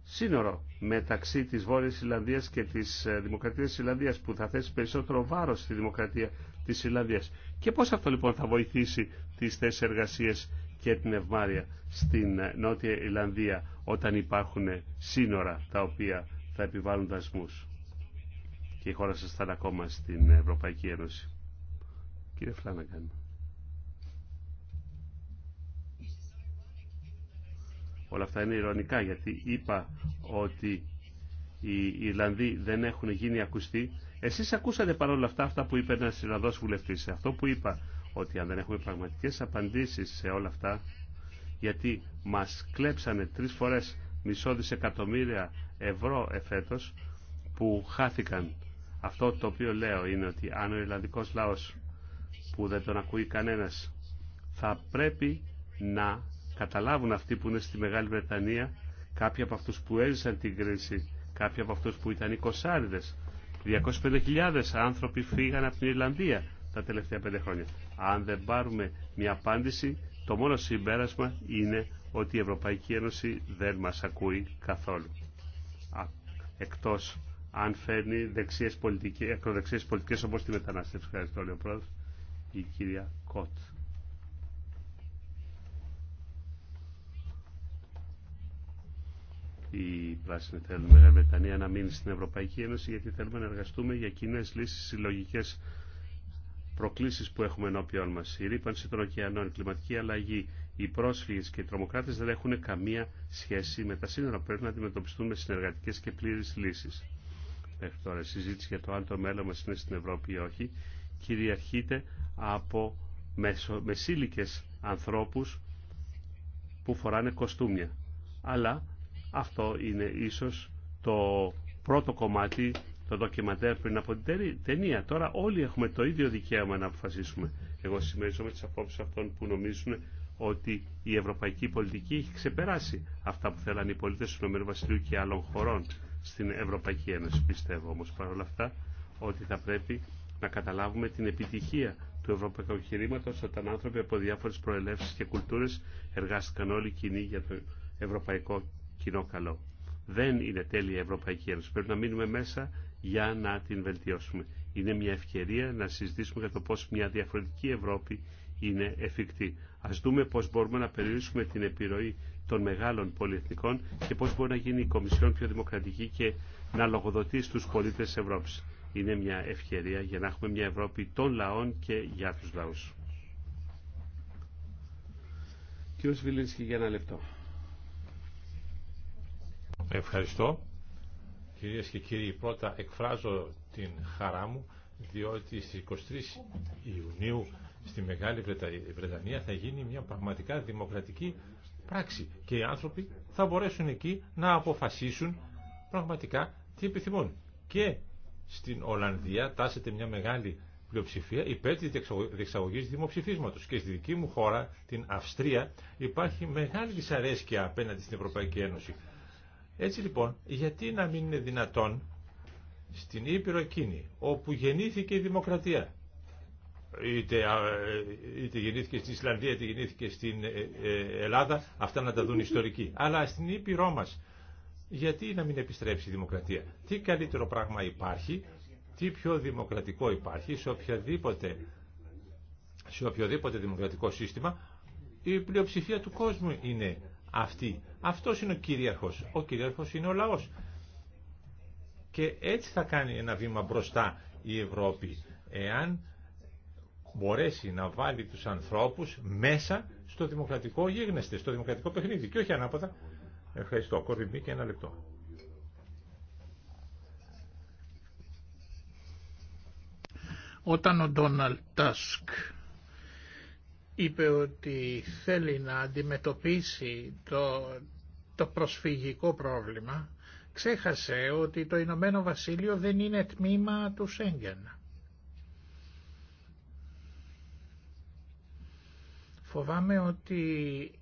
σύνορο μεταξύ της Βόρειας Ιλλανδίας και της ε, Δημοκρατίας της Ιλλανδίας που θα θέσει περισσότερο βάρος στη Δημοκρατία της Ιλλανδίας. Και πώς αυτό λοιπόν θα βοηθήσει τις θέσεις εργασίες και την ευμάρεια στην ε, Νότια Ιλανδία όταν υπάρχουν σύνορα τα οποία θα επιβάλλουν δασμούς. Και η χώρα σας θα είναι ακόμα στην Ευρωπαϊκή Ένωση. Κύριε Όλα αυτά είναι ηρωνικά γιατί είπα ότι οι Ιρλανδοί δεν έχουν γίνει ακουστοί. Εσείς ακούσατε παρόλα αυτά αυτά που είπε ένα Ιρλανδός βουλευτής. Αυτό που είπα ότι αν δεν έχουμε πραγματικές απαντήσεις σε όλα αυτά γιατί μας κλέψανε τρεις φορές μισό δισεκατομμύρια ευρώ εφέτος που χάθηκαν. Αυτό το οποίο λέω είναι ότι αν ο Ιρλανδικός λαός που δεν τον ακούει κανένας θα πρέπει να καταλάβουν αυτοί που είναι στη Μεγάλη Βρετανία, κάποιοι από αυτούς που έζησαν την κρίση, κάποιοι από αυτούς που ήταν οι κοσάριδες. 205.000 άνθρωποι φύγαν από την Ιρλανδία τα τελευταία πέντε χρόνια. Αν δεν πάρουμε μια απάντηση, το μόνο συμπέρασμα είναι ότι η Ευρωπαϊκή Ένωση δεν μας ακούει καθόλου. εκτός αν φέρνει δεξιές πολιτικές, ακροδεξιές πολιτικές όπως τη μετανάστευση. Ευχαριστώ, λέει η κυρία Κότ. οι πράσινοι θέλουμε η Βρετανία να μείνει στην Ευρωπαϊκή Ένωση γιατί θέλουμε να εργαστούμε για κοινέ λύσει συλλογικέ προκλήσει που έχουμε ενώπιόν μα. Η ρήπανση των ωκεανών, η κλιματική αλλαγή, οι πρόσφυγε και οι τρομοκράτε δεν έχουν καμία σχέση με τα σύνορα που πρέπει να αντιμετωπιστούν με συνεργατικέ και πλήρε λύσει. Μέχρι τώρα η συζήτηση για το αν το μέλλον μα είναι στην Ευρώπη ή όχι κυριαρχείται από μεσήλικέ ανθρώπου που φοράνε κοστούμια. Αλλά αυτό είναι ίσως το πρώτο κομμάτι, το ντοκιμαντέρ πριν από την ταινία. Τώρα όλοι έχουμε το ίδιο δικαίωμα να αποφασίσουμε. Εγώ συμμερίζομαι τις απόψεις αυτών που νομίζουν ότι η ευρωπαϊκή πολιτική έχει ξεπεράσει αυτά που θέλαν οι πολίτες του Ηνωμένου Βασιλείου και άλλων χωρών στην Ευρωπαϊκή Ένωση. Πιστεύω όμως παρόλα αυτά ότι θα πρέπει να καταλάβουμε την επιτυχία του ευρωπαϊκού χειρήματο όταν άνθρωποι από διάφορε προελεύσει και κουλτούρε εργάστηκαν όλοι κοινοί για το ευρωπαϊκό κοινό καλό. Δεν είναι τέλεια η Ευρωπαϊκή Ένωση. Πρέπει να μείνουμε μέσα για να την βελτιώσουμε. Είναι μια ευκαιρία να συζητήσουμε για το πώς μια διαφορετική Ευρώπη είναι εφικτή. Ας δούμε πώς μπορούμε να περιορίσουμε την επιρροή των μεγάλων πολυεθνικών και πώς μπορεί να γίνει η Κομισιόν πιο δημοκρατική και να λογοδοτεί στους πολίτες της Ευρώπης. Είναι μια ευκαιρία για να έχουμε μια Ευρώπη των λαών και για τους λαούς. Κύριος Βιλίνσκι για ένα λεπτό.
Ευχαριστώ. Κυρίες και κύριοι, πρώτα εκφράζω την χαρά μου διότι στις 23 Ιουνίου στη Μεγάλη Βρετανία θα γίνει μια πραγματικά δημοκρατική πράξη και οι άνθρωποι θα μπορέσουν εκεί να αποφασίσουν πραγματικά τι επιθυμούν. Και στην Ολλανδία τάσεται μια μεγάλη πλειοψηφία υπέρ της διεξαγωγή δημοψηφίσματος. Και στη δική μου χώρα, την Αυστρία, υπάρχει μεγάλη δυσαρέσκεια απέναντι στην Ευρωπαϊκή Ένωση. Έτσι λοιπόν, γιατί να μην είναι δυνατόν στην Ήπειρο εκείνη, όπου γεννήθηκε η δημοκρατία, είτε, είτε γεννήθηκε στην Ισλανδία, είτε γεννήθηκε στην ε, ε, Ελλάδα, αυτά να τα δουν ιστορικοί. Αλλά στην Ήπειρό μας, γιατί να μην επιστρέψει η δημοκρατία. Τι καλύτερο πράγμα υπάρχει, τι πιο δημοκρατικό υπάρχει σε σε οποιοδήποτε δημοκρατικό σύστημα, η πλειοψηφία του κόσμου είναι αυτή. Αυτός είναι ο κυρίαρχος. Ο κυρίαρχος είναι ο λαός. Και έτσι θα κάνει ένα βήμα μπροστά η Ευρώπη, εάν μπορέσει να βάλει τους ανθρώπους μέσα στο δημοκρατικό γίγνεσθε, στο δημοκρατικό παιχνίδι και όχι ανάποδα. Ευχαριστώ. Κορυμπή και ένα λεπτό.
Όταν ο Ντόναλτ Τάσκ είπε ότι θέλει να αντιμετωπίσει το, το προσφυγικό πρόβλημα, ξέχασε ότι το Ηνωμένο Βασίλειο δεν είναι τμήμα του Σέγγεν. Φοβάμαι ότι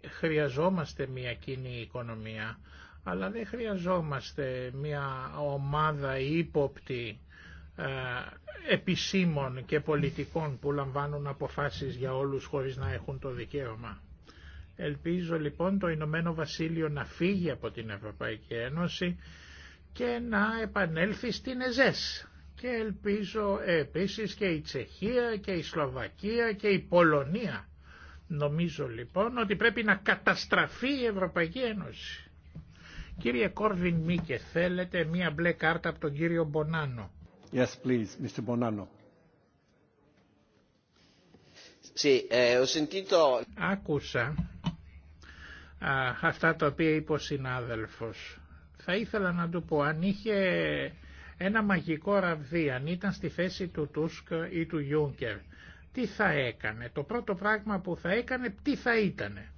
χρειαζόμαστε μια κοινή οικονομία, αλλά δεν χρειαζόμαστε μια ομάδα ύποπτη ε, επισήμων και πολιτικών που λαμβάνουν αποφάσεις για όλους χωρίς να έχουν το δικαίωμα. Ελπίζω λοιπόν το Ηνωμένο Βασίλειο να φύγει από την Ευρωπαϊκή Ένωση και να επανέλθει στην ΕΖΕΣ. Και ελπίζω επίσης και η Τσεχία και η Σλοβακία και η Πολωνία. Νομίζω λοιπόν ότι πρέπει να καταστραφεί η Ευρωπαϊκή Ένωση. Κύριε Κόρβιν Μίκε, θέλετε μία μπλε κάρτα από τον κύριο Μπονάνο. Eh, Άκουσα αυτά τα οποία είπε ο συνάδελφος. Θα ήθελα να του πω, αν είχε ένα μαγικό ραβδί, αν ήταν στη θέση του Τούσκ ή του Γιούνκερ, τι θα έκανε. Το πρώτο πράγμα που θα έκανε, τι θα ήτανε.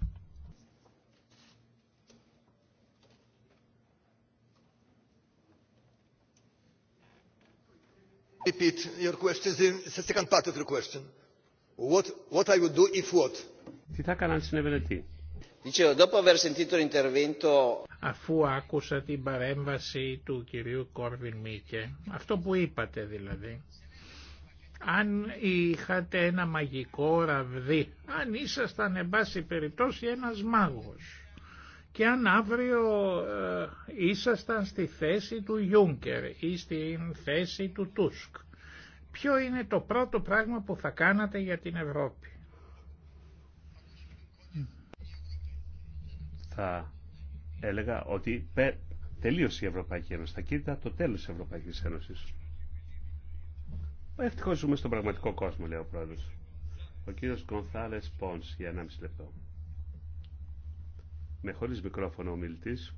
repeat your question,
the second part of your question. What, what I would do if what?
Τι θα έκαναν συνέβαινε τι.
Αφού άκουσα την παρέμβαση του κυρίου Κόρβιν Μίκε, αυτό που είπατε δηλαδή, αν είχατε ένα μαγικό ραβδί, αν ήσασταν εν πάση περιπτώσει ένας μάγος, και αν αύριο ε, ήσασταν στη θέση του Ιούνκερ ή στη θέση του Τούσκ. Ποιο είναι το πρώτο πράγμα που θα κάνατε για την Ευρώπη.
Θα έλεγα ότι τελείωσε η Ευρωπαϊκή Ένωση. Θα κοίτα το τέλος της Ευρωπαϊκής Ένωσης. Ευτυχώς ζούμε στον πραγματικό κόσμο, λέει ο πρόεδρος. Ο κύριος Γκονθάλες Πόνς για 1,5 λεπτό με χωρίς μικρόφωνο ο μιλητής.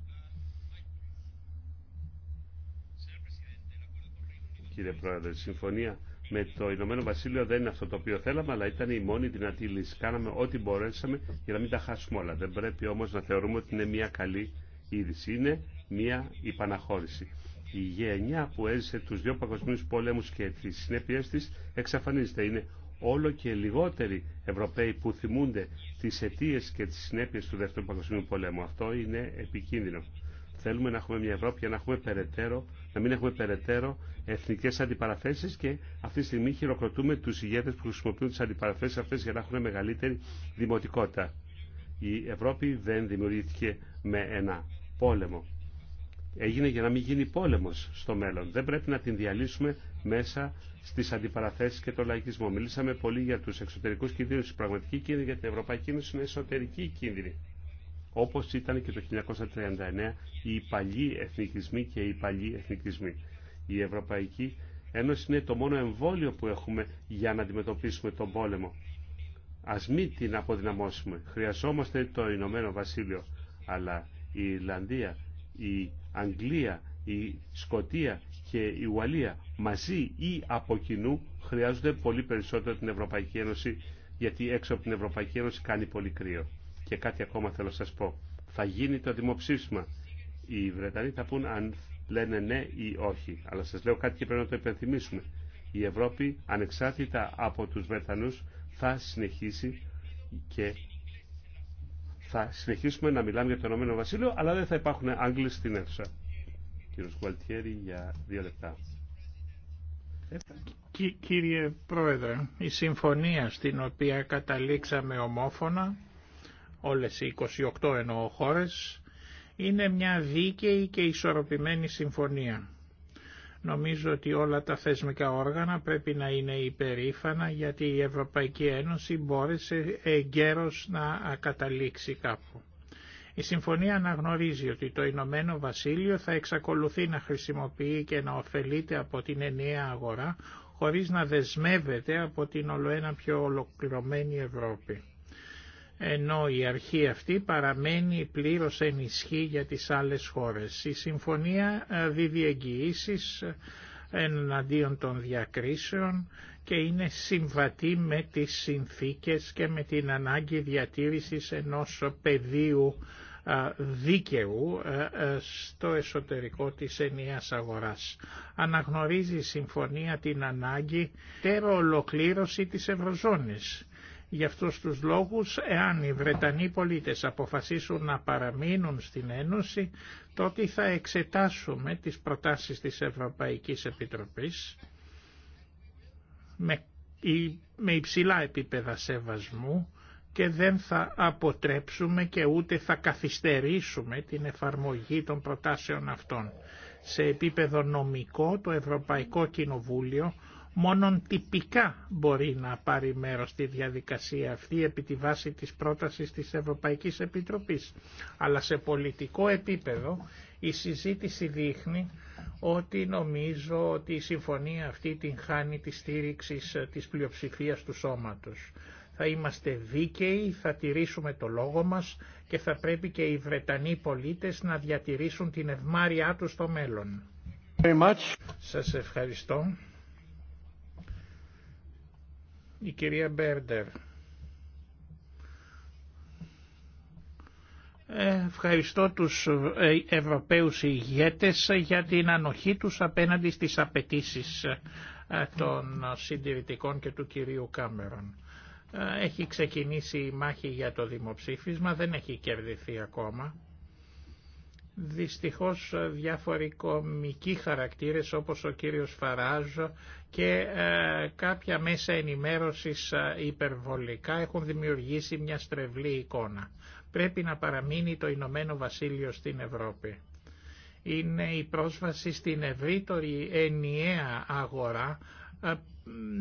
Κύριε Πρόεδρε, η συμφωνία με το Ηνωμένο Βασίλειο δεν είναι αυτό το οποίο θέλαμε, αλλά ήταν η μόνη δυνατή λύση. Κάναμε ό,τι μπορέσαμε για να μην τα χάσουμε όλα. Δεν πρέπει όμως να θεωρούμε ότι είναι μια καλή είδηση. Είναι μια υπαναχώρηση. Η γενιά που έζησε τους δύο παγκοσμίους πολέμους και τις συνέπειές της εξαφανίζεται. Είναι όλο και λιγότεροι Ευρωπαίοι που θυμούνται τις αιτίε και τις συνέπειες του Δεύτερου Παγκοσμίου Πολέμου. Αυτό είναι επικίνδυνο. Θέλουμε να έχουμε μια Ευρώπη για να, έχουμε περαιτέρω, να μην έχουμε περαιτέρω εθνικές αντιπαραθέσεις και αυτή τη στιγμή χειροκροτούμε τους ηγέτες που χρησιμοποιούν τις αντιπαραθέσεις αυτές για να έχουν μεγαλύτερη δημοτικότητα. Η Ευρώπη δεν δημιουργήθηκε με ένα πόλεμο έγινε για να μην γίνει πόλεμος στο μέλλον. Δεν πρέπει να την διαλύσουμε μέσα στις αντιπαραθέσεις και το λαϊκισμό. Μιλήσαμε πολύ για τους εξωτερικούς κινδύνους, η πραγματική κίνδυνη για την Ευρωπαϊκή Ένωση είναι εσωτερική κίνδυνη. Όπως ήταν και το 1939 οι παλιοί εθνικισμοί και οι παλιοί εθνικισμοί. Η Ευρωπαϊκή Ένωση είναι το μόνο εμβόλιο που έχουμε για να αντιμετωπίσουμε τον πόλεμο. Ας μην την αποδυναμώσουμε. Χρειαζόμαστε το Ηνωμένο Βασίλειο, αλλά η Ιρλανδία, η Αγγλία, η Σκοτία και η Ουαλία μαζί ή από κοινού χρειάζονται πολύ περισσότερο την Ευρωπαϊκή Ένωση γιατί έξω από την Ευρωπαϊκή Ένωση κάνει πολύ κρύο. Και κάτι ακόμα θέλω να σας πω. Θα γίνει το δημοψήφισμα. Οι Βρετανοί θα πούν αν λένε ναι ή όχι. Αλλά σας λέω κάτι και πρέπει να το υπενθυμίσουμε. Η Ευρώπη ανεξάρτητα από τους Βρετανούς θα συνεχίσει και θα συνεχίσουμε να μιλάμε για το Ηνωμένο Βασίλειο, αλλά δεν θα υπάρχουν Άγγλοι στην αίθουσα. για δύο λεπτά.
Κύριε Πρόεδρε, η συμφωνία στην οποία καταλήξαμε ομόφωνα, όλες οι 28 εννοώ χώρες, είναι μια δίκαιη και ισορροπημένη συμφωνία. Νομίζω ότι όλα τα θεσμικά όργανα πρέπει να είναι υπερήφανα γιατί η Ευρωπαϊκή Ένωση μπόρεσε εγκαίρως να καταλήξει κάπου. Η συμφωνία αναγνωρίζει ότι το Ηνωμένο Βασίλειο θα εξακολουθεί να χρησιμοποιεί και να ωφελείται από την ενιαία αγορά χωρίς να δεσμεύεται από την ολοένα πιο ολοκληρωμένη Ευρώπη ενώ η αρχή αυτή παραμένει πλήρως ενισχύ για τις άλλες χώρες. Η Συμφωνία ε, δίδει εγγυήσεις ε, εναντίον των διακρίσεων και είναι συμβατή με τις συνθήκες και με την ανάγκη διατήρησης ενός πεδίου ε, δίκαιου στο εσωτερικό της ενιαίας αγοράς. Αναγνωρίζει η Συμφωνία την ανάγκη τέρο ολοκλήρωση της Ευρωζώνης Γι' αυτούς τους λόγους, εάν οι Βρετανοί πολίτες αποφασίσουν να παραμείνουν στην Ένωση, τότε θα εξετάσουμε τις προτάσεις της Ευρωπαϊκής Επιτροπής με, με υψηλά επίπεδα σεβασμού και δεν θα αποτρέψουμε και ούτε θα καθυστερήσουμε την εφαρμογή των προτάσεων αυτών. Σε επίπεδο νομικό, το Ευρωπαϊκό Κοινοβούλιο μόνον τυπικά μπορεί να πάρει μέρος στη διαδικασία αυτή επί τη βάση της πρότασης της Ευρωπαϊκής Επιτροπής. Αλλά σε πολιτικό επίπεδο η συζήτηση δείχνει ότι νομίζω ότι η συμφωνία αυτή την χάνει τη στήριξη της πλειοψηφίας του σώματος. Θα είμαστε δίκαιοι, θα τηρήσουμε το λόγο μας και θα πρέπει και οι Βρετανοί πολίτες να διατηρήσουν την ευμάρειά τους στο μέλλον. Σας ευχαριστώ. Η κυρία Μπέρντερ. Ε, ευχαριστώ τους ε, Ευρωπαίους ηγέτες για την ανοχή τους απέναντι στις απαιτήσεις ε, των συντηρητικών και του κυρίου Κάμερον. Έχει ξεκινήσει η μάχη για το δημοψήφισμα, δεν έχει κερδιθεί ακόμα. Δυστυχώς διάφοροι κομικοί χαρακτήρες όπως ο κύριος Φαράζο και ε, κάποια μέσα ενημέρωσης ε, υπερβολικά έχουν δημιουργήσει μια στρεβλή εικόνα. Πρέπει να παραμείνει το Ηνωμένο Βασίλειο στην Ευρώπη. Είναι η πρόσβαση στην ευρύτερη ενιαία αγορά ε,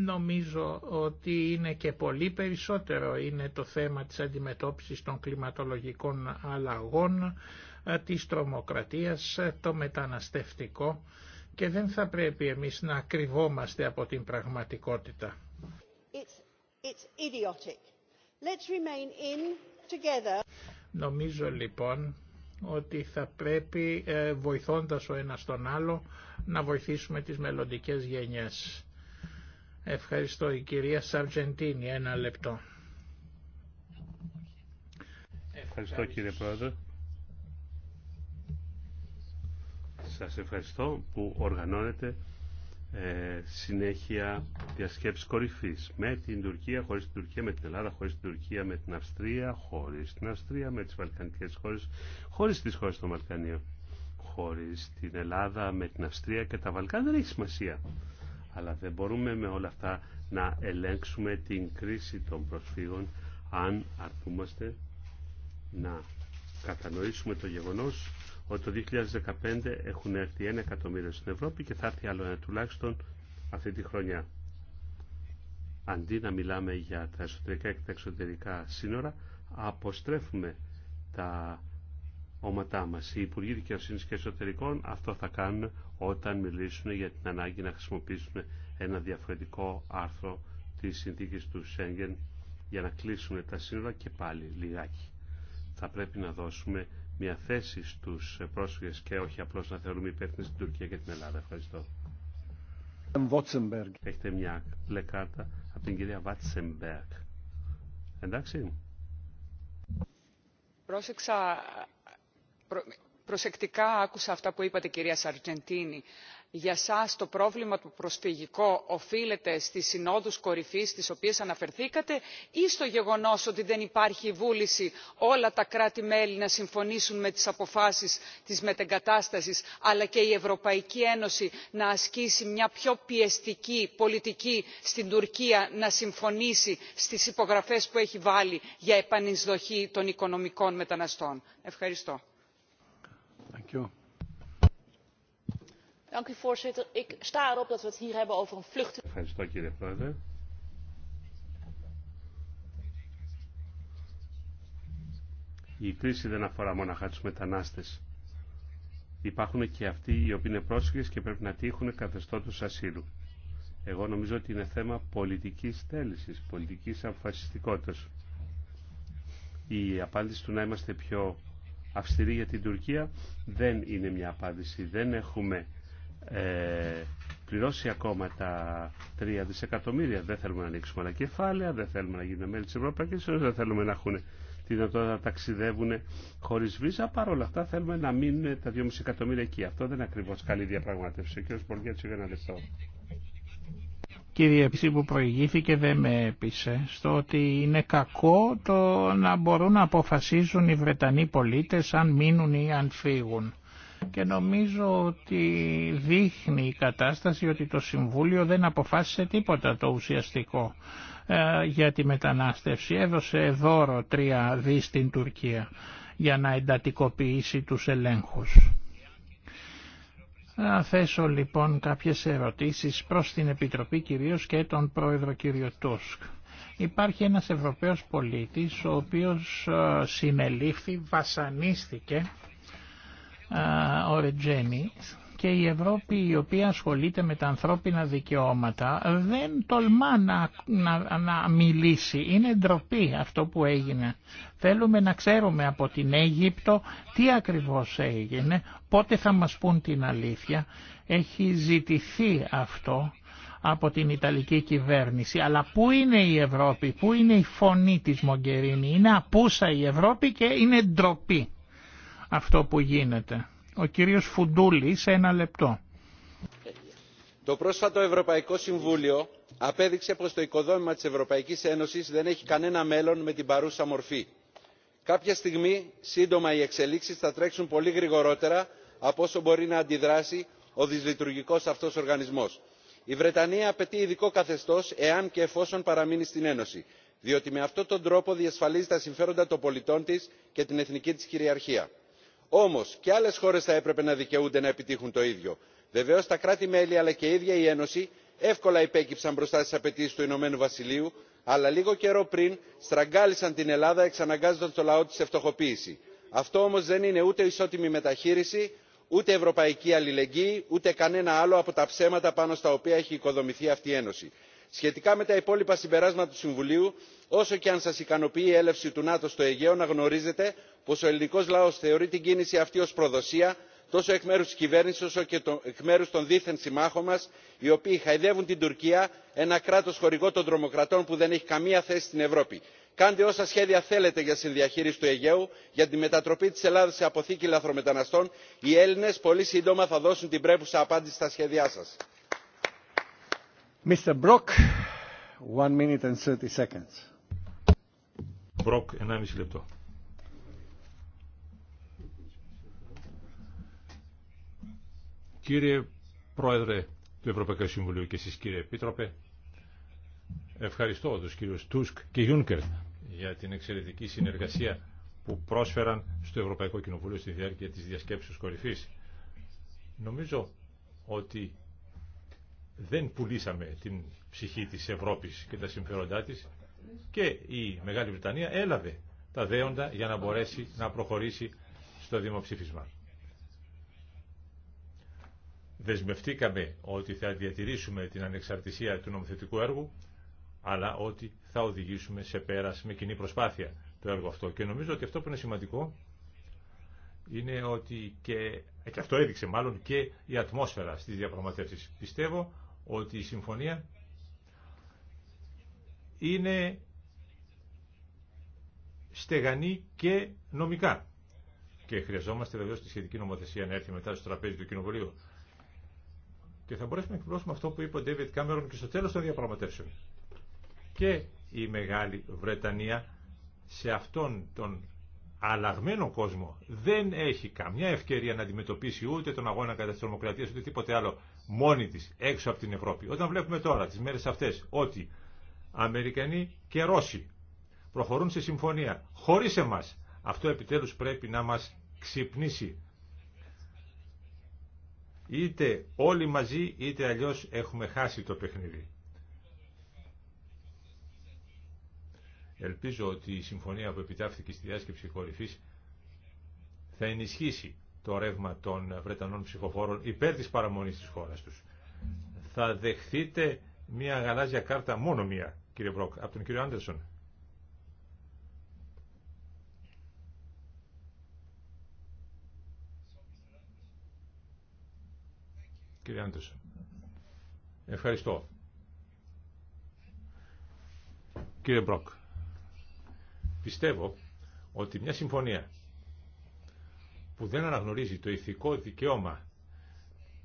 Νομίζω ότι είναι και πολύ περισσότερο είναι το θέμα της αντιμετώπισης των κλιματολογικών αλλαγών, ε, της τρομοκρατίας, ε, το μεταναστευτικό και δεν θα πρέπει εμείς να κρυβόμαστε από την πραγματικότητα. Νομίζω λοιπόν ότι θα πρέπει ε, βοηθώντας ο ένας τον άλλο να βοηθήσουμε τις μελλοντικές γενιές.
Ευχαριστώ.
Η κυρία Σαρτζεντίνη, ένα λεπτό.
Ευχαριστώ κύριε Πρόεδρε. Σας ευχαριστώ που οργανώνετε ε, συνέχεια διασκέψη κορυφής με την Τουρκία, χωρίς την Τουρκία, με την Ελλάδα, χωρίς την Τουρκία, με την Αυστρία, χωρίς την Αυστρία, με τις Βαλκανικές χώρες, χωρίς τις χώρες των Βαλκανίων, χωρίς την Ελλάδα, με την Αυστρία και τα Βαλκάνια δεν έχει σημασία αλλά δεν μπορούμε με όλα αυτά να ελέγξουμε την κρίση των προσφύγων αν αρκούμαστε να κατανοήσουμε το γεγονός ότι το 2015 έχουν έρθει ένα εκατομμύριο στην Ευρώπη και θα έρθει άλλο ένα τουλάχιστον αυτή τη χρονιά. Αντί να μιλάμε για τα εσωτερικά και τα εξωτερικά σύνορα, αποστρέφουμε τα ομάτά μας. Οι Υπουργοί Δικαιοσύνη και Εσωτερικών αυτό θα κάνουν όταν μιλήσουν για την ανάγκη να χρησιμοποιήσουν ένα διαφορετικό άρθρο της συνθήκη του Σέγγεν για να κλείσουν τα σύνορα και πάλι λιγάκι. Θα πρέπει να δώσουμε μια θέση στους πρόσφυγες και όχι απλώς να θεωρούμε υπεύθυνε στην Τουρκία και την Ελλάδα. Ευχαριστώ. Έχετε μια πλεκάρτα από την κυρία Βάτσεμπεργκ. Εντάξει.
Πρόσεξα προσεκτικά άκουσα αυτά που είπατε κυρία Σαρτζεντίνη. Για σας το πρόβλημα του προσφυγικό οφείλεται στις συνόδους κορυφής στις οποίες αναφερθήκατε ή στο γεγονός ότι δεν υπάρχει βούληση όλα τα κράτη-μέλη να συμφωνήσουν με τις αποφάσεις της μετεγκατάστασης αλλά και η Ευρωπαϊκή Ένωση να ασκήσει μια πιο πιεστική πολιτική στην Τουρκία να συμφωνήσει στις υπογραφές που έχει βάλει για επανεισδοχή των οικονομικών μεταναστών. Ευχαριστώ.
Ευχαριστώ κύριε Πρόεδρε. Η κρίση δεν αφορά μόναχα τους μετανάστες. Υπάρχουν και αυτοί οι οποίοι είναι πρόσφυγες και πρέπει να τύχουν καθεστώτους ασύλου. Εγώ νομίζω ότι είναι θέμα πολιτικής θέλησης, πολιτικής αμφασιστικότητας. Η απάντηση του να είμαστε πιο αυστηρή για την Τουρκία δεν είναι μια απάντηση. Δεν έχουμε ε, πληρώσει ακόμα τα 3 δισεκατομμύρια. Δεν θέλουμε να ανοίξουμε άλλα κεφάλαια, δεν θέλουμε να γίνουμε μέλη της Ευρωπαϊκής Ένωσης, δεν θέλουμε να έχουν τη δυνατότητα να ταξιδεύουν χωρί βίζα. Παρ' όλα αυτά θέλουμε να μείνουν τα 2,5 εκατομμύρια εκεί. Αυτό δεν είναι ακριβώ καλή διαπραγμάτευση. Ο κ. για ένα λεπτό
διεύθυνση που προηγήθηκε δεν με έπεισε στο ότι είναι κακό το να μπορούν να αποφασίζουν οι Βρετανοί πολίτες αν μείνουν ή αν φύγουν. Και νομίζω ότι δείχνει η κατάσταση ότι το Συμβούλιο δεν αποφάσισε τίποτα το ουσιαστικό ε, για τη μετανάστευση. Έδωσε δώρο τρία δι στην Τουρκία για να εντατικοποιήσει τους ελέγχους. Να θέσω λοιπόν κάποιες ερωτήσεις προς την Επιτροπή κυρίως και τον Πρόεδρο κύριο Τούσκ. Υπάρχει ένας Ευρωπαίος πολίτης ο οποίος ε, συνελήφθη, βασανίστηκε, ε, ο Ρετζένη, και η Ευρώπη η οποία ασχολείται με τα ανθρώπινα δικαιώματα δεν τολμά να, να, να μιλήσει. Είναι ντροπή αυτό που έγινε. Θέλουμε να ξέρουμε από την Αίγυπτο τι ακριβώς έγινε, πότε θα μας πούν την αλήθεια. Έχει ζητηθεί αυτό από την Ιταλική κυβέρνηση. Αλλά πού είναι η Ευρώπη, πού είναι η φωνή της Μογκερίνη. Είναι απούσα η Ευρώπη και είναι ντροπή αυτό που γίνεται. Ο κύριος Φουντούλη σε ένα λεπτό.
Το πρόσφατο Ευρωπαϊκό Συμβούλιο απέδειξε πως το οικοδόμημα της Ευρωπαϊκής Ένωσης δεν έχει κανένα μέλλον με την παρούσα μορφή. Κάποια στιγμή σύντομα οι εξελίξεις θα τρέξουν πολύ γρηγορότερα από όσο μπορεί να αντιδράσει ο δυσλειτουργικός αυτός οργανισμός. Η Βρετανία απαιτεί ειδικό καθεστώς εάν και εφόσον παραμείνει στην Ένωση, διότι με αυτόν τον τρόπο διασφαλίζει τα συμφέροντα των πολιτών της και την εθνική της κυριαρχία. Όμω και άλλε χώρε θα έπρεπε να δικαιούνται να επιτύχουν το ίδιο. Βεβαίω τα κράτη μέλη αλλά και η ίδια η ένωση εύκολα υπέκυψαν μπροστά στι απαιτήσει του ηνωμένου βασιλείου αλλά λίγο καιρό πριν στραγγάλισαν την ελλάδα εξαναγκάζοντας το λαό τη σε φτωχοποίηση. αυτό όμω δεν είναι ούτε ισότιμη μεταχείριση ούτε ευρωπαϊκή αλληλεγγύη ούτε κανένα άλλο από τα ψέματα πάνω στα οποία έχει οικοδομηθεί αυτή η ένωση σχετικά με τα υπόλοιπα συμπεράσματα του συμβουλίου όσο και αν σας ικανοποιεί η έλευση του νάτο στο αιγαίο να γνωρίζετε πως ο ελληνικός λαός θεωρεί την κίνηση αυτή ως προδοσία τόσο εκ μέρους της κυβέρνησης όσο και εκ μέρους των δίθεν συμμάχων μας οι οποίοι χαϊδεύουν την τουρκία ένα κράτος χορηγό των τρομοκρατών που δεν έχει καμία θέση στην ευρώπη. κάντε όσα σχέδια θέλετε για συνδιαχείριση του αιγαίου για τη μετατροπή τη Ελλάδα σε αποθήκη λαθρομεταναστών οι έλληνες πολύ σύντομα θα δώσουν την πρέπουσα απάντηση στα σχέδιά σας.
Mr. 1 minute and 30 seconds.
λεπτό. Κύριε Πρόεδρε του Ευρωπαϊκού Συμβουλίου και εσείς κύριε Επίτροπε, ευχαριστώ τους κύριους Τούσκ και Γιούνκερ για την εξαιρετική συνεργασία που πρόσφεραν στο Ευρωπαϊκό Κοινοβούλιο στη διάρκεια της διασκέψης κορυφής. Νομίζω ότι δεν πουλήσαμε την ψυχή της Ευρώπης και τα συμφέροντά της και η Μεγάλη Βρετανία έλαβε τα δέοντα για να μπορέσει να προχωρήσει στο δημοψήφισμα. Δεσμευτήκαμε ότι θα διατηρήσουμε την ανεξαρτησία του νομοθετικού έργου αλλά ότι θα οδηγήσουμε σε πέρας με κοινή προσπάθεια το έργο αυτό. Και νομίζω ότι αυτό που είναι σημαντικό είναι ότι και, και αυτό έδειξε μάλλον και η ατμόσφαιρα στις διαπραγματεύσεις. Πιστεύω ότι η συμφωνία είναι στεγανή και νομικά. Και χρειαζόμαστε βεβαίω τη σχετική νομοθεσία να έρθει μετά στο τραπέζι του Κοινοβουλίου. Και θα μπορέσουμε να εκπληρώσουμε αυτό που είπε ο Ντέβιτ Κάμερον και στο τέλο των διαπραγματεύσεων. Και η Μεγάλη Βρετανία σε αυτόν τον αλλαγμένο κόσμο δεν έχει καμιά ευκαιρία να αντιμετωπίσει ούτε τον αγώνα κατά τη τρομοκρατία ούτε τίποτε άλλο μόνη της έξω από την Ευρώπη. Όταν βλέπουμε τώρα τις μέρες αυτές ότι Αμερικανοί και Ρώσοι προχωρούν σε συμφωνία χωρίς εμάς, αυτό επιτέλους πρέπει να μας ξυπνήσει. Είτε όλοι μαζί είτε αλλιώς έχουμε χάσει το παιχνίδι. Ελπίζω ότι η συμφωνία που επιτάφθηκε στη διάσκεψη κορυφής θα ενισχύσει το ρεύμα των Βρετανών ψηφοφόρων υπέρ της παραμονής της χώρας τους. Θα δεχθείτε μια γαλάζια κάρτα, μόνο μία, κύριε Μπρόκ, από τον κύριο Άντερσον. Κύριε Άντερσον, ευχαριστώ. Κύριε Μπρόκ, πιστεύω ότι μια συμφωνία που δεν αναγνωρίζει το ηθικό δικαίωμα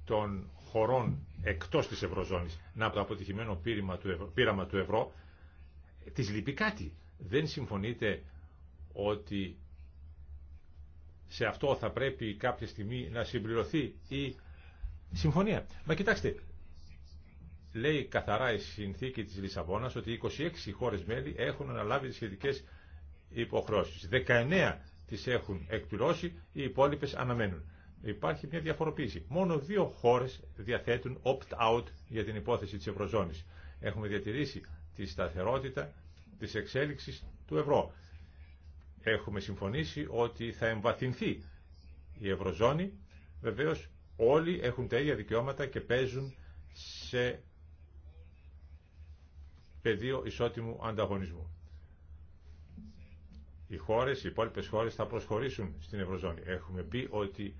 των χωρών εκτός της Ευρωζώνης να από το αποτυχημένο πείραμα του ευρώ, πείραμα του ευρώ της λυπεί κάτι. Δεν συμφωνείτε ότι σε αυτό θα πρέπει κάποια στιγμή να συμπληρωθεί η συμφωνία. Μα κοιτάξτε, λέει καθαρά η συνθήκη της Λισαβόνας ότι 26 χώρες μέλη έχουν αναλάβει τις σχετικές υποχρεώσεις. 19 τις έχουν εκπληρώσει, οι υπόλοιπε αναμένουν. Υπάρχει μια διαφοροποίηση. Μόνο δύο χώρες διαθέτουν opt-out για την υπόθεση της Ευρωζώνης. Έχουμε διατηρήσει τη σταθερότητα της εξέλιξης του ευρώ. Έχουμε συμφωνήσει ότι θα εμβαθυνθεί η Ευρωζώνη. Βεβαίως όλοι έχουν τα ίδια δικαιώματα και παίζουν σε πεδίο ισότιμου ανταγωνισμού οι χώρες, οι υπόλοιπες χώρες θα προσχωρήσουν στην Ευρωζώνη. Έχουμε πει ότι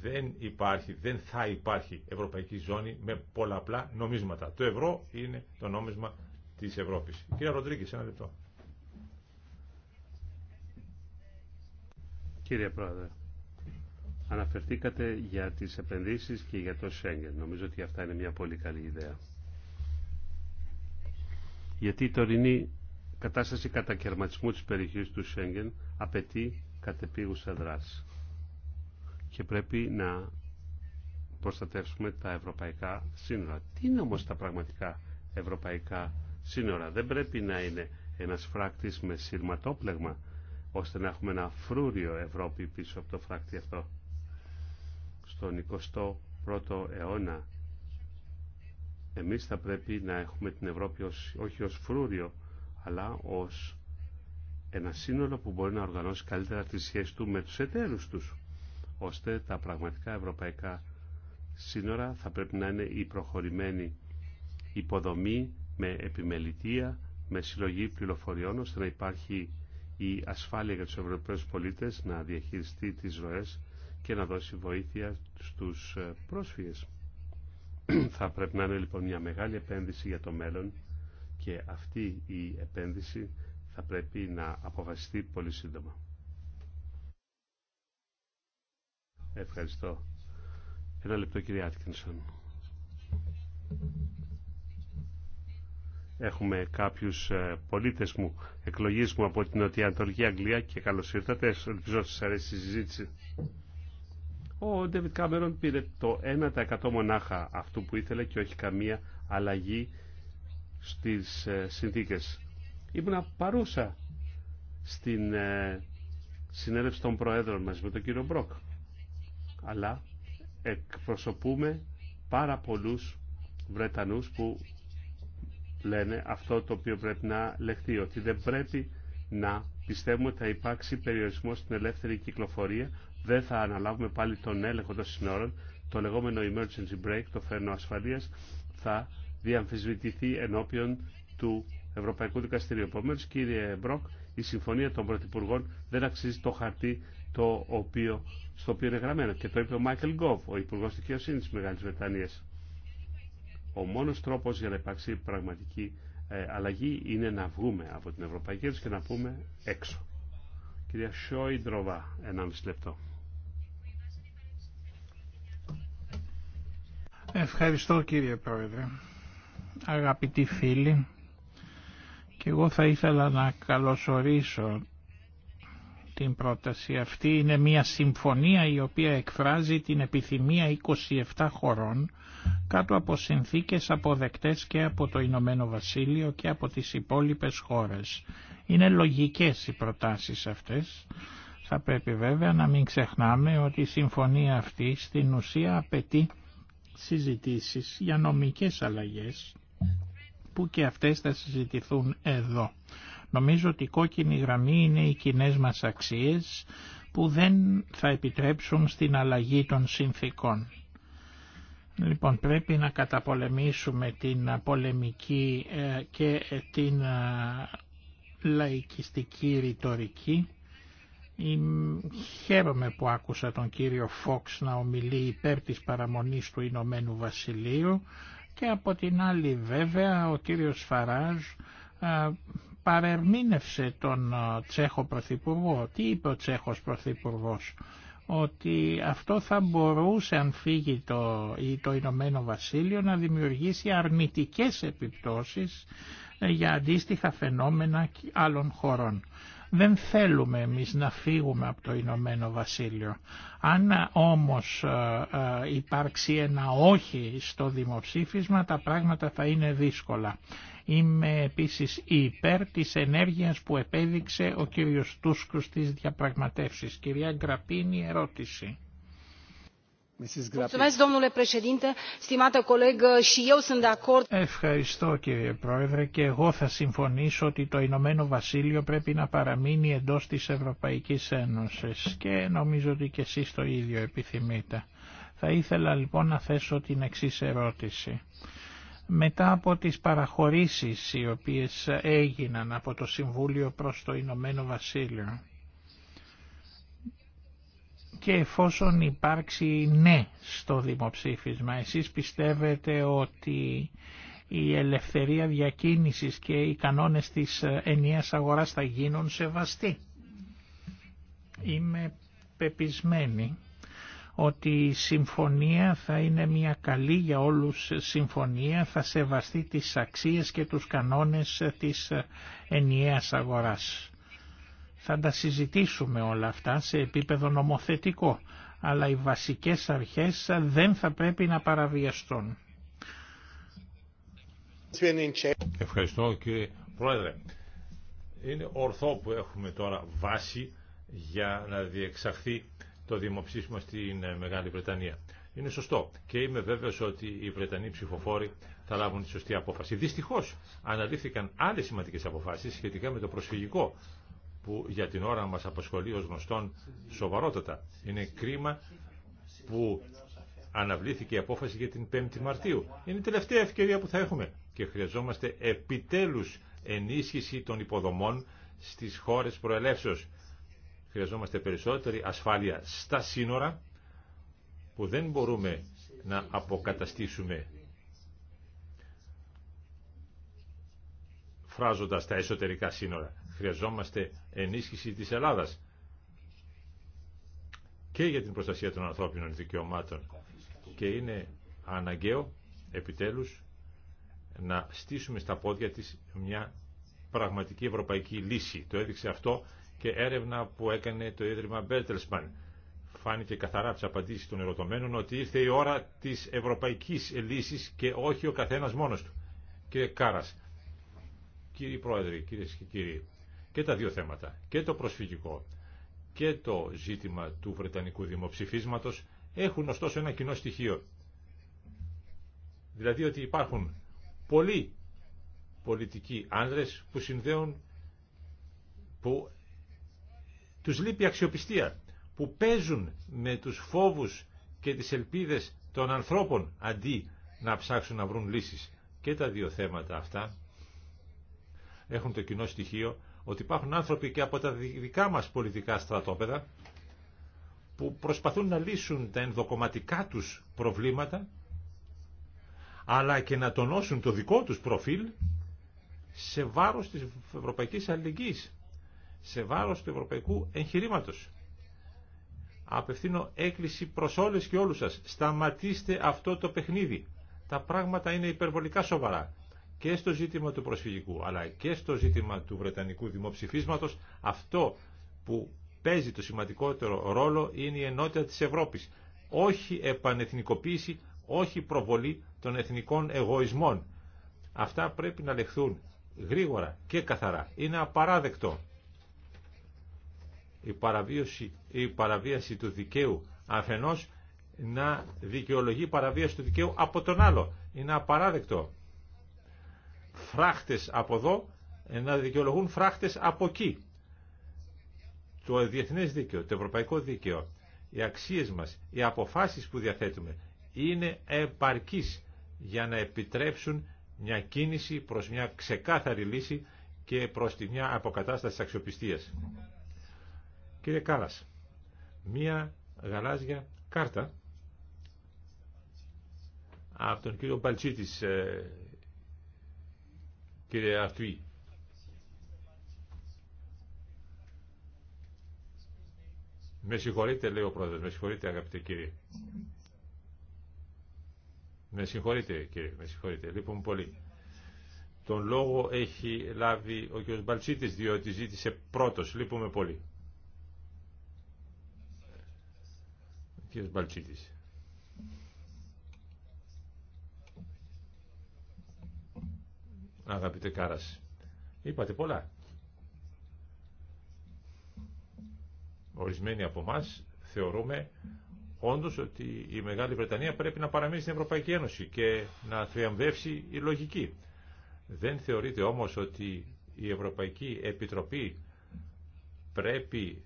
δεν υπάρχει, δεν θα υπάρχει ευρωπαϊκή ζώνη με πολλαπλά νομίσματα. Το ευρώ είναι το νόμισμα
της Ευρώπης. Κύριε σε ένα λεπτό. Κύριε Πρόεδρε, αναφερθήκατε για τις επενδύσεις και για το Σέγγεν. Νομίζω ότι αυτά είναι μια πολύ καλή ιδέα. Γιατί η τωρινή κατάσταση κατακαιρματισμού της περιοχής του Σέγγεν απαιτεί κατεπίγουσα δράση και πρέπει να προστατεύσουμε τα ευρωπαϊκά σύνορα. Τι είναι όμως τα πραγματικά ευρωπαϊκά σύνορα. Δεν πρέπει να είναι ένας φράκτης με σειρματόπλεγμα ώστε να έχουμε ένα φρούριο Ευρώπη πίσω από το φράκτη αυτό. Στον 21ο αιώνα εμείς θα πρέπει να έχουμε την Ευρώπη όχι ως φρούριο αλλά ως ένα σύνολο που μπορεί να οργανώσει καλύτερα τη σχέση του με τους εταίρους τους, ώστε τα πραγματικά ευρωπαϊκά σύνορα θα πρέπει να είναι η προχωρημένη υποδομή με επιμελητία, με συλλογή πληροφοριών, ώστε να υπάρχει η ασφάλεια για τους Ευρωπαίους πολίτες να διαχειριστεί τις ροές και να δώσει βοήθεια στους ε, πρόσφυγες. θα πρέπει να είναι λοιπόν μια μεγάλη επένδυση για το μέλλον και αυτή η επένδυση θα πρέπει να αποφασιστεί πολύ σύντομα. Ευχαριστώ. Ένα λεπτό κύριε Άτκινσον. Έχουμε κάποιους ε, πολίτες μου, εκλογής μου από την Νοτιοανατολική Αγγλία και καλώς ήρθατε. Ελπίζω σας αρέσει η συζήτηση. Ο Ντέβιτ Κάμερον πήρε το 1% μονάχα αυτού που ήθελε και όχι καμία αλλαγή στις ε, συνθήκες. Ήμουνα παρούσα στην ε, συνέλευση των Προέδρων μαζί με τον κύριο Μπρόκ. Αλλά εκπροσωπούμε πάρα πολλούς Βρετανούς που λένε αυτό το οποίο πρέπει να λεχθεί, ότι δεν πρέπει να πιστεύουμε ότι θα υπάρξει περιορισμό στην ελεύθερη κυκλοφορία, δεν θα αναλάβουμε πάλι τον έλεγχο των συνόρων, το λεγόμενο emergency break, το φέρνο ασφαλείας, θα διαμφισβητηθεί ενώπιον του Ευρωπαϊκού Δικαστηρίου. Επομένω, κύριε Μπροκ, η συμφωνία των Πρωθυπουργών δεν αξίζει το χαρτί το οποίο, στο οποίο είναι γραμμένο. Και το είπε ο Μάικλ Γκόβ, ο Υπουργό Δικαιοσύνη τη Μεγάλη Βρετανία. Ο μόνο τρόπο για να υπάρξει πραγματική ε, αλλαγή είναι να βγούμε από την Ευρωπαϊκή Ένωση και να πούμε έξω. Κυρία Σόιντροβα, μισή λεπτό.
Ευχαριστώ κύριε Πρόεδρε αγαπητοί φίλοι, και εγώ θα ήθελα να καλωσορίσω την πρόταση αυτή. Είναι μια συμφωνία η οποία εκφράζει την επιθυμία 27 χωρών κάτω από συνθήκες αποδεκτές και από το Ηνωμένο Βασίλειο και από τις υπόλοιπες χώρες. Είναι λογικές οι προτάσεις αυτές. Θα πρέπει βέβαια να μην ξεχνάμε ότι η συμφωνία αυτή στην ουσία απαιτεί συζητήσεις για νομικές αλλαγές που και αυτές θα συζητηθούν εδώ. Νομίζω ότι η κόκκινη γραμμή είναι οι κοινέ μας αξίες που δεν θα επιτρέψουν στην αλλαγή των συνθήκων. Λοιπόν, πρέπει να καταπολεμήσουμε την πολεμική ε, και ε, την ε, λαϊκιστική ρητορική. Χαίρομαι που άκουσα τον κύριο Φόξ να ομιλεί υπέρ της παραμονής του Ηνωμένου Βασιλείου και από την άλλη βέβαια ο κύριος Φαράζ παρερμήνευσε τον Τσέχο Πρωθυπουργό. Τι είπε ο Τσέχος Πρωθυπουργός ότι αυτό θα μπορούσε αν φύγει το, ή το Ηνωμένο Βασίλειο να δημιουργήσει αρνητικές επιπτώσεις ε, για αντίστοιχα φαινόμενα άλλων χωρών. Δεν θέλουμε εμείς να φύγουμε από το Ηνωμένο Βασίλειο. Αν όμως ε, ε, υπάρξει ένα όχι στο δημοψήφισμα τα πράγματα θα είναι δύσκολα. Είμαι επίσης υπέρ της ενέργειας που επέδειξε ο κύριος Τούσκος στις διαπραγματεύσεις. Κυρία Γκραπίνη, ερώτηση.
Ευχαριστώ
κύριε Πρόεδρε και εγώ θα συμφωνήσω ότι το Ηνωμένο Βασίλειο πρέπει να παραμείνει εντός της Ευρωπαϊκής Ένωσης και νομίζω ότι και εσείς το ίδιο επιθυμείτε. Θα ήθελα λοιπόν να θέσω την εξής ερώτηση. Μετά από τις παραχωρήσεις οι οποίες έγιναν από το Συμβούλιο προς το Ηνωμένο Βασίλειο και εφόσον υπάρξει ναι στο δημοψήφισμα, εσείς πιστεύετε ότι η ελευθερία διακίνησης και οι κανόνες της ε, ενιαίας αγοράς θα γίνουν σεβαστοί. Είμαι πεπισμένη ότι η συμφωνία θα είναι μια καλή για όλους συμφωνία, θα σεβαστεί τις αξίες και τους κανόνες της ε, ενιαίας αγοράς. Θα τα συζητήσουμε όλα αυτά σε επίπεδο νομοθετικό, αλλά οι βασικές αρχές δεν θα πρέπει να παραβιαστούν.
Ευχαριστώ κύριε Πρόεδρε. Είναι ορθό που έχουμε τώρα βάση για να διεξαχθεί το δημοψήφισμα στην Μεγάλη Βρετανία. Είναι σωστό και είμαι βέβαιος ότι οι Βρετανοί ψηφοφόροι θα λάβουν τη σωστή απόφαση. Δυστυχώς αναλύθηκαν άλλες σημαντικές αποφάσεις σχετικά με το προσφυγικό που για την ώρα μας απασχολεί ως γνωστόν σοβαρότατα. Είναι κρίμα που αναβλήθηκε η απόφαση για την 5η Μαρτίου. Είναι η τελευταία ευκαιρία που θα έχουμε και χρειαζόμαστε επιτέλους ενίσχυση των υποδομών στις χώρες προελεύσεως. Χρειαζόμαστε περισσότερη ασφάλεια στα σύνορα που δεν μπορούμε να αποκαταστήσουμε φράζοντας τα εσωτερικά σύνορα. Χρειαζόμαστε ενίσχυση της Ελλάδας και για την προστασία των ανθρώπινων δικαιωμάτων και είναι αναγκαίο επιτέλους να στήσουμε στα πόδια της μια πραγματική ευρωπαϊκή λύση. Το έδειξε αυτό και έρευνα που έκανε το Ίδρυμα Μπέρτελσμαν. Φάνηκε καθαρά από τι απαντήσει των ερωτωμένων ότι ήρθε η ώρα της ευρωπαϊκής λύσης και όχι ο καθένας μόνος του. Κύριε Κάρας, Κύριοι Πρόεδροι, κύριε και κύριοι, και τα δύο θέματα, και το προσφυγικό και το ζήτημα του Βρετανικού δημοψηφίσματος έχουν ωστόσο ένα κοινό στοιχείο. Δηλαδή ότι υπάρχουν πολλοί πολιτικοί άνδρες που συνδέουν, που τους λείπει αξιοπιστία, που παίζουν με τους φόβους και τις ελπίδες των ανθρώπων αντί να ψάξουν να βρουν λύσεις. Και τα δύο θέματα αυτά έχουν το κοινό στοιχείο ότι υπάρχουν άνθρωποι και από τα δικά μας πολιτικά στρατόπεδα που προσπαθούν να λύσουν τα ενδοκομματικά τους προβλήματα αλλά και να τονώσουν το δικό τους προφίλ σε βάρος της ευρωπαϊκής αλληλεγγύης, σε βάρος του ευρωπαϊκού εγχειρήματος. Απευθύνω έκκληση προς όλες και όλους σας. Σταματήστε αυτό το παιχνίδι. Τα πράγματα είναι υπερβολικά σοβαρά και στο ζήτημα του προσφυγικού αλλά και στο ζήτημα του Βρετανικού δημοψηφίσματος αυτό που παίζει το σημαντικότερο ρόλο είναι η ενότητα της Ευρώπης. Όχι επανεθνικοποίηση, όχι προβολή των εθνικών εγωισμών. Αυτά πρέπει να λεχθούν γρήγορα και καθαρά. Είναι απαράδεκτο. Η, η παραβίαση του δικαίου αφενός να δικαιολογεί παραβίαση του δικαίου από τον άλλο. Είναι απαράδεκτο φράχτες από εδώ ε, να δικαιολογούν φράχτες από εκεί. Το διεθνές δίκαιο, το ευρωπαϊκό δίκαιο, οι αξίες μας, οι αποφάσεις που διαθέτουμε είναι επαρκείς για να επιτρέψουν μια κίνηση προς μια ξεκάθαρη λύση και προς τη μια αποκατάσταση της αξιοπιστίας. Κύριε Κάλλας, μια γαλάζια κάρτα από τον κύριο Μπαλτσίτης ε, Κύριε Αρτουή. Με συγχωρείτε, λέει ο πρόεδρος, με συγχωρείτε αγαπητέ κύριε. Με συγχωρείτε κύριε, με συγχωρείτε, λείπουμε πολύ. Τον λόγο έχει λάβει ο κ. Μπαλτσίτης, διότι ζήτησε πρώτος, λείπουμε πολύ. Ο κ. Μπαλτσίτης. αγαπητέ Κάρας. Είπατε πολλά. Ορισμένοι από εμά θεωρούμε όντως ότι η Μεγάλη Βρετανία πρέπει να παραμείνει στην Ευρωπαϊκή Ένωση και να θριαμβεύσει η λογική. Δεν θεωρείτε όμως ότι η Ευρωπαϊκή Επιτροπή πρέπει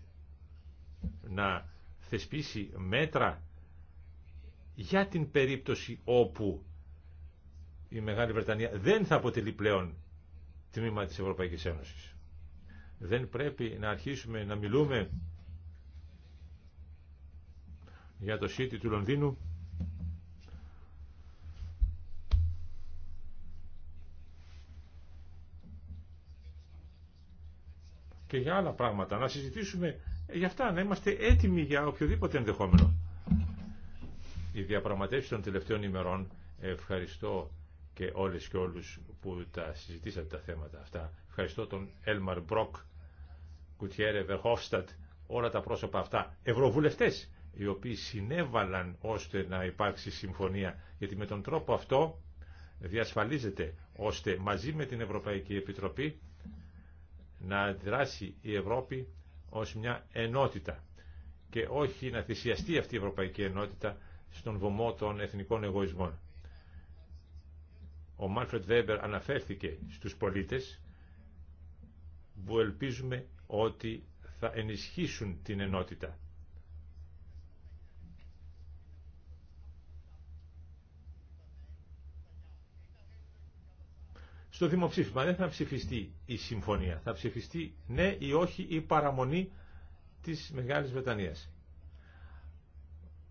να θεσπίσει μέτρα για την περίπτωση όπου η Μεγάλη Βρετανία δεν θα αποτελεί πλέον τμήμα της Ευρωπαϊκής Ένωσης. Δεν πρέπει να αρχίσουμε να μιλούμε για το City του Λονδίνου και για άλλα πράγματα. Να συζητήσουμε για αυτά, να είμαστε έτοιμοι για οποιοδήποτε ενδεχόμενο. Οι διαπραγματεύσει των τελευταίων ημερών, ευχαριστώ και όλες και όλους που τα συζητήσατε τα θέματα αυτά. Ευχαριστώ τον Έλμαρ Μπροκ, Κουτιέρε Βερχόφστατ, όλα τα πρόσωπα αυτά, ευρωβουλευτές, οι οποίοι συνέβαλαν ώστε να υπάρξει συμφωνία, γιατί με τον τρόπο αυτό διασφαλίζεται ώστε μαζί με την Ευρωπαϊκή Επιτροπή να δράσει η Ευρώπη ως μια ενότητα και όχι να θυσιαστεί αυτή η Ευρωπαϊκή Ενότητα στον βωμό των εθνικών εγωισμών. Ο Μάνφρετ Βέμπερ αναφέρθηκε στους πολίτες που ελπίζουμε ότι θα ενισχύσουν την ενότητα. Στο δημοψήφισμα δεν θα ψηφιστεί η συμφωνία, θα ψηφιστεί ναι ή όχι η παραμονή της Μεγάλης Βρετανίας.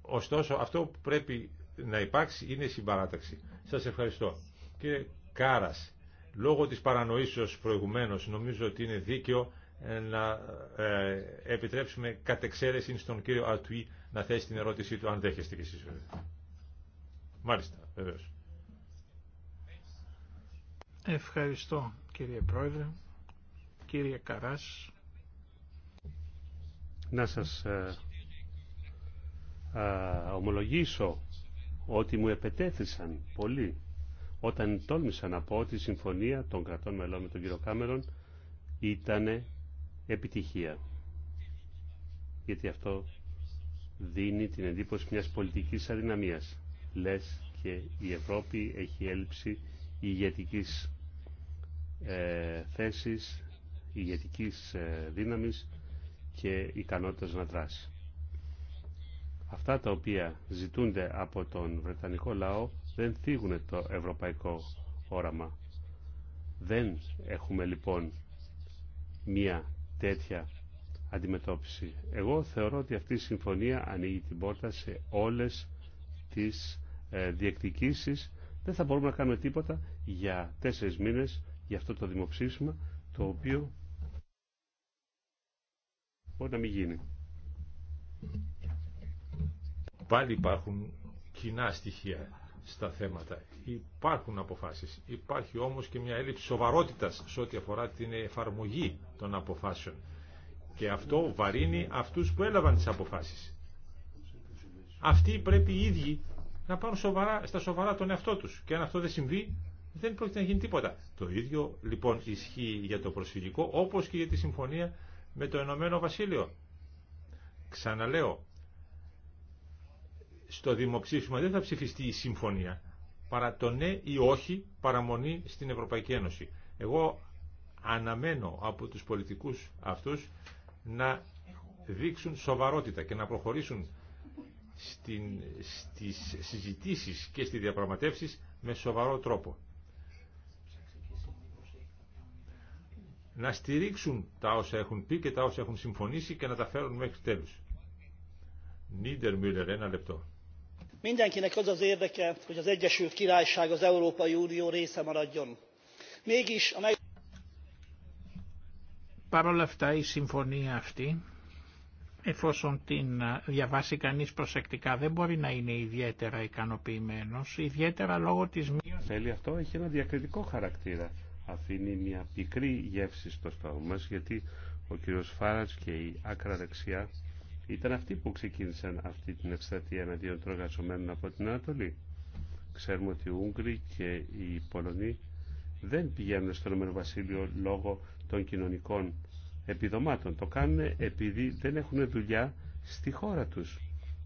Ωστόσο αυτό που πρέπει να υπάρξει είναι η συμπαράταξη. Σας ευχαριστώ και Κάρας. Λόγω της παρανοήσεως προηγουμένως νομίζω ότι είναι δίκαιο ε, να ε, επιτρέψουμε κατ' στον κύριο Ατουή να θέσει την ερώτησή του αν δέχεστε κι εσείς. Μάλιστα, βεβαίως.
Ευχαριστώ κύριε Πρόεδρε, κύριε Καράς.
Να σας ε, ομολογήσω ότι μου επετέθησαν πολύ όταν τόλμησα να πω ότι η συμφωνία των κρατών μελών με τον κύριο Κάμερον ήταν επιτυχία. Γιατί αυτό δίνει την εντύπωση μιας πολιτικής αδυναμίας. Λες και η Ευρώπη έχει έλλειψη ηγετικής ε, θέσης, ηγετικής ε, δύναμης και ικανότητας να δράσει. Αυτά τα οποία ζητούνται από τον Βρετανικό λαό δεν θίγουν το ευρωπαϊκό όραμα. Δεν έχουμε λοιπόν μία τέτοια αντιμετώπιση. Εγώ θεωρώ ότι αυτή η συμφωνία ανοίγει την πόρτα σε όλες τις ε, διεκδικήσεις. Δεν θα μπορούμε να κάνουμε τίποτα για τέσσερις μήνες για αυτό το δημοψήφισμα το οποίο μπορεί να μην γίνει.
Πάλι υπάρχουν κοινά στοιχεία στα θέματα. Υπάρχουν αποφάσεις. Υπάρχει όμως και μια έλλειψη σοβαρότητας σε ό,τι αφορά την εφαρμογή των αποφάσεων. Και αυτό βαρύνει αυτούς που έλαβαν τις αποφάσεις. Αυτοί πρέπει οι ίδιοι να πάρουν σοβαρά, στα σοβαρά τον εαυτό τους. Και αν αυτό δεν συμβεί, δεν πρόκειται να γίνει τίποτα. Το ίδιο λοιπόν ισχύει για το προσφυγικό, όπως και για τη συμφωνία με το Ενωμένο Βασίλειο. Ξαναλέω, στο δημοψήφισμα δεν θα ψηφιστεί η συμφωνία, παρά το ναι ή όχι παραμονή στην Ευρωπαϊκή Ένωση. Εγώ αναμένω από τους πολιτικούς αυτούς να δείξουν σοβαρότητα και να προχωρήσουν στην, στις συζητήσεις και στις διαπραγματεύσεις με σοβαρό τρόπο. Να στηρίξουν τα όσα έχουν πει και τα όσα έχουν συμφωνήσει και να τα φέρουν μέχρι τέλους. Νίτερ Μιούλερ, ένα λεπτό
mindenkinek az az érdeke hogy az egyesült királyság az európai unió része maradjon. mégis a meg...
Παρ' όλα αυτά η συμφωνία αυτή, εφόσον την ε, διαβάσει κανείς προσεκτικά, δεν μπορεί να είναι ιδιαίτερα ικανοποιημένος,
ιδιαίτερα λόγω της μείωσης. Θέλει αυτό, έχει ένα διακριτικό χαρακτήρα. Αφήνει μια πικρή γεύση στο στόμα μας, γιατί ο κύριος Φάρας και η άκρα δεξιά ήταν αυτοί που ξεκίνησαν αυτή την εκστρατεία εναντίον των εργαζομένων από την Ανατολή. Ξέρουμε ότι οι Ούγγροι και οι Πολωνοί δεν πηγαίνουν στο Ηνωμένο Βασίλειο λόγω των κοινωνικών επιδομάτων. Το κάνουν επειδή δεν έχουν δουλειά στη χώρα τους.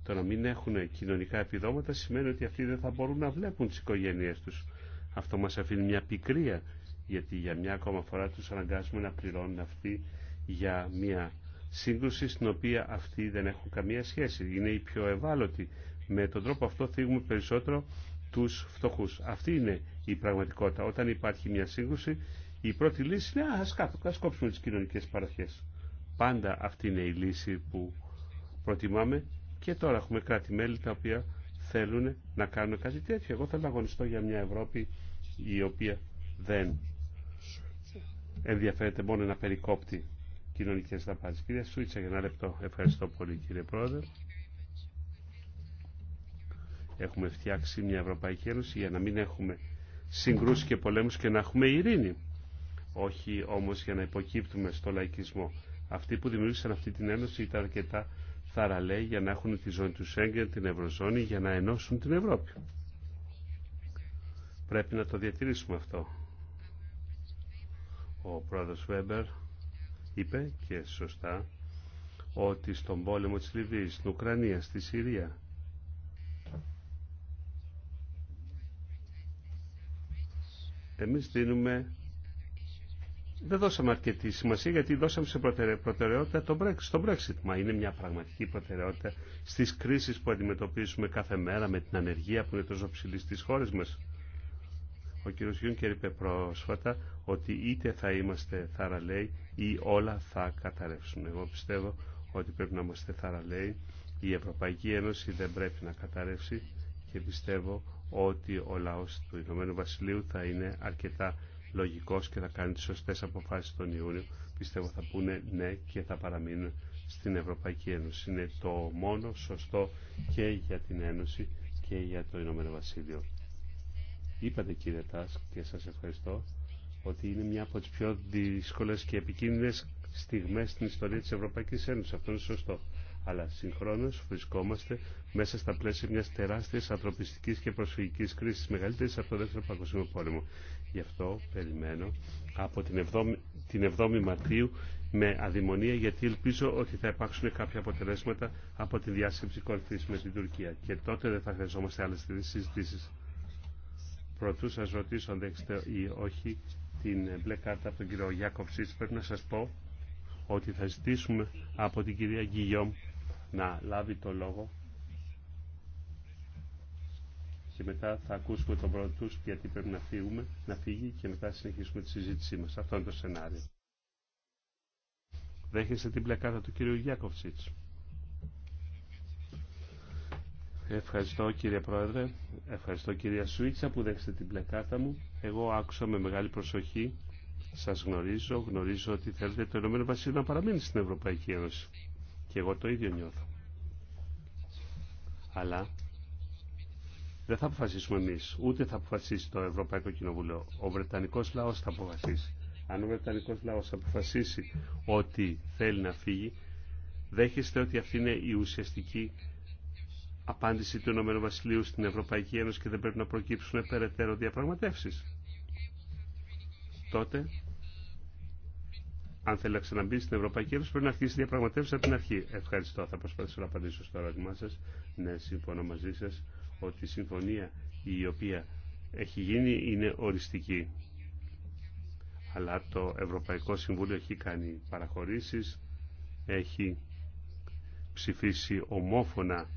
Το να μην έχουν κοινωνικά επιδόματα σημαίνει ότι αυτοί δεν θα μπορούν να βλέπουν τις οικογένειές τους. Αυτό μας αφήνει μια πικρία, γιατί για μια ακόμα φορά τους αναγκάζουμε να πληρώνουν αυτοί για μια σύγκρουση στην οποία αυτοί δεν έχουν καμία σχέση. Είναι οι πιο ευάλωτοι. Με τον τρόπο αυτό θίγουμε περισσότερο τους φτωχούς. Αυτή είναι η πραγματικότητα. Όταν υπάρχει μια σύγκρουση, η πρώτη λύση είναι ας, κάτω, ας κόψουμε τις κοινωνικές παραχές. Πάντα αυτή είναι η λύση που προτιμάμε και τώρα έχουμε κράτη-μέλη τα οποία θέλουν να κάνουν κάτι τέτοιο. Εγώ θέλω να αγωνιστώ για μια Ευρώπη η οποία δεν ενδιαφέρεται μόνο να περικόπτει κοινωνικές δαπάνες. Κυρία Σούιτσα, για ένα λεπτό. Ευχαριστώ πολύ κύριε Πρόεδρε. Έχουμε φτιάξει μια Ευρωπαϊκή Ένωση για να μην έχουμε συγκρούσεις και πολέμους και να έχουμε ειρήνη. Όχι όμως για να υποκύπτουμε στο λαϊκισμό. Αυτοί που δημιούργησαν αυτή την Ένωση ήταν αρκετά θαραλέοι για να έχουν τη ζώνη του Σέγγεν, την Ευρωζώνη, για να ενώσουν την Ευρώπη. Πρέπει να το διατηρήσουμε αυτό. Ο πρόεδρος Βέμπερ είπε και σωστά ότι στον πόλεμο της Λιβύης, στην Ουκρανία, στη Συρία εμείς δίνουμε δεν δώσαμε αρκετή σημασία γιατί δώσαμε σε προτεραιότητα το Brexit, το Brexit. Μα είναι μια πραγματική προτεραιότητα στις κρίσεις που αντιμετωπίζουμε κάθε μέρα με την ανεργία που είναι τόσο ψηλή στις χώρες μας. Ο κύριο Γιούνκερ είπε πρόσφατα ότι είτε θα είμαστε θαραλέοι ή όλα θα καταρρεύσουν. Εγώ πιστεύω ότι πρέπει να είμαστε θαραλέοι. Η Ευρωπαϊκή Ένωση δεν πρέπει να καταρρεύσει και πιστεύω ότι ο λαός του Ηνωμένου Βασιλείου θα είναι αρκετά λογικός και θα κάνει τις σωστές αποφάσεις τον Ιούνιο. Πιστεύω θα πούνε ναι και θα παραμείνουν στην Ευρωπαϊκή Ένωση. Είναι το μόνο σωστό και για την Ένωση και για το Ηνωμένο Βασίλειο. Είπατε κύριε Τάσκ και σας ευχαριστώ ότι είναι μια από τις πιο δύσκολες και επικίνδυνες στιγμές στην ιστορία της Ευρωπαϊκής Ένωσης. Αυτό είναι σωστό. Αλλά συγχρόνως βρισκόμαστε μέσα στα πλαίσια μιας τεράστιας ανθρωπιστικής και προσφυγικής κρίσης, μεγαλύτερης από το Δεύτερο Παγκοσμίο Πόλεμο. Γι' αυτό περιμένω από την 7η, 7 Μαρτίου με αδημονία γιατί ελπίζω ότι θα υπάρξουν κάποια αποτελέσματα από τη διάσκεψη κορυφής με την Τουρκία και τότε δεν θα χρειαζόμαστε άλλες συζητήσεις. Προτού σας ρωτήσω αν δέχεστε ή όχι την μπλε κάρτα από τον κύριο Γιάκοψης. πρέπει να σας πω ότι θα ζητήσουμε από την κυρία Γκυγιόμ να λάβει το λόγο και μετά θα ακούσουμε τον πρώτο γιατί πρέπει να φύγουμε, να φύγει και μετά συνεχίσουμε τη συζήτησή μας. Αυτό είναι το σενάριο. Δέχεστε την κάρτα του κύριου Γιάκοφτσιτς. Ευχαριστώ κύριε Πρόεδρε, ευχαριστώ κυρία Σουίτσα που δέχεστε την μπλε μου. Εγώ άκουσα με μεγάλη προσοχή, σας γνωρίζω, γνωρίζω ότι θέλετε το Ηνωμένο να παραμείνει στην Ευρωπαϊκή Ένωση. Και εγώ το ίδιο νιώθω. Αλλά δεν θα αποφασίσουμε εμεί, ούτε θα αποφασίσει το Ευρωπαϊκό Κοινοβούλιο. Ο Βρετανικό λαό θα αποφασίσει. Αν ο Βρετανικό λαό αποφασίσει ότι θέλει να φύγει, δέχεστε ότι αυτή είναι η ουσιαστική απάντηση του Ηνωμένου Βασιλείου στην Ευρωπαϊκή Ένωση και δεν πρέπει να προκύψουν περαιτέρω διαπραγματεύσεις. Τότε, αν θέλει να ξαναμπεί στην Ευρωπαϊκή Ένωση, πρέπει να αρχίσει διαπραγματεύσει από την αρχή. Ευχαριστώ. Θα προσπαθήσω να απαντήσω στο ερώτημά σα. Ναι, συμφωνώ μαζί σα ότι η συμφωνία η οποία έχει γίνει είναι οριστική. Αλλά το Ευρωπαϊκό Συμβούλιο έχει κάνει παραχωρήσει, έχει ψηφίσει ομόφωνα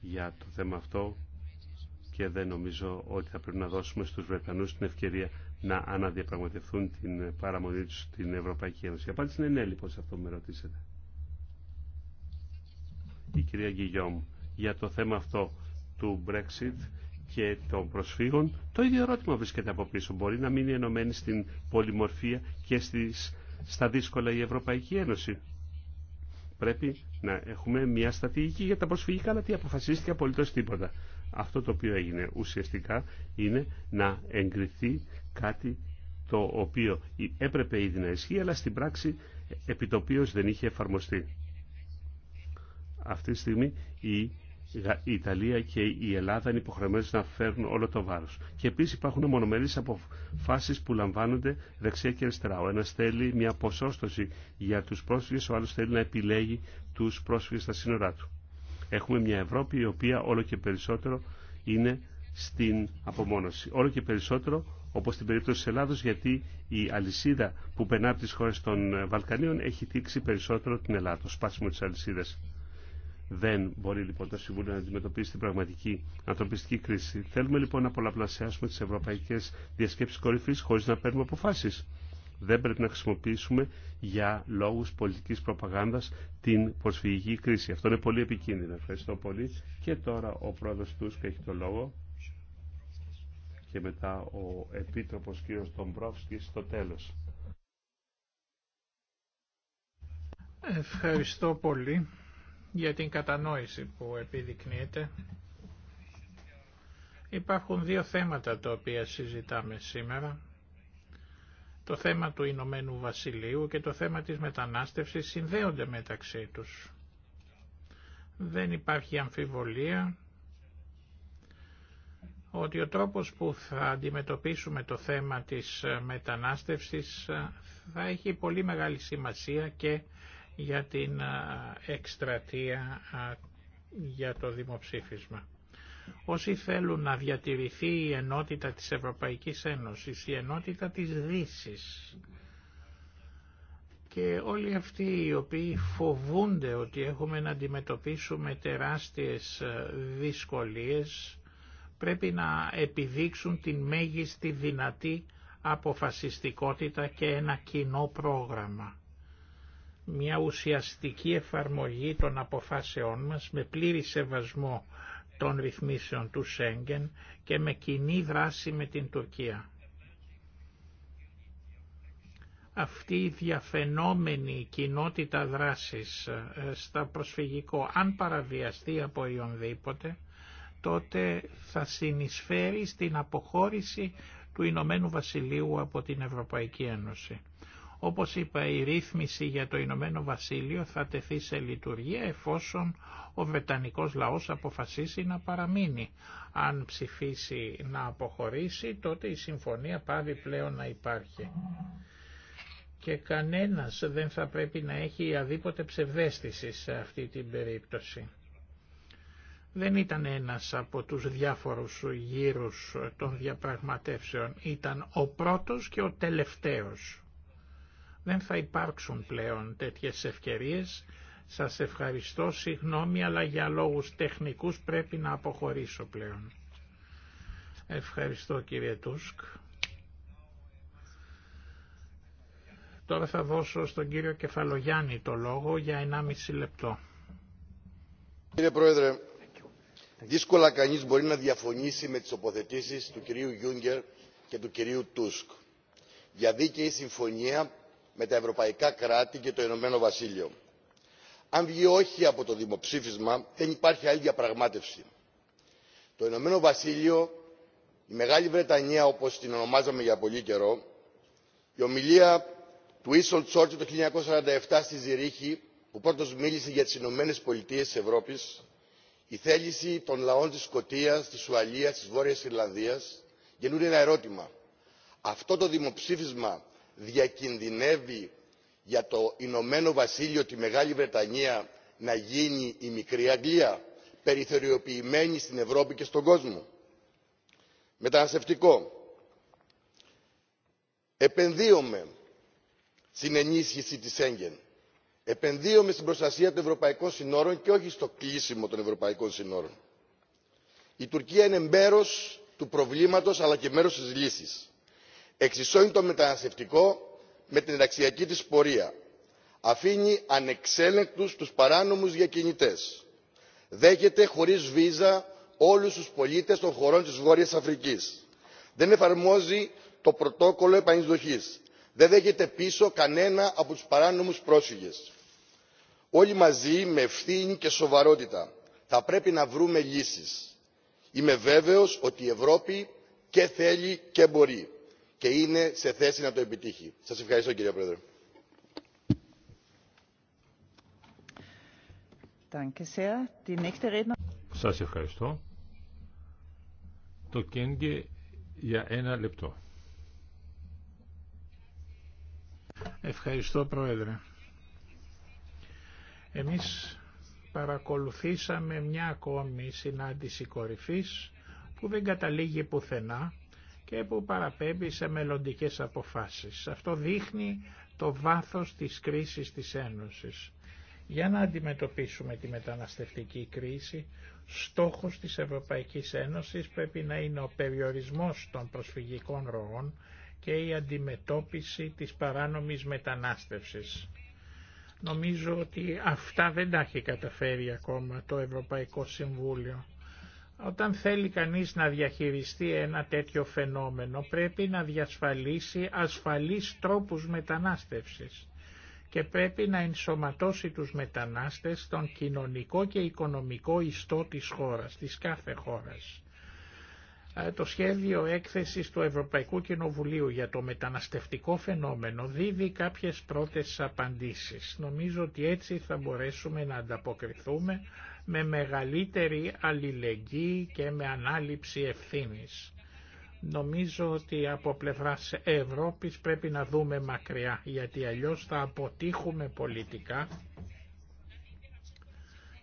για το θέμα αυτό και δεν νομίζω ότι θα πρέπει να δώσουμε στους Βρετανούς την ευκαιρία να αναδιαπραγματευτούν την παραμονή τους στην Ευρωπαϊκή Ένωση. Η απάντηση είναι ναι, λοιπόν, σε αυτό που με ρωτήσετε. Η κυρία Γκυγιόμ, για το θέμα αυτό του Brexit και των προσφύγων, το ίδιο ερώτημα βρίσκεται από πίσω. Μπορεί να μείνει ενωμένη στην πολυμορφία και στις, στα δύσκολα η Ευρωπαϊκή Ένωση πρέπει να έχουμε μια στρατηγική για τα προσφυγικά, αλλά τι αποφασίστηκε απολύτω τίποτα. Αυτό το οποίο έγινε ουσιαστικά είναι να εγκριθεί κάτι το οποίο έπρεπε ήδη να ισχύει, αλλά στην πράξη επιτοπίως δεν είχε εφαρμοστεί. Αυτή τη στιγμή η η Ιταλία και η Ελλάδα είναι υποχρεωμένες να φέρουν όλο το βάρος. Και επίσης υπάρχουν μονομερείς αποφάσεις που λαμβάνονται δεξιά και αριστερά. Ο ένας θέλει μια ποσόστοση για τους πρόσφυγες, ο άλλος θέλει να επιλέγει τους πρόσφυγες στα σύνορά του. Έχουμε μια Ευρώπη η οποία όλο και περισσότερο είναι στην απομόνωση. Όλο και περισσότερο όπως στην περίπτωση της Ελλάδος γιατί η αλυσίδα που περνά από τις χώρες των Βαλκανίων έχει τήξει περισσότερο την Ελλάδα, το σπάσιμο της αλυσίδας. Δεν μπορεί λοιπόν το Συμβούλιο να αντιμετωπίσει την πραγματική ανθρωπιστική κρίση. Θέλουμε λοιπόν να πολλαπλασιάσουμε τι ευρωπαϊκέ διασκέψει κορυφή χωρί να παίρνουμε αποφάσει. Δεν πρέπει να χρησιμοποιήσουμε για λόγου πολιτική προπαγάνδα την προσφυγική κρίση. Αυτό είναι πολύ επικίνδυνο. Ευχαριστώ πολύ. Και τώρα ο πρόεδρο του έχει το λόγο. Και μετά ο επίτροπο κ. Τομπρόφσκι στο τέλο.
Ευχαριστώ πολύ για την κατανόηση που επιδεικνύεται. Υπάρχουν δύο θέματα τα οποία συζητάμε σήμερα. Το θέμα του Ηνωμένου Βασιλείου και το θέμα της μετανάστευσης συνδέονται μεταξύ τους. Δεν υπάρχει αμφιβολία ότι ο τρόπος που θα αντιμετωπίσουμε το θέμα της μετανάστευσης θα έχει πολύ μεγάλη σημασία και για την εκστρατεία για το δημοψήφισμα. Όσοι θέλουν να διατηρηθεί η ενότητα της Ευρωπαϊκής Ένωσης, η ενότητα της Δύσης και όλοι αυτοί οι οποίοι φοβούνται ότι έχουμε να αντιμετωπίσουμε τεράστιες δυσκολίες πρέπει να επιδείξουν την μέγιστη δυνατή αποφασιστικότητα και ένα κοινό πρόγραμμα μια ουσιαστική εφαρμογή των αποφάσεών μας με πλήρη σεβασμό των ρυθμίσεων του Σέγγεν και με κοινή δράση με την Τουρκία. Αυτή η διαφαινόμενη κοινότητα δράσης ε, στα προσφυγικό, αν παραβιαστεί από οιονδήποτε, τότε θα συνεισφέρει στην αποχώρηση του Ηνωμένου Βασιλείου από την Ευρωπαϊκή Ένωση. Όπως είπα, η ρύθμιση για το Ηνωμένο Βασίλειο θα τεθεί σε λειτουργία εφόσον ο Βρετανικός λαός αποφασίσει να παραμείνει. Αν ψηφίσει να αποχωρήσει, τότε η συμφωνία πάβει πλέον να υπάρχει. Και κανένας δεν θα πρέπει να έχει αδίποτε ψευδέστηση σε αυτή την περίπτωση. Δεν ήταν ένας από τους διάφορους γύρους των διαπραγματεύσεων, ήταν ο πρώτος και ο τελευταίος. Δεν θα υπάρξουν πλέον τέτοιες ευκαιρίες. Σας ευχαριστώ, συγγνώμη, αλλά για λόγους τεχνικούς πρέπει να αποχωρήσω πλέον. Ευχαριστώ κύριε Τούσκ. Τώρα θα δώσω στον κύριο Κεφαλογιάννη το λόγο για 1,5 λεπτό.
Κύριε Πρόεδρε, δύσκολα κανείς μπορεί να διαφωνήσει με τις οποθετήσεις του κυρίου Γιούγκερ και του κυρίου Τούσκ για δίκαιη συμφωνία με τα ευρωπαϊκά κράτη και το ηνωμένο βασίλειο. αν βγει όχι από το δημοψήφισμα δεν υπάρχει άλλη διαπραγμάτευση. το ηνωμένο βασίλειο η μεγάλη βρετανία όπως την ονομάζαμε για πολύ καιρό η ομιλία του Ίσον Τσόρτζη το 1947 στη Ζηρίχη που πρώτος μίλησε για τις Ηνωμένε Πολιτείες της Ευρώπης η θέληση των λαών της Σκωτίας, της Ουαλίας, της Βόρειας Ιρλανδίας γεννούν ένα ερώτημα. Αυτό το δημοψήφισμα διακινδυνεύει για το Ηνωμένο Βασίλειο, τη Μεγάλη Βρετανία να γίνει η μικρή Αγγλία, περιθωριοποιημένη στην Ευρώπη και στον κόσμο. Μεταναστευτικό. Επενδύομαι στην ενίσχυση της Σέγγεν. Επενδύομαι στην προστασία των ευρωπαϊκών συνόρων και όχι στο κλείσιμο των ευρωπαϊκών συνόρων. Η Τουρκία είναι μέρος του προβλήματος αλλά και μέρος της λύσης εξισώνει το μεταναστευτικό με την ενταξιακή της πορεία αφήνει ανεξέλεγκτους τους παράνομους διακινητές δέχεται χωρίς βίζα όλους τους πολίτες των χωρών της βόρειας αφρικής δεν εφαρμόζει το πρωτόκολλο επανεισδοχής δεν δέχεται πίσω κανένα από τους παράνομους πρόσφυγες. όλοι μαζί με ευθύνη και σοβαρότητα θα πρέπει να βρούμε λύσεις. είμαι βέβαιος ότι η ευρώπη και θέλει και μπορεί και είναι σε θέση να το επιτύχει. Σας ευχαριστώ κύριε Πρόεδρε.
Σας ευχαριστώ. Το Κένγκε για ένα λεπτό. Ευχαριστώ Πρόεδρε.
Εμείς παρακολουθήσαμε μια ακόμη συνάντηση κορυφής που δεν καταλήγει πουθενά και που παραπέμπει σε μελλοντικές αποφάσεις. Αυτό δείχνει το βάθος της κρίσης της Ένωσης. Για να αντιμετωπίσουμε τη μεταναστευτική κρίση, στόχος της Ευρωπαϊκής Ένωσης πρέπει να είναι ο περιορισμός των προσφυγικών ροών και η αντιμετώπιση της παράνομης μετανάστευσης. Νομίζω ότι αυτά δεν τα έχει καταφέρει ακόμα το Ευρωπαϊκό Συμβούλιο. Όταν θέλει κανείς να διαχειριστεί ένα τέτοιο φαινόμενο πρέπει να διασφαλίσει ασφαλείς τρόπους μετανάστευσης και πρέπει να ενσωματώσει τους μετανάστες στον κοινωνικό και οικονομικό ιστό της χώρας, της κάθε χώρας. Ε, το σχέδιο έκθεσης του Ευρωπαϊκού Κοινοβουλίου για το μεταναστευτικό φαινόμενο δίδει κάποιες πρώτες απαντήσεις. Νομίζω ότι έτσι θα μπορέσουμε να ανταποκριθούμε με μεγαλύτερη αλληλεγγύη και με ανάληψη ευθύνης. Νομίζω ότι από πλευράς Ευρώπης πρέπει να δούμε μακριά, γιατί αλλιώς θα αποτύχουμε πολιτικά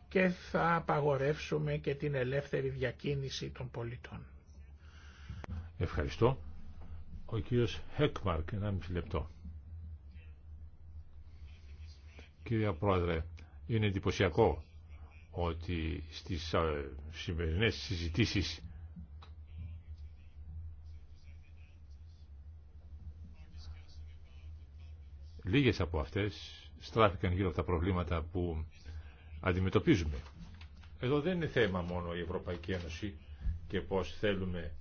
και θα απαγορεύσουμε και την ελεύθερη διακίνηση των πολιτών.
Ευχαριστώ. Ο κύριος Χέκμαρκ, μισή λεπτό. Κύριε Πρόεδρε, είναι εντυπωσιακό ότι στις ε, σημερινές συζητήσεις λίγες από αυτές στράφηκαν γύρω από τα προβλήματα που αντιμετωπίζουμε. Εδώ δεν είναι θέμα μόνο η Ευρωπαϊκή Ένωση και πώς θέλουμε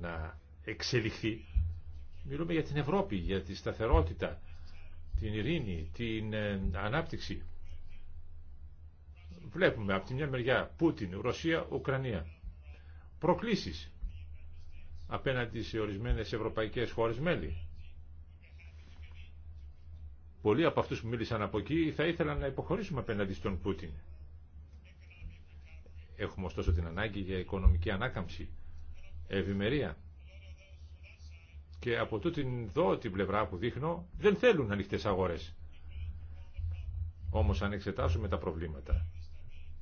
να εξελιχθεί. Μιλούμε για την Ευρώπη, για τη σταθερότητα, την ειρήνη, την ε, ανάπτυξη βλέπουμε από τη μια μεριά Πούτιν, Ρωσία, Ουκρανία. Προκλήσεις απέναντι σε ορισμένες ευρωπαϊκές χώρες μέλη. Πολλοί από αυτούς που μίλησαν από εκεί θα ήθελαν να υποχωρήσουμε απέναντι στον Πούτιν. Έχουμε ωστόσο την ανάγκη για οικονομική ανάκαμψη, ευημερία. Και από τούτην δω την πλευρά που δείχνω δεν θέλουν ανοιχτές αγορές. Όμως αν εξετάσουμε τα προβλήματα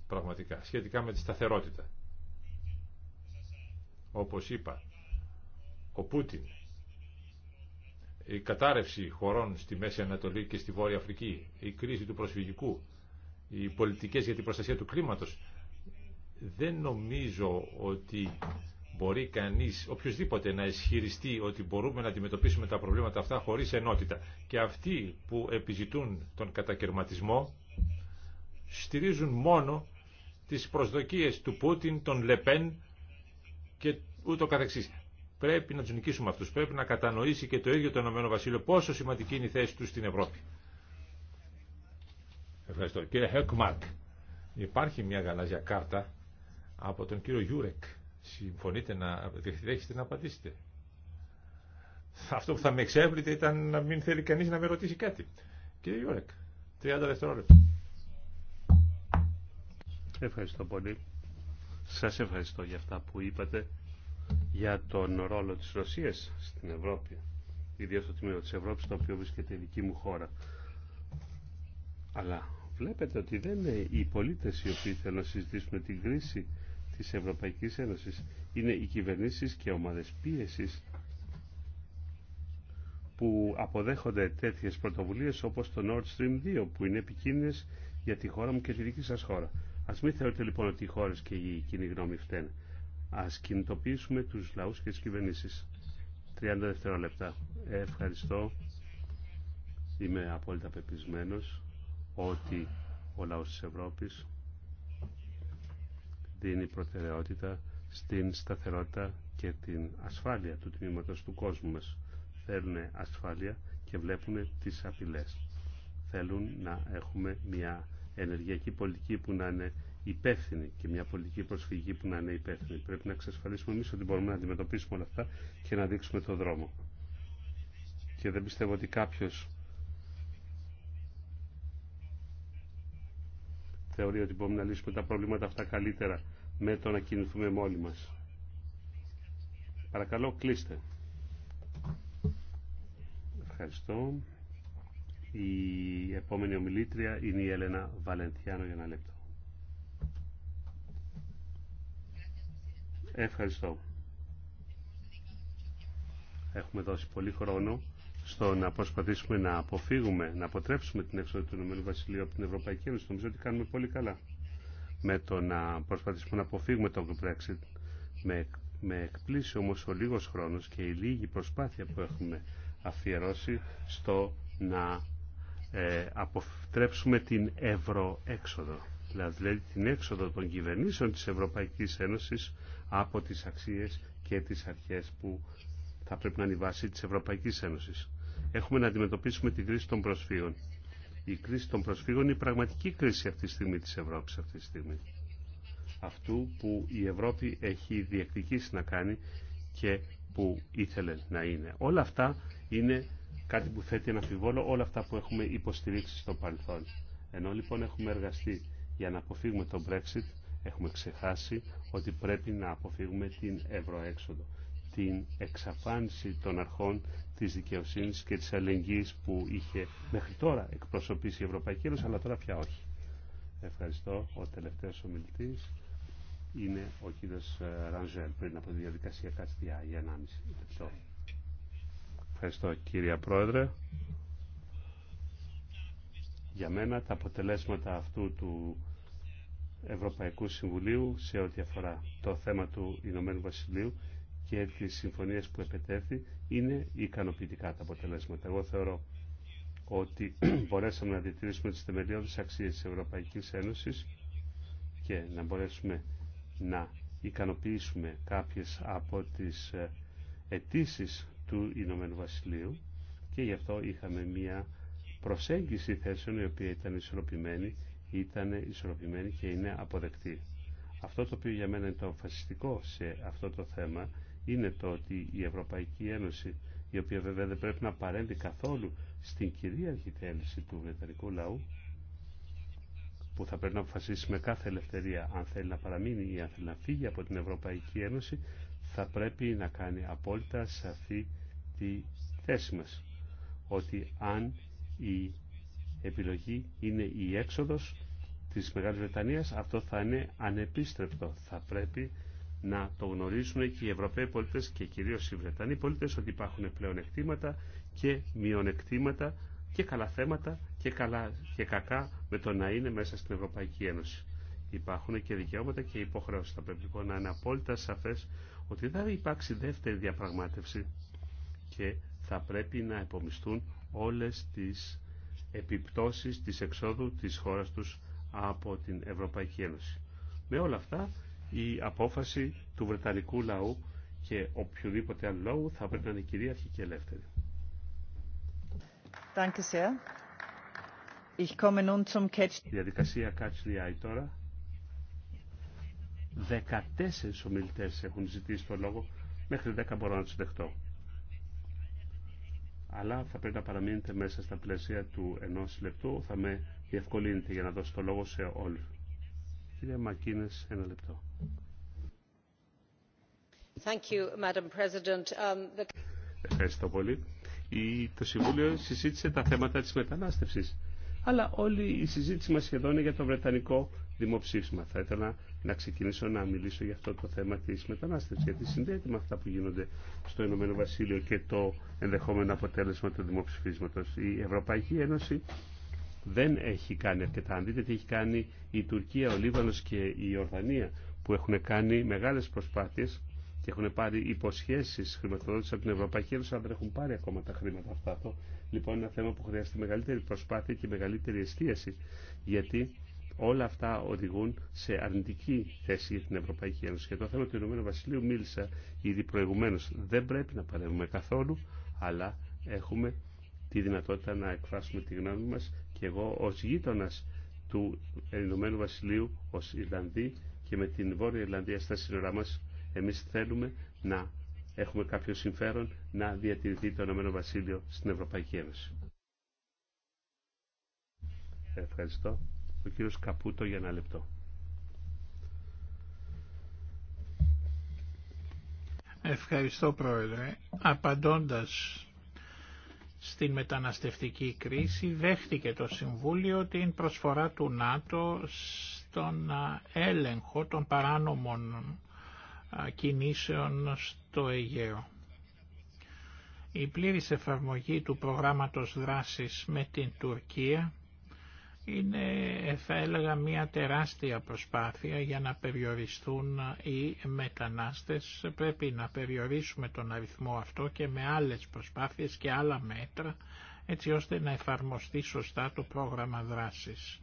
πραγματικά σχετικά με τη σταθερότητα. Όπως είπα, ο Πούτιν, η κατάρρευση χωρών στη Μέση Ανατολή και στη Βόρεια Αφρική, η κρίση του προσφυγικού, οι πολιτικές για την προστασία του κλίματος, δεν νομίζω ότι μπορεί κανείς, οποιοδήποτε να ισχυριστεί ότι μπορούμε να αντιμετωπίσουμε τα προβλήματα αυτά χωρίς ενότητα. Και αυτοί που επιζητούν τον κατακαιρματισμό στηρίζουν μόνο τις προσδοκίες του Πούτιν, των Λεπέν και ούτω καθεξής. Πρέπει να τους νικήσουμε αυτούς. Πρέπει να κατανοήσει και το ίδιο το ΕΒ πόσο σημαντική είναι η θέση του στην Ευρώπη. Ευχαριστώ. Κύριε Χέκμαρκ, υπάρχει μια γαλάζια κάρτα από τον κύριο Γιούρεκ. Συμφωνείτε να δεχτείτε να απαντήσετε. Αυτό που θα με εξέβλητε ήταν να μην
θέλει κανείς να με ρωτήσει κάτι. Κύριε Γιούρεκ, 30 δευτερόλεπτα. Ευχαριστώ πολύ. Σας ευχαριστώ για αυτά που είπατε για τον ρόλο της Ρωσίας στην Ευρώπη, ιδίως στο τμήμα της Ευρώπης, το οποίο βρίσκεται η δική μου χώρα. Αλλά βλέπετε ότι δεν είναι οι πολίτες οι οποίοι θέλουν να συζητήσουν την κρίση της Ευρωπαϊκής Ένωσης. Είναι οι κυβερνήσεις και ομάδες πίεσης που αποδέχονται τέτοιες πρωτοβουλίες όπως το Nord Stream 2 που είναι επικίνδυνες για τη χώρα μου και τη δική σας χώρα. Α μην θεωρείτε λοιπόν ότι οι χώρε και η κοινή γνώμη φταίνουν. Ας κινητοποιήσουμε τους λαούς και τις κυβερνήσεις. 30 δευτερόλεπτα. Ευχαριστώ. Είμαι απόλυτα πεπισμένος ότι ο λαό της Ευρώπης δίνει προτεραιότητα στην σταθερότητα και την ασφάλεια του τμήματος του κόσμου μας. Θέλουν ασφάλεια και βλέπουν τις απειλές. Θέλουν να έχουμε μια ενεργειακή πολιτική που να είναι υπεύθυνη και μια πολιτική προσφυγική που να είναι υπεύθυνη. Πρέπει να εξασφαλίσουμε εμεί ότι μπορούμε να αντιμετωπίσουμε όλα αυτά και να δείξουμε το δρόμο. Και δεν πιστεύω ότι κάποιο θεωρεί ότι μπορούμε να λύσουμε τα προβλήματα αυτά καλύτερα με το να κινηθούμε μόνοι μας. Παρακαλώ κλείστε. Ευχαριστώ. Η επόμενη ομιλήτρια είναι η Έλενα Βαλεντιάνο για ένα λεπτό. Ευχαριστώ. Έχουμε δώσει πολύ χρόνο στο να προσπαθήσουμε να αποφύγουμε, να αποτρέψουμε την έξοδο του Ηνωμένου Βασιλείου από την Ευρωπαϊκή Ένωση. Νομίζω ότι κάνουμε πολύ καλά με το να προσπαθήσουμε να αποφύγουμε τον Brexit. Με, με εκπλήσει όμως ο λίγος χρόνος και η λίγη προσπάθεια που έχουμε αφιερώσει στο να ε, αποτρέψουμε την ευρωέξοδο, δηλαδή την έξοδο των κυβερνήσεων της Ευρωπαϊκής Ένωσης από τις αξίες και τις αρχές που θα πρέπει να είναι η βάση της Ευρωπαϊκής Ένωσης. Έχουμε να αντιμετωπίσουμε την κρίση των προσφύγων. Η κρίση των προσφύγων είναι η πραγματική κρίση αυτή τη στιγμή της Ευρώπης αυτή τη στιγμή. Αυτού που η Ευρώπη έχει διεκδικήσει να κάνει και που ήθελε να είναι. Όλα αυτά είναι κάτι που θέτει ένα αμφιβόλο όλα αυτά που έχουμε υποστηρίξει στο παρελθόν. Ενώ λοιπόν έχουμε εργαστεί για να αποφύγουμε το Brexit, έχουμε ξεχάσει ότι πρέπει να αποφύγουμε την ευρωέξοδο, την εξαφάνιση των αρχών της δικαιοσύνης και της αλληλεγγύης που είχε μέχρι τώρα εκπροσωπήσει η Ευρωπαϊκή Ένωση, αλλά τώρα πια όχι. Ευχαριστώ. Ο τελευταίος ομιλητής είναι ο κύριος ε, Ρανζέλ πριν από τη διαδικασία κάτι για 1,5 Ευχαριστώ κύριε Πρόεδρε. Για μένα τα αποτελέσματα αυτού του Ευρωπαϊκού Συμβουλίου σε ό,τι αφορά το θέμα του Ηνωμένου Βασιλείου και τις συμφωνίες που επετέθη, είναι ικανοποιητικά τα αποτελέσματα. Εγώ θεωρώ ότι μπορέσαμε να διατηρήσουμε τις θεμελιώδεις αξίες της Ευρωπαϊκής Ένωσης και να μπορέσουμε να ικανοποιήσουμε κάποιες από τις ε, αιτήσει του Ηνωμένου Βασιλείου και γι' αυτό είχαμε μια προσέγγιση θέσεων η οποία ήταν ισορροπημένη, ήταν ισορροπημένη και είναι αποδεκτή. Αυτό το οποίο για μένα είναι το αποφασιστικό σε αυτό το θέμα είναι το ότι η Ευρωπαϊκή Ένωση, η οποία βέβαια δεν πρέπει να παρέμβει καθόλου στην κυρίαρχη θέληση του Βρετανικού λαού, που θα πρέπει να αποφασίσει με κάθε ελευθερία αν θέλει να παραμείνει ή αν θέλει να φύγει από την Ευρωπαϊκή Ένωση, θα πρέπει να κάνει απόλυτα σαφή τη θέση μας. Ότι αν η επιλογή είναι η έξοδος της Μεγάλης Βρετανίας, αυτό θα είναι ανεπίστρεπτο. Θα πρέπει να το γνωρίζουν και οι Ευρωπαίοι πολίτες και κυρίως οι Βρετανοί πολίτες ότι υπάρχουν πλέον εκτήματα και μειονεκτήματα και καλά θέματα και, καλά, και κακά με το να είναι μέσα στην Ευρωπαϊκή Ένωση. Υπάρχουν και δικαιώματα και υποχρεώσεις. Θα πρέπει λοιπόν να είναι απόλυτα σαφές ότι δεν θα υπάρξει δεύτερη διαπραγμάτευση και θα πρέπει να επομιστούν όλες τις επιπτώσεις της εξόδου της χώρας τους από την Ευρωπαϊκή Ένωση. Με όλα αυτά η απόφαση του Βρετανικού λαού και οποιοδήποτε άλλο λόγο θα πρέπει να είναι κυρίαρχη και ελεύθερη.
Η
διαδικασία Catch the Eye τώρα. 14 ομιλητές έχουν ζητήσει το λόγο. Μέχρι 10 μπορώ να του δεχτώ αλλά θα πρέπει να παραμείνετε μέσα στα πλαίσια του ενός λεπτού. Θα με διευκολύνετε για να δώσω το λόγο σε όλους. Κύριε Μακίνες, ένα λεπτό.
Um,
Ευχαριστώ πολύ. Η, το Συμβούλιο συζήτησε τα θέματα της μετανάστευσης. Αλλά όλη η συζήτηση μας σχεδόν είναι για το Βρετανικό δημοψήφισμα. Θα ήθελα να ξεκινήσω να μιλήσω για αυτό το θέμα της μετανάστευσης, γιατί συνδέεται με αυτά που γίνονται στο Ηνωμένο Βασίλειο και το ενδεχόμενο αποτέλεσμα του δημοψηφίσματος. Η Ευρωπαϊκή Ένωση δεν έχει κάνει αρκετά. Αν δείτε τι έχει κάνει η Τουρκία, ο Λίβανος και η Ορδανία, που έχουν κάνει μεγάλες προσπάθειες και έχουν πάρει υποσχέσει χρηματοδότηση από την Ευρωπαϊκή Ένωση, αλλά δεν έχουν πάρει ακόμα τα χρήματα αυτά. λοιπόν είναι ένα θέμα που χρειάζεται μεγαλύτερη προσπάθεια και μεγαλύτερη εστίαση, γιατί Όλα αυτά οδηγούν σε αρνητική θέση για την Ευρωπαϊκή Ένωση. Και το θέμα του Ηνωμένου Βασιλείου μίλησα ήδη προηγουμένω. Δεν πρέπει να παρεύουμε καθόλου, αλλά έχουμε τη δυνατότητα να εκφράσουμε τη γνώμη μας και εγώ ω γείτονα του Ηνωμένου Βασιλείου, ω Ιρλανδί και με την Βόρεια Ιρλανδία στα σύνορά μας, εμείς θέλουμε να έχουμε κάποιο συμφέρον να διατηρηθεί το Ηνωμένο Βασίλειο στην Ευρωπαϊκή Ένωση. Ευχαριστώ. Ο κύριος Καπούτο για ένα λεπτό.
Ευχαριστώ Πρόεδρε. Απαντώντας στην μεταναστευτική κρίση δέχτηκε το Συμβούλιο την προσφορά του ΝΑΤΟ στον έλεγχο των παράνομων κινήσεων στο Αιγαίο. Η πλήρης εφαρμογή του προγράμματος δράσης με την Τουρκία είναι θα έλεγα μια τεράστια προσπάθεια για να περιοριστούν οι μετανάστες. Πρέπει να περιορίσουμε τον αριθμό αυτό και με άλλες προσπάθειες και άλλα μέτρα έτσι ώστε να εφαρμοστεί σωστά το πρόγραμμα δράσης.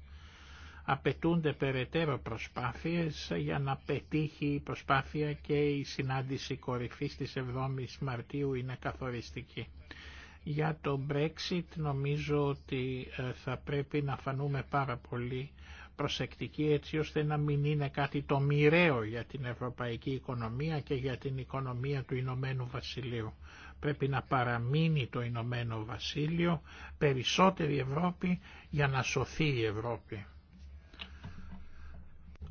Απαιτούνται περαιτέρω προσπάθειες για να πετύχει η προσπάθεια και η συνάντηση κορυφής της 7ης Μαρτίου είναι καθοριστική. Για το Brexit νομίζω ότι ε, θα πρέπει να φανούμε πάρα πολύ προσεκτικοί έτσι ώστε να μην είναι κάτι το μοιραίο για την ευρωπαϊκή οικονομία και για την οικονομία του Ηνωμένου Βασιλείου. Πρέπει να παραμείνει το Ηνωμένο Βασίλειο περισσότερη Ευρώπη για να σωθεί η Ευρώπη.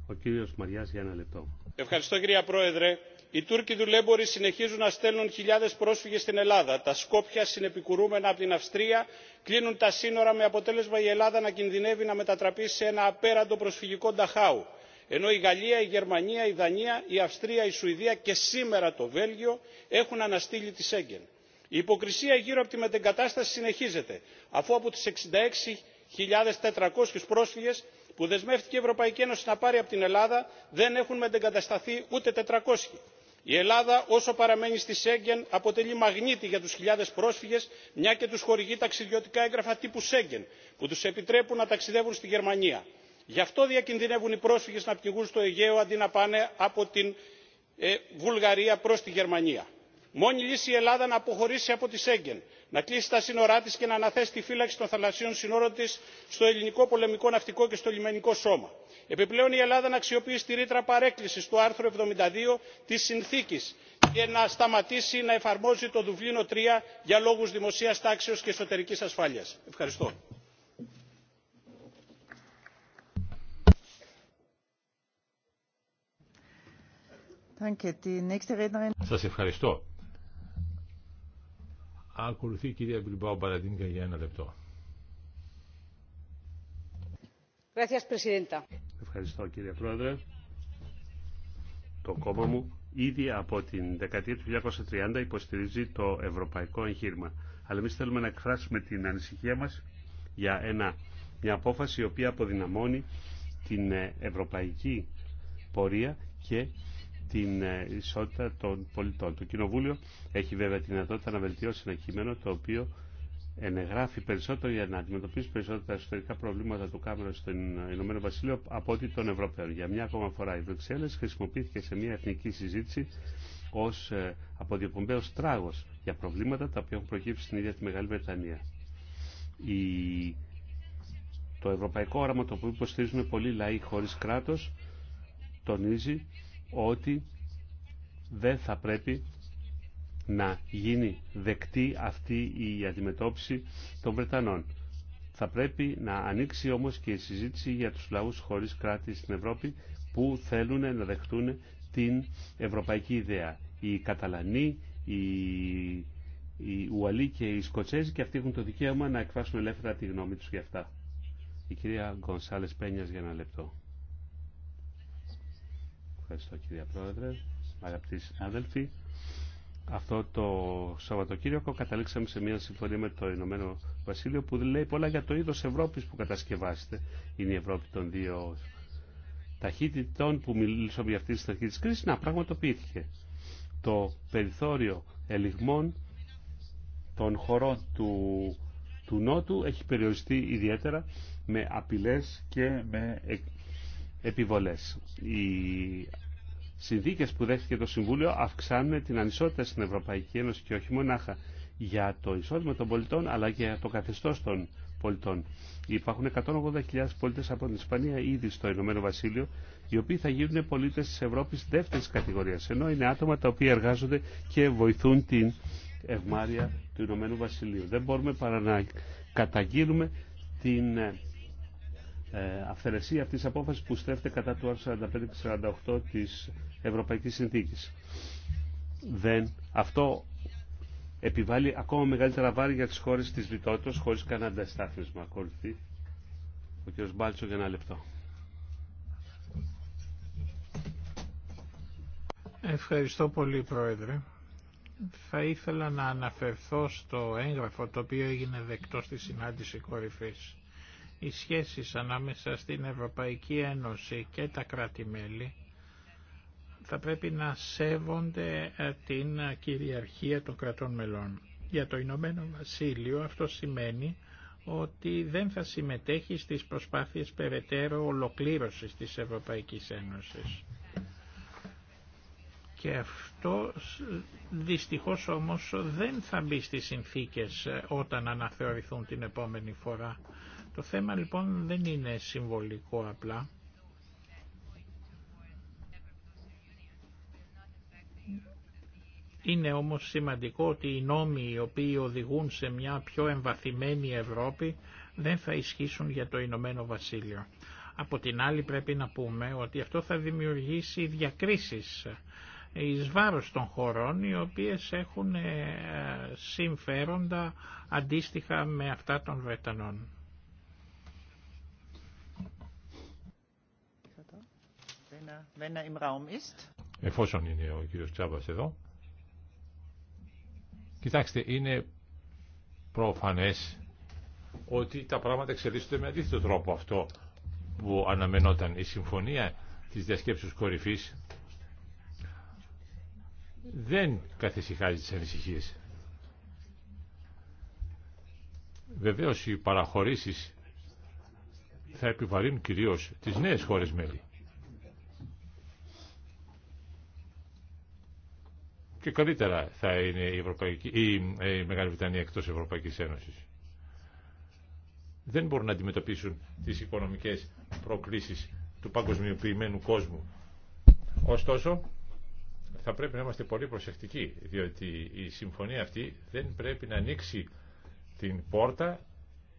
Ο κύριος Μαριάς για Ευχαριστώ
κυρία Πρόεδρε οι τούρκοι δουλέμποροι συνεχίζουν να στέλνουν χιλιάδες πρόσφυγες στην ελλάδα τα σκόπια συνεπικουρούμενα από την αυστρία κλείνουν τα σύνορα με αποτέλεσμα η ελλάδα να κινδυνεύει να μετατραπεί σε ένα απέραντο προσφυγικό νταχάου ενώ η γαλλία η γερμανία η δανία η αυστρία η σουηδία και σήμερα το βέλγιο έχουν αναστείλει τη σέγγεν. η υποκρισία γύρω από τη μετεγκατάσταση συνεχίζεται αφού από τις 66.400 πρόσφυγες που δεσμεύτηκε η ευρωπαϊκή ένωση να πάρει από την ελλάδα δεν έχουν μετεγκατασταθεί ούτε 400 η ελλάδα όσο παραμένει στη σέγγεν αποτελεί μαγνήτη για τους χιλιάδες πρόσφυγες μια και τους χορηγεί ταξιδιωτικά έγγραφα τύπου σέγγεν που τους επιτρέπουν να ταξιδεύουν στη γερμανία. γι' αυτό διακινδυνεύουν οι πρόσφυγες να πνιγούν στο αιγαίο αντί να πάνε από τη ε, βουλγαρία προς τη γερμανία. μόνη λύση η ελλάδα να αποχωρήσει από τη σέγγεν να κλείσει τα σύνορά της και να αναθέσει τη φύλαξη των θαλασσίων συνόρων της στο ελληνικό πολεμικό ναυτικό και στο λιμενικό σώμα επιπλέον η ελλάδα να αξιοποιήσει τη ρήτρα παρέκκλησης του άρθρου 72 της συνθήκης και να σταματήσει να εφαρμόζει το δουβλίνο 3 για λόγους δημοσίας τάξεως και εσωτερικής ασφάλειας. ευχαριστώ.
Σας ευχαριστώ. Ακολουθεί η κυρία Μπιλμπάου Μπαραντίνικα για ένα
λεπτό. Ευχαριστώ κύριε Πρόεδρε. Το κόμμα μου ήδη από την δεκαετία του 1930 υποστηρίζει το ευρωπαϊκό εγχείρημα. Αλλά εμεί θέλουμε να εκφράσουμε την ανησυχία μας για μια απόφαση η οποία αποδυναμώνει την ε, ευρωπαϊκή πορεία και την ε, ισότητα των πολιτών. Το Κοινοβούλιο έχει βέβαια τη δυνατότητα να βελτιώσει ένα κείμενο το οποίο ενεγράφει περισσότερο για να αντιμετωπίσει περισσότερα εσωτερικά προβλήματα του Κάμερο στον Ηνωμένο Βασίλειο από ότι των Ευρωπαίων. Για μια ακόμα φορά η Βρυξέλλες χρησιμοποιήθηκε σε μια εθνική συζήτηση ως ε, αποδιοπομπαίος τράγος για προβλήματα τα οποία έχουν προκύψει στην ίδια τη Μεγάλη Βρετανία. Το ευρωπαϊκό όραμα το οποίο υποστηρίζουν πολλοί λαοί χωρίς κράτος τονίζει ότι δεν θα πρέπει να γίνει δεκτή αυτή η αντιμετώπιση των Βρετανών. Θα πρέπει να ανοίξει όμως και η συζήτηση για τους λαούς χωρίς κράτη στην Ευρώπη που θέλουν να δεχτούν την ευρωπαϊκή ιδέα. Οι Καταλανοί, οι, οι Ουαλοί και οι Σκοτσέζοι και αυτοί έχουν το δικαίωμα να εκφράσουν ελεύθερα τη γνώμη τους για αυτά. Η κυρία Γκονσάλες Πένιας για ένα λεπτό. Ευχαριστώ κυρία Πρόεδρε, αγαπητοί συνάδελφοι αυτό το Σαββατοκύριακο καταλήξαμε σε μια συμφωνία με το Ηνωμένο Βασίλειο που λέει πολλά για το είδος Ευρώπης που κατασκευάζεται. Είναι η Ευρώπη των δύο ταχύτητων που μιλήσαμε για αυτή τη ταχύτητα της κρίσης να πραγματοποιήθηκε. Το περιθώριο ελιγμών των χωρών του, του Νότου έχει περιοριστεί ιδιαίτερα με απειλές και με ε, επιβολές. Η συνθήκες που δέχτηκε το Συμβούλιο αυξάνουν την ανισότητα στην Ευρωπαϊκή Ένωση και όχι μονάχα για το εισόδημα των πολιτών αλλά και για το καθεστώς των πολιτών. Υπάρχουν 180.000 πολίτες από την Ισπανία ήδη στο Ηνωμένο Βασίλειο οι οποίοι θα γίνουν πολίτες της Ευρώπης δεύτερης κατηγορίας ενώ είναι άτομα τα οποία εργάζονται και βοηθούν την ευμάρεια του Ηνωμένου Βασιλείου. Δεν μπορούμε παρά να καταγγείλουμε την ε, ε, αυθαιρεσία αυτής της απόφασης που στρέφεται κατά του άρθρου 45 48 της Ευρωπαϊκή Συνθήκης. Δεν, αυτό επιβάλλει ακόμα μεγαλύτερα βάρη για τι χώρες της λιτότητα, χωρί κανένα αντιστάθμισμα. Ακολουθεί ο κ. Μπάλτσο για ένα λεπτό.
Ευχαριστώ πολύ Πρόεδρε. Θα ήθελα να αναφερθώ στο έγγραφο το οποίο έγινε δεκτό στη συνάντηση κορυφής. Οι σχέσεις ανάμεσα στην Ευρωπαϊκή Ένωση και τα κράτη-μέλη θα πρέπει να σέβονται ε, την κυριαρχία των κρατών μελών. Για το Ηνωμένο Βασίλειο αυτό σημαίνει ότι δεν θα συμμετέχει στις προσπάθειες περαιτέρω ολοκλήρωσης της Ευρωπαϊκής Ένωσης. Και αυτό δυστυχώς όμως δεν θα μπει στις συνθήκες ε, όταν αναθεωρηθούν την επόμενη φορά. Το θέμα λοιπόν δεν είναι συμβολικό απλά Είναι όμως σημαντικό ότι οι νόμοι οι οποίοι οδηγούν σε μια πιο εμβαθυμένη Ευρώπη δεν θα ισχύσουν για το Ηνωμένο Βασίλειο. Από την άλλη πρέπει να πούμε ότι αυτό θα δημιουργήσει διακρίσεις εις βάρος των χωρών οι οποίες έχουν ε, συμφέροντα αντίστοιχα με αυτά των Βρετανών. Er, er
Εφόσον είναι ο κύριος Τσάβας εδώ, Κοιτάξτε, είναι προφανές ότι τα πράγματα εξελίσσονται με αντίθετο τρόπο αυτό που αναμενόταν η συμφωνία της διασκέψης κορυφής δεν καθησυχάζει τις ανησυχίες. Βεβαίως οι παραχωρήσεις θα επιβαρύνουν κυρίως τις νέες χώρες μέλη. και καλύτερα θα είναι η, Ευρωπαϊκή, η, ε, η Μεγάλη Βρετανία εκτός Ευρωπαϊκής Ένωσης. Δεν μπορούν να αντιμετωπίσουν τις οικονομικές προκλήσεις του παγκοσμιοποιημένου κόσμου. Ωστόσο, θα πρέπει να είμαστε πολύ προσεκτικοί, διότι η συμφωνία αυτή δεν πρέπει να ανοίξει την πόρτα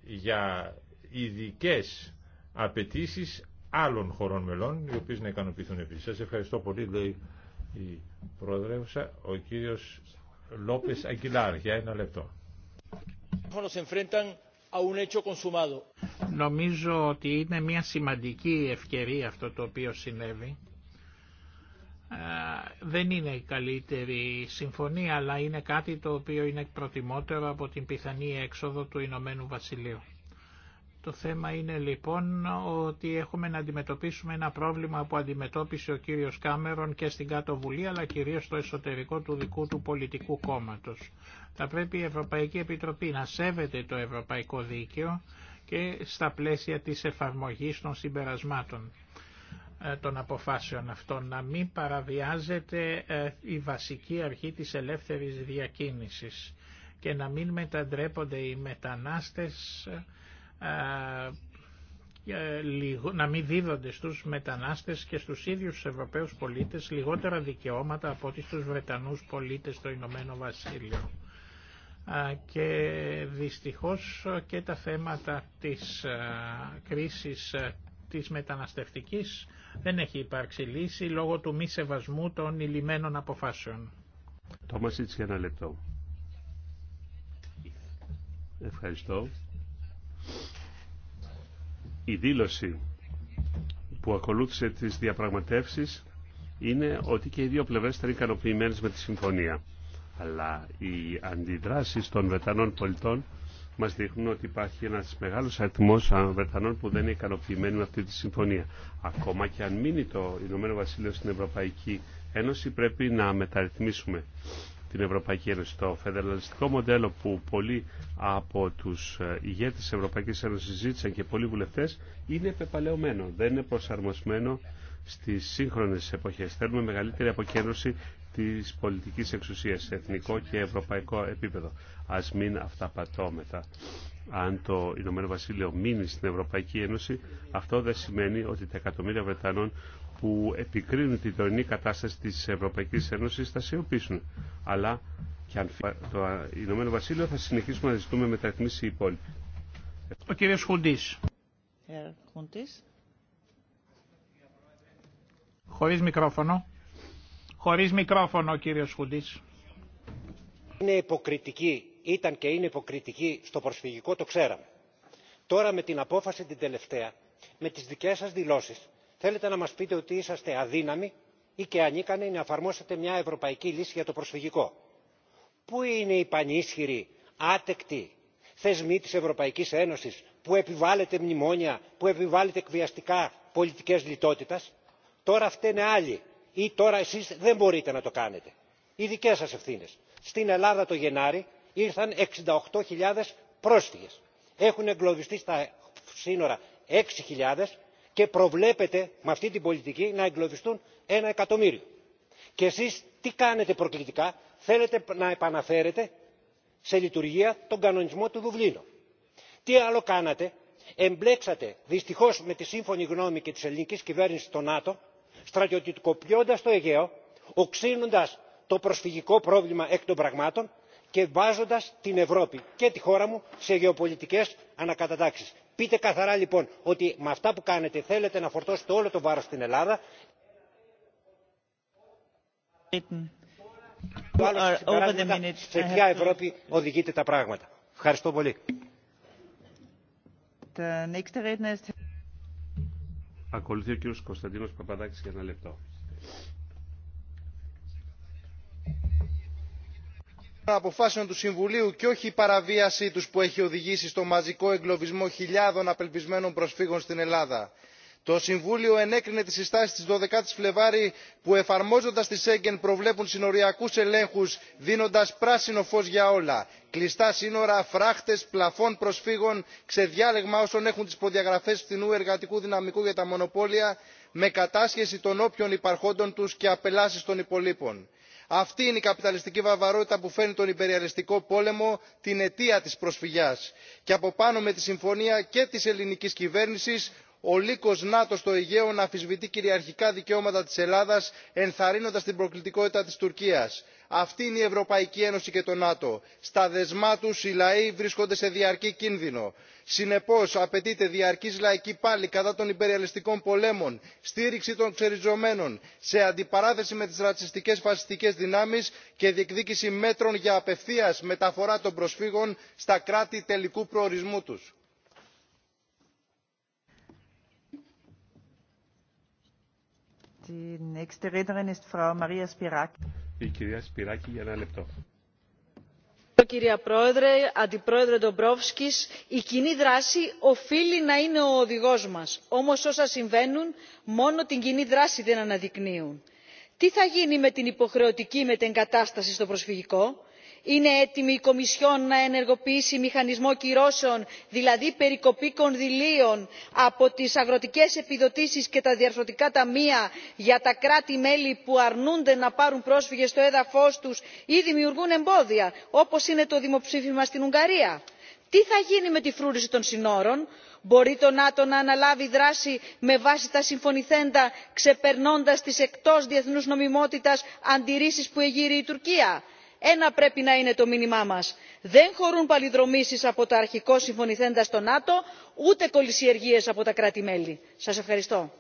για ειδικέ απαιτήσει άλλων χωρών μελών, οι οποίε να ικανοποιηθούν επίση. Σα. ευχαριστώ πολύ, η Προεδρεύουσα, ο κύριος Λόπες Αγγιλάρ, για ένα λεπτό.
Νομίζω ότι είναι μια σημαντική ευκαιρία αυτό το οποίο συνέβη. Ε, δεν είναι η καλύτερη συμφωνία, αλλά είναι κάτι το οποίο είναι προτιμότερο από την πιθανή έξοδο του Ηνωμένου Βασιλείου. Το θέμα είναι λοιπόν ότι έχουμε να αντιμετωπίσουμε ένα πρόβλημα που αντιμετώπισε ο κύριος Κάμερον και στην Κάτω Βουλή αλλά κυρίως στο εσωτερικό του δικού του πολιτικού κόμματος. Θα πρέπει η Ευρωπαϊκή Επιτροπή να σέβεται το ευρωπαϊκό δίκαιο και στα πλαίσια της εφαρμογής των συμπερασμάτων ε, των αποφάσεων αυτών, να μην παραβιάζεται ε, η βασική αρχή της ελεύθερης διακίνησης και να μην μετατρέπονται οι μετανάστες να μην δίδονται στους μετανάστες και στους ίδιους Ευρωπαίους πολίτες λιγότερα δικαιώματα από ό,τι στους Βρετανούς πολίτες στο Ηνωμένο Βασίλειο. Και δυστυχώς και τα θέματα της κρίσης της μεταναστευτικής δεν έχει υπάρξει λύση λόγω του μη σεβασμού των ηλυμένων αποφάσεων.
λεπτό. Ευχαριστώ. Η δήλωση που ακολούθησε τις διαπραγματεύσεις είναι ότι και οι δύο πλευρές ήταν ικανοποιημένες με τη συμφωνία. Αλλά οι αντιδράσεις των Βρετανών πολιτών μας δείχνουν ότι υπάρχει ένας μεγάλος αριθμός Βρετανών που δεν είναι ικανοποιημένοι με αυτή τη συμφωνία. Ακόμα και αν μείνει το Ηνωμένο Βασίλειο στην Ευρωπαϊκή Ένωση πρέπει να μεταρρυθμίσουμε την Ευρωπαϊκή Ένωση. Το φεδεραλιστικό μοντέλο που πολλοί από τους ε, ηγέτες της Ευρωπαϊκής Ένωσης ζήτησαν και πολλοί βουλευτές είναι επεπαλαιωμένο, δεν είναι προσαρμοσμένο στις σύγχρονες εποχές. Θέλουμε μεγαλύτερη αποκέντρωση της πολιτικής εξουσίας σε εθνικό και ευρωπαϊκό επίπεδο. Ας μην αυταπατώμετα. Αν το Ηνωμένο Βασίλειο μείνει στην Ευρωπαϊκή Ένωση, αυτό δεν σημαίνει ότι τα εκατομμύρια Βρετανών που επικρίνουν την τωρινή κατάσταση της Ευρωπαϊκής Ένωσης θα σιωπήσουν. Αλλά και αν το Ηνωμένο Βασίλειο θα συνεχίσουμε να ζητούμε μεταρρυθμίσει οι υπόλοιποι.
Ο κύριος Χουντής. Χωρίς μικρόφωνο. Χωρίς μικρόφωνο ο κύριος Χουντής.
Είναι υποκριτική, ήταν και είναι υποκριτική στο προσφυγικό, το ξέραμε. Τώρα με την απόφαση την τελευταία, με τις δικές σας δηλώσεις, θέλετε να μας πείτε ότι είσαστε αδύναμοι ή και ανίκανοι να εφαρμόσετε μια ευρωπαϊκή λύση για το προσφυγικό. Πού είναι οι πανίσχυροι, άτεκτοι θεσμοί της Ευρωπαϊκής Ένωσης που επιβάλλετε μνημόνια, που επιβαλλεται μνημονια εκβιαστικά πολιτικές λιτότητας. Τώρα φταίνε άλλοι ή τώρα εσείς δεν μπορείτε να το κάνετε. Οι δικές σας ευθύνες. Στην Ελλάδα το Γενάρη ήρθαν 68.000 πρόσφυγες. Έχουν εγκλωβιστεί στα σύνορα 6.000 και προβλέπετε με αυτή την πολιτική να εγκλωβιστούν ένα εκατομμύριο. Και εσείς τι κάνετε προκλητικά, θέλετε να επαναφέρετε σε λειτουργία τον κανονισμό του Δουβλίνου. Τι άλλο κάνατε, εμπλέξατε δυστυχώς με τη σύμφωνη γνώμη και της ελληνικής κυβέρνησης το ΝΑΤΟ, στρατιωτικοποιώντας το Αιγαίο, οξύνοντας το προσφυγικό πρόβλημα εκ των πραγμάτων και βάζοντας την ευρώπη και τη χώρα μου σε γεωπολιτικές ανακατατάξεις. πείτε καθαρά λοιπόν ότι με αυτά που κάνετε θέλετε να φορτώσετε όλο το βάρος στην ελλάδα σε ποια ευρώπη οδηγείτε τα πράγματα. ευχαριστώ πολύ.
Ακολουθεί ο κύριος Κωνσταντίνος Παπαδάκης για ένα λεπτό.
αποφάσεων του συμβουλίου και όχι η παραβίασή τους που έχει οδηγήσει στο μαζικό εγκλωβισμό χιλιάδων απελπισμένων προσφύγων στην ελλάδα. το συμβούλιο ενέκρινε τις συστάσεις της 12 ης Φλεβάρη που εφαρμόζοντας τη σέγγεν προβλέπουν συνοριακούς ελέγχους δίνοντας πράσινο φως για όλα κλειστά σύνορα φράχτες πλαφών προσφύγων ξεδιάλεγμα όσων έχουν τις προδιαγραφές φθηνού εργατικού δυναμικού για τα μονοπόλια με κατάσχεση των όποιων υπαρχόντων τους και απελάσεις των υπολείπων αυτή είναι η καπιταλιστική βαρβαρότητα που φέρνει τον υπεριαλιστικό πόλεμο την αιτία της προσφυγιάς και από πάνω με τη συμφωνία και της ελληνικής κυβέρνησης ο λύκος νάτο στο αιγαίο να αφισβητεί κυριαρχικά δικαιώματα της ελλάδας ενθαρρύνοντας την προκλητικότητα της τουρκίας αυτή είναι η ευρωπαϊκή ένωση και το νατο. στα δεσμά τους οι λαοί βρίσκονται σε διαρκή κίνδυνο. συνεπώς απαιτείται διαρκής λαϊκή πάλη κατά των υπεριαλιστικών πολέμων στήριξη των ξεριζωμένων σε αντιπαράθεση με τις ρατσιστικές φασιστικές δυνάμεις και διεκδίκηση μέτρων για απευθεία μεταφορά των προσφύγων στα κράτη τελικού προορισμού του
κύριε κυρία
για Πρόεδρε, Αντιπρόεδρε Ντομπρόφσκης, η κοινή δράση οφείλει να είναι ο οδηγός μας. Όμως όσα συμβαίνουν, μόνο την κοινή δράση δεν αναδεικνύουν. Τι θα γίνει με την υποχρεωτική μετεγκατάσταση στο προσφυγικό, είναι έτοιμη η κομισιόν να ενεργοποιήσει μηχανισμό κυρώσεων δηλαδή περικοπή κονδυλίων από τις αγροτικές επιδοτήσεις και τα διαρθρωτικά ταμεία για τα κράτη μέλη που αρνούνται να πάρουν πρόσφυγες στο έδαφος τους ή δημιουργούν εμπόδια όπως είναι το δημοψήφισμα στην ουγγαρία. τι θα γίνει με τη φρούρηση των συνόρων; μπορεί το νάτο να αναλάβει δράση με βάση τα συμφωνηθέντα ξεπερνώντας τις εκτός διεθνούς νομιμότητας αντιρρήσει που εγείρει η τουρκία; ένα πρέπει να είναι το μήνυμά μας δεν χωρούν παλινδρομήσεις από τα αρχικό συμφωνηθέντα στο νατο ούτε κολλησιεργίες από τα κράτη μέλη. σας ευχαριστώ.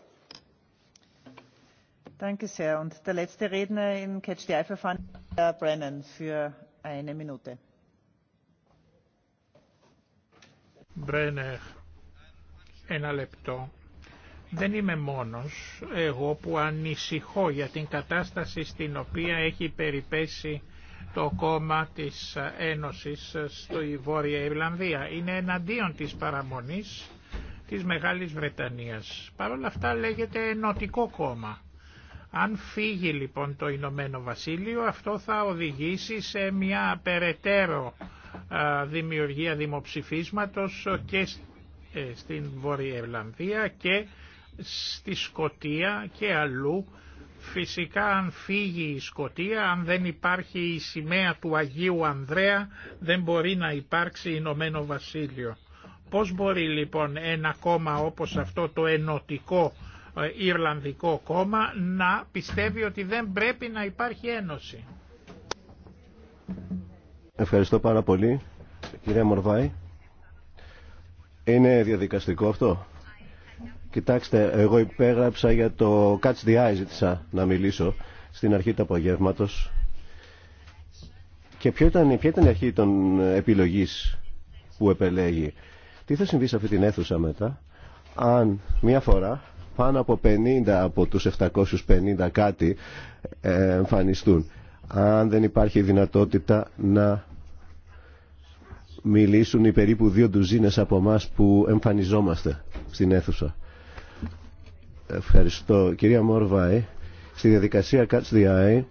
Μπρένερ, ένα λεπτό. Δεν είμαι μόνος εγώ που ανησυχώ για την κατάσταση στην οποία έχει περιπέσει το κόμμα της Ένωσης στη Βόρεια Ιρλανδία. Είναι εναντίον της παραμονής της Μεγάλης Βρετανίας. Παρ' όλα αυτά λέγεται ενωτικό κόμμα. Αν φύγει λοιπόν το Ηνωμένο Βασίλειο αυτό θα οδηγήσει σε μια περαιτέρω δημιουργία δημοψηφίσματος και ε, στην Βόρεια Ιρλανδία και στη Σκοτία και αλλού Φυσικά αν φύγει η Σκοτία, αν δεν υπάρχει η σημαία του Αγίου Ανδρέα, δεν μπορεί να υπάρξει Ηνωμένο Βασίλειο. Πώς μπορεί λοιπόν ένα κόμμα όπως αυτό το ενωτικό ε, Ιρλανδικό κόμμα να πιστεύει ότι δεν πρέπει να υπάρχει ένωση.
Ευχαριστώ πάρα πολύ. Κυρία Μορβάη. Είναι διαδικαστικό αυτό. Κοιτάξτε, εγώ υπέγραψα για το Catch the Eye, ζήτησα να μιλήσω στην αρχή του απογεύματο. Και ήταν, ποια ήταν η αρχή των επιλογής που επελέγει. Τι θα συμβεί σε αυτή την αίθουσα μετά, αν μία φορά πάνω από 50 από τους 750 κάτι ε, εμφανιστούν. Αν δεν υπάρχει δυνατότητα να μιλήσουν οι περίπου δύο ντουζίνες από εμά που εμφανιζόμαστε στην αίθουσα. Ευχαριστώ. Κυρία Μόρβαη, στη διαδικασία Catch the Eye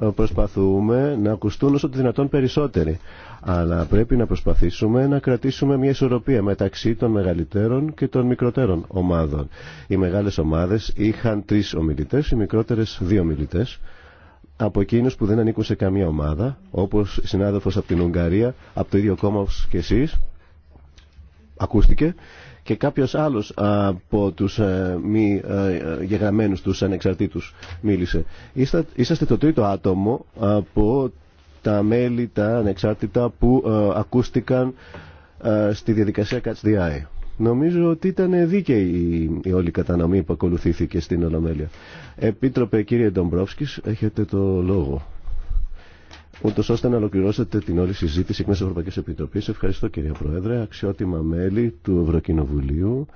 ε, προσπαθούμε να ακουστούν όσο το δυνατόν περισσότεροι. Αλλά πρέπει να προσπαθήσουμε να κρατήσουμε μια ισορροπία μεταξύ των μεγαλύτερων και των μικροτέρων ομάδων. Οι μεγάλες ομάδες είχαν τρεις ομιλητές, οι μικρότερες δύο ομιλητές. Από εκείνους που δεν ανήκουν σε καμία ομάδα, όπως συνάδελφος από την Ουγγαρία, από το ίδιο κόμμα και εσείς, ακούστηκε, και κάποιος άλλος από τους ε, μη ε, γεγραμμένους, τους ανεξαρτήτους μίλησε. Είσαστε το τρίτο άτομο από τα μέλη, τα ανεξάρτητα που ε, ακούστηκαν στη διαδικασία Eye. Νομίζω ότι ήταν δίκαιη η όλη κατανομή που ακολουθήθηκε στην Ολομέλεια. Επίτροπε κύριε Ντομπρόφσκης, έχετε το λόγο ούτως ώστε να ολοκληρώσετε την όλη συζήτηση εκ μέσω Ευρωπαϊκής Επιτροπής. Ευχαριστώ κυρία Πρόεδρε, αξιότιμα μέλη του Ευρωκοινοβουλίου.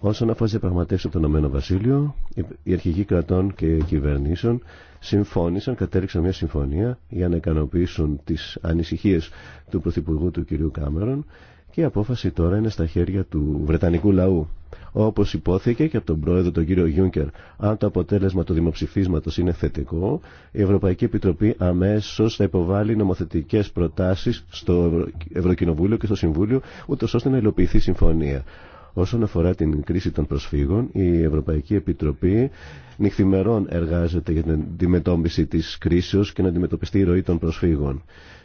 Όσον αφορά τι διαπραγματεύσει από το Ηνωμένο Βασίλειο, οι αρχηγοί κρατών και κυβερνήσεων συμφώνησαν, κατέληξαν μια συμφωνία για να ικανοποιήσουν τι ανησυχίε του Πρωθυπουργού του κ. Κάμερον και η απόφαση τώρα είναι στα χέρια του Βρετανικού λαού όπως υπόθηκε και από τον πρόεδρο τον κύριο Γιούνκερ. Αν το αποτέλεσμα του δημοψηφίσματος είναι θετικό, η Ευρωπαϊκή Επιτροπή αμέσως θα υποβάλει νομοθετικές προτάσεις στο Ευρωκοινοβούλιο και στο Συμβούλιο, ούτως ώστε να υλοποιηθεί συμφωνία. Όσον αφορά την κρίση των προσφύγων, η Ευρωπαϊκή Επιτροπή νυχθημερών εργάζεται για την αντιμετώπιση της κρίσεως και να αντιμετωπιστεί η ροή των προσφύγων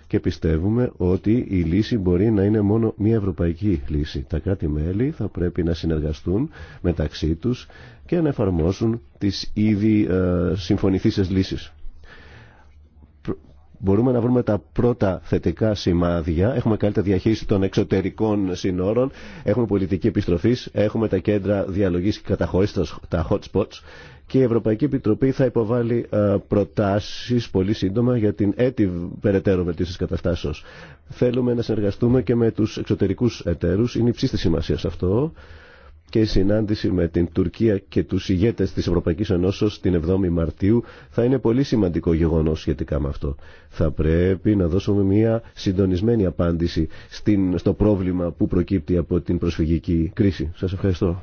και πιστεύουμε ότι η λύση μπορεί να είναι μόνο μια ευρωπαϊκή λύση. Τα κράτη-μέλη θα πρέπει να συνεργαστούν μεταξύ τους και να εφαρμόσουν τις ήδη ε, συμφωνηθήσεις λύσεις. Μπορούμε να βρούμε τα πρώτα θετικά σημάδια. Έχουμε καλύτερη διαχείριση των εξωτερικών συνόρων. Έχουμε πολιτική επιστροφή. Έχουμε τα κέντρα διαλογή και καταχώρηση, τα hot spots και η Ευρωπαϊκή Επιτροπή θα υποβάλει ε, προτάσεις πολύ σύντομα για την έτη περαιτέρω βελτίωση καταστάσεω. Θέλουμε να συνεργαστούμε και με τους εξωτερικούς εταίρους. Είναι υψίστη σημασία αυτό και η συνάντηση με την Τουρκία και τους ηγέτες της Ευρωπαϊκής Ενώσεως την 7η Μαρτίου θα είναι πολύ σημαντικό γεγονός σχετικά με αυτό. Θα πρέπει να δώσουμε μια συντονισμένη απάντηση στην, στο πρόβλημα που προκύπτει από την προσφυγική κρίση. Σας ευχαριστώ.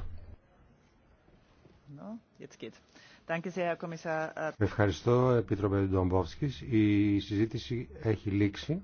Ευχαριστώ, Επίτροπε Ντομπόφσκης. Η συζήτηση έχει λήξει.